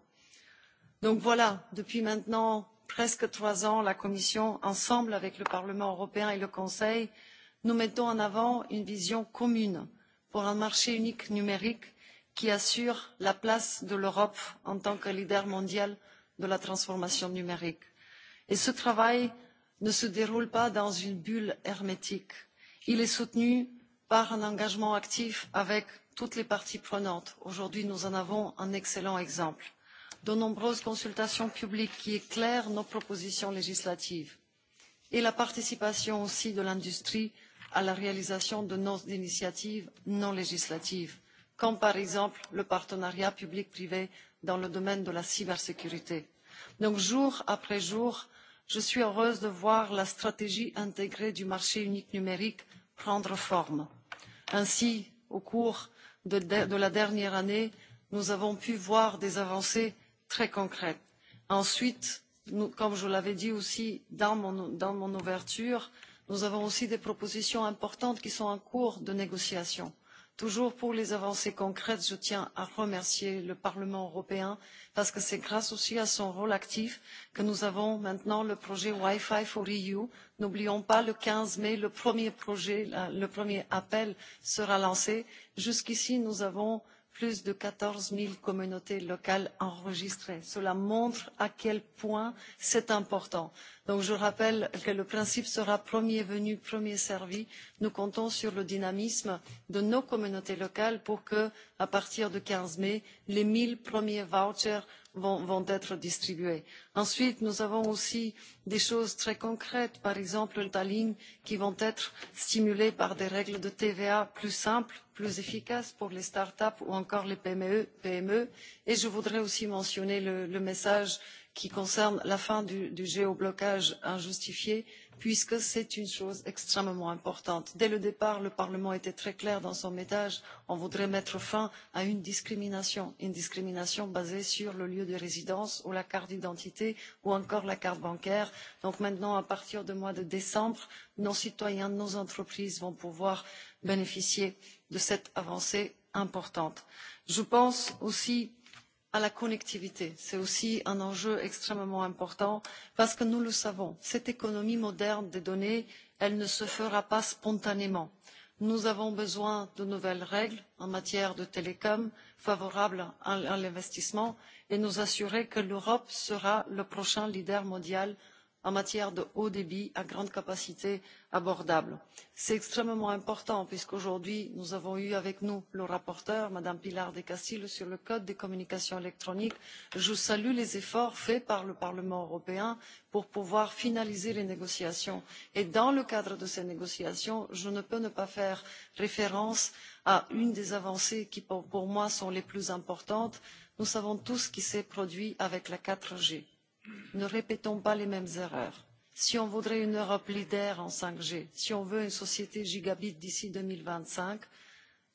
donc voilà depuis maintenant presque trois ans la commission ensemble avec le parlement européen et le conseil met en avant une vision commune pour un marché unique numérique qui assure la place de l'europe en tant que leader mondial de la transformation numérique. et ce travail ne se déroule pas dans une bulle hermétique il est soutenu par un engagement actif avec toutes les parties prenantes. aujourd'hui nous en avons un excellent exemple de nombreuses consultations publiques qui éclairent nos propositions législatives et la participation aussi de l'industrie à la réalisation de nos initiatives non législatives comme par exemple le partenariat public privé dans le domaine de la cybersécurité. donc jour après jour je suis heureuse de voir la stratégie intégrée du marché unique numérique prendre forme. ainsi au cours de la dernière année nous avons pu voir des avancées très concrètes. ensuite comme je l'avais dit aussi dans mon ouverture nous avons aussi des propositions importantes qui sont en cours de négociation toujours pour les avancées concrètes je tiens à remercier le parlement européen parce que c'est grâce aussi à son rôle actif que nous avons maintenant le projet wifi quatre eu. n'oublions pas le quinze mai le premier projet le premier appel sera lancé. jusqu'ici nous avons plus de quatorze zéro communautés locales enregistrées. cela montre à quel point c'est important je rappelle que le principe sera premier venu premier servi. nous comptons sur le dynamisme de nos communautés locales pour que à partir du quinze mai les un zéro premiers vouchers soient distribués. ensuite nous avons aussi des choses très concrètes par exemple la ligne qui vont être stimulées par des règles de tva plus simples plus efficaces pour les start up ou encore les pme e. et je voudrais aussi mentionner le message qui concerne la fin du géoblocage injustifié puisque c'est une chose extrêmement importante. dès le départ le parlement était très clair dans son message on voudrait mettre fin à une discrimination une discrimination basée sur le lieu de résidence ou la carte d'identité ou encore la carte bancaire. donc maintenant à partir du mois de décembre nos citoyens nos entreprises vont pouvoir bénéficier de cette avancée importante. je pense aussi à la connectivité c'est aussi un enjeu extrêmement important parce que nous le savons cette économie moderne des données ne se fera pas spontanément. nous avons besoin de nouvelles règles en matière de télécoms favorables à l'investissement et nous assurer que l'europe sera le prochain leader mondial en matière de haut débit à grande capacité abordable. c'est extrêmement important puisqu'aujourd'hui nous avons eu avec nous la rapporteure mme pilar del castillo sur le code des communications électroniques. je salue les efforts faits par le parlement européen pour pouvoir finaliser les négociations et dans le cadre de ces négociations je ne peux ne pas faire référence à une des avancées qui pour moi sont les plus importantes nous savons tous ce qui s'est produit avec la quatre ne répétons pas les mêmes erreurs si on voudrait une europe leader en cinq g si on veut une société gigabit d'ici deux mille vingt cinq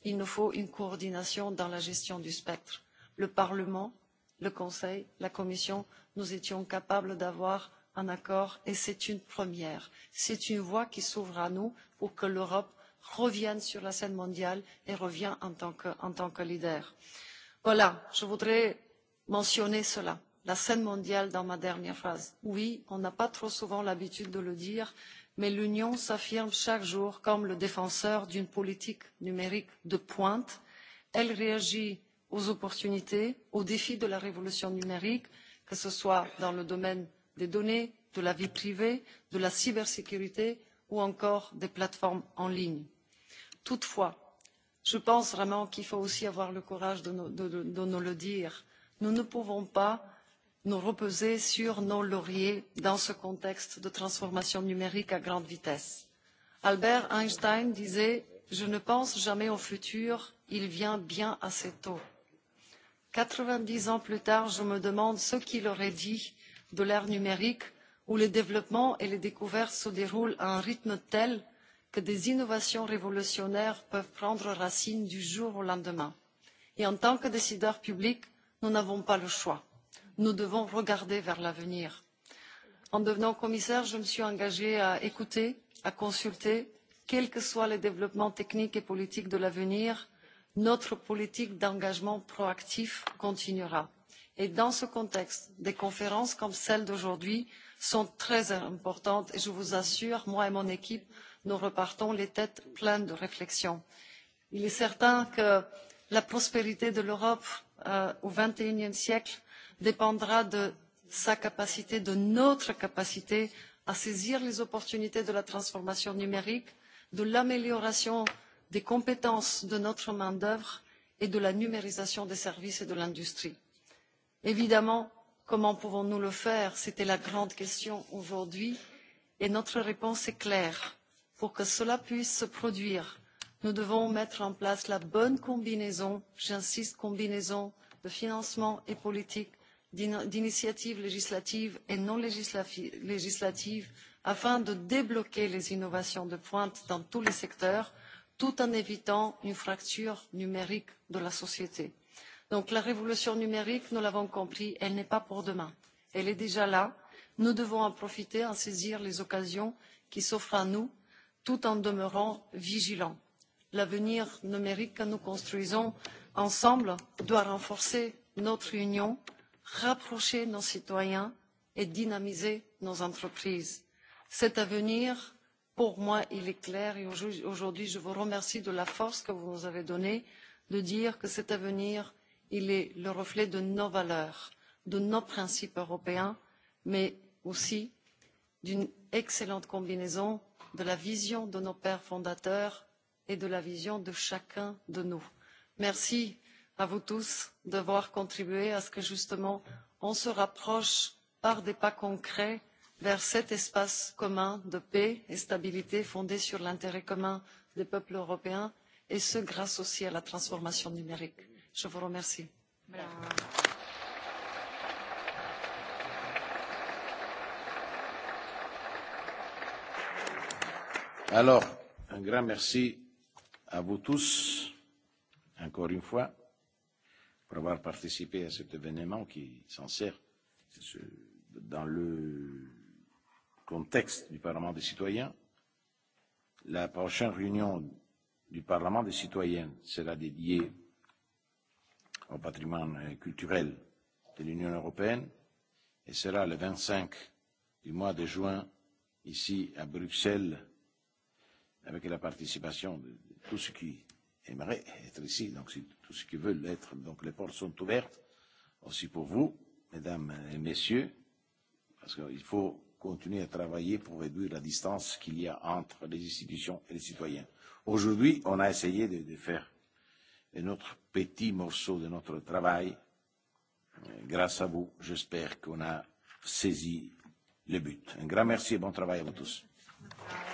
il nous faut une coordination dans la gestion du spectre. le parlement le conseil la commission nous étions capables d'avoir un accord et c'est une première. c'est une voie qui s'ouvre à nous pour que l'europe revienne sur la scène mondiale et revienne en tant que leader. voilà je voudrais mentionner cela la scène mondiale dans ma dernière phrase. oui on n'a pas trop souvent l'habitude de le dire mais l'union s'affirme chaque jour comme le défenseur d'une politique numérique de pointe. elle réagit aux opportunités aux défis de la révolution numérique que ce soit dans le domaine des données de la vie privée de la cybersécurité ou encore des plateformes en ligne. toutefois je pense vraiment qu'il faut aussi avoir le courage de nous le dire nous ne pouvons pas nous reposer sur nos lauriers dans ce contexte de transformation numérique à grande vitesse. albert einstein disait je ne pense jamais au futur il vient bien assez tôt. quatre vingt dix ans plus tard je me demande ce qu'il aurait dit de l'ère numérique où les développements et les découvertes se déroulent à un rythme tel que des innovations révolutionnaires peuvent prendre racine du jour au lendemain. et en tant que décideurs publics nous n'avons pas le choix nous devons regarder vers l'avenir. en devenant commissaire je me suis engagée à écouter à consulter quels que soient les développements techniques et politiques de l'avenir notre politique d'engagement proactif continuera. dans ce contexte des conférences comme celle d'aujourd'hui sont très importantes et je vous assure moi et mon équipe nous repartons les têtes pleines de réflexions. il est certain que la prospérité de l'europe euh, au xxie siècle dépendra de sa capacité de notre capacité à saisir les opportunités de la transformation numérique de l'amélioration des compétences de notre main d'œuvre et de la numérisation des services et de l'industrie. évidemment comment pouvons nous le faire? c'était la grande question aujourd'hui et notre réponse est claire pour que cela puisse se produire nous devons mettre en place la bonne combinaison j'insiste combinaison de financement et politique d'initiatives législatives et non législatives afin de débloquer les innovations de pointe dans tous les secteurs tout en évitant une fracture numérique de la société. la révolution numérique nous l'avons compris n'est pas pour demain elle est déjà là. nous devons en profiter et saisir les occasions qui s'offrent à nous tout en demeurant vigilants. l'avenir numérique que nous construisons ensemble doit renforcer notre rapprocher nos citoyens et dynamiser nos entreprises. Cet avenir, pour moi, il est clair et aujourd'hui je vous remercie de la force que vous nous avez donnée de dire que cet avenir il est le reflet de nos valeurs, de nos principes européens, mais aussi d'une excellente combinaison de la vision de nos pères fondateurs et de la vision de chacun de nous. Merci à vous tous de voir contribuer à ce que justement on se rapproche par des pas concrets vers cet espace commun de paix et de stabilité fondé sur l'intérêt commun des peuples européens et ce grâce aussi à la transformation numérique. je vous remercie. alors un grand merci à vous tous encore une fois pour avoir participé à cet événement qui s'en sert dans le contexte du Parlement des citoyens. La prochaine réunion du Parlement des citoyens sera dédiée au patrimoine culturel de l'Union européenne et sera le 25 du mois de juin ici à Bruxelles avec la participation de tout ce qui aimerait être ici. Donc, si tous ceux qui veulent être, donc les portes sont ouvertes aussi pour vous, mesdames et messieurs, parce qu'il faut continuer à travailler pour réduire la distance qu'il y a entre les institutions et les citoyens. Aujourd'hui, on a essayé de, de faire un autre petit morceau de notre travail. Grâce à vous, j'espère qu'on a saisi le but. Un grand merci et bon travail à vous tous. Merci.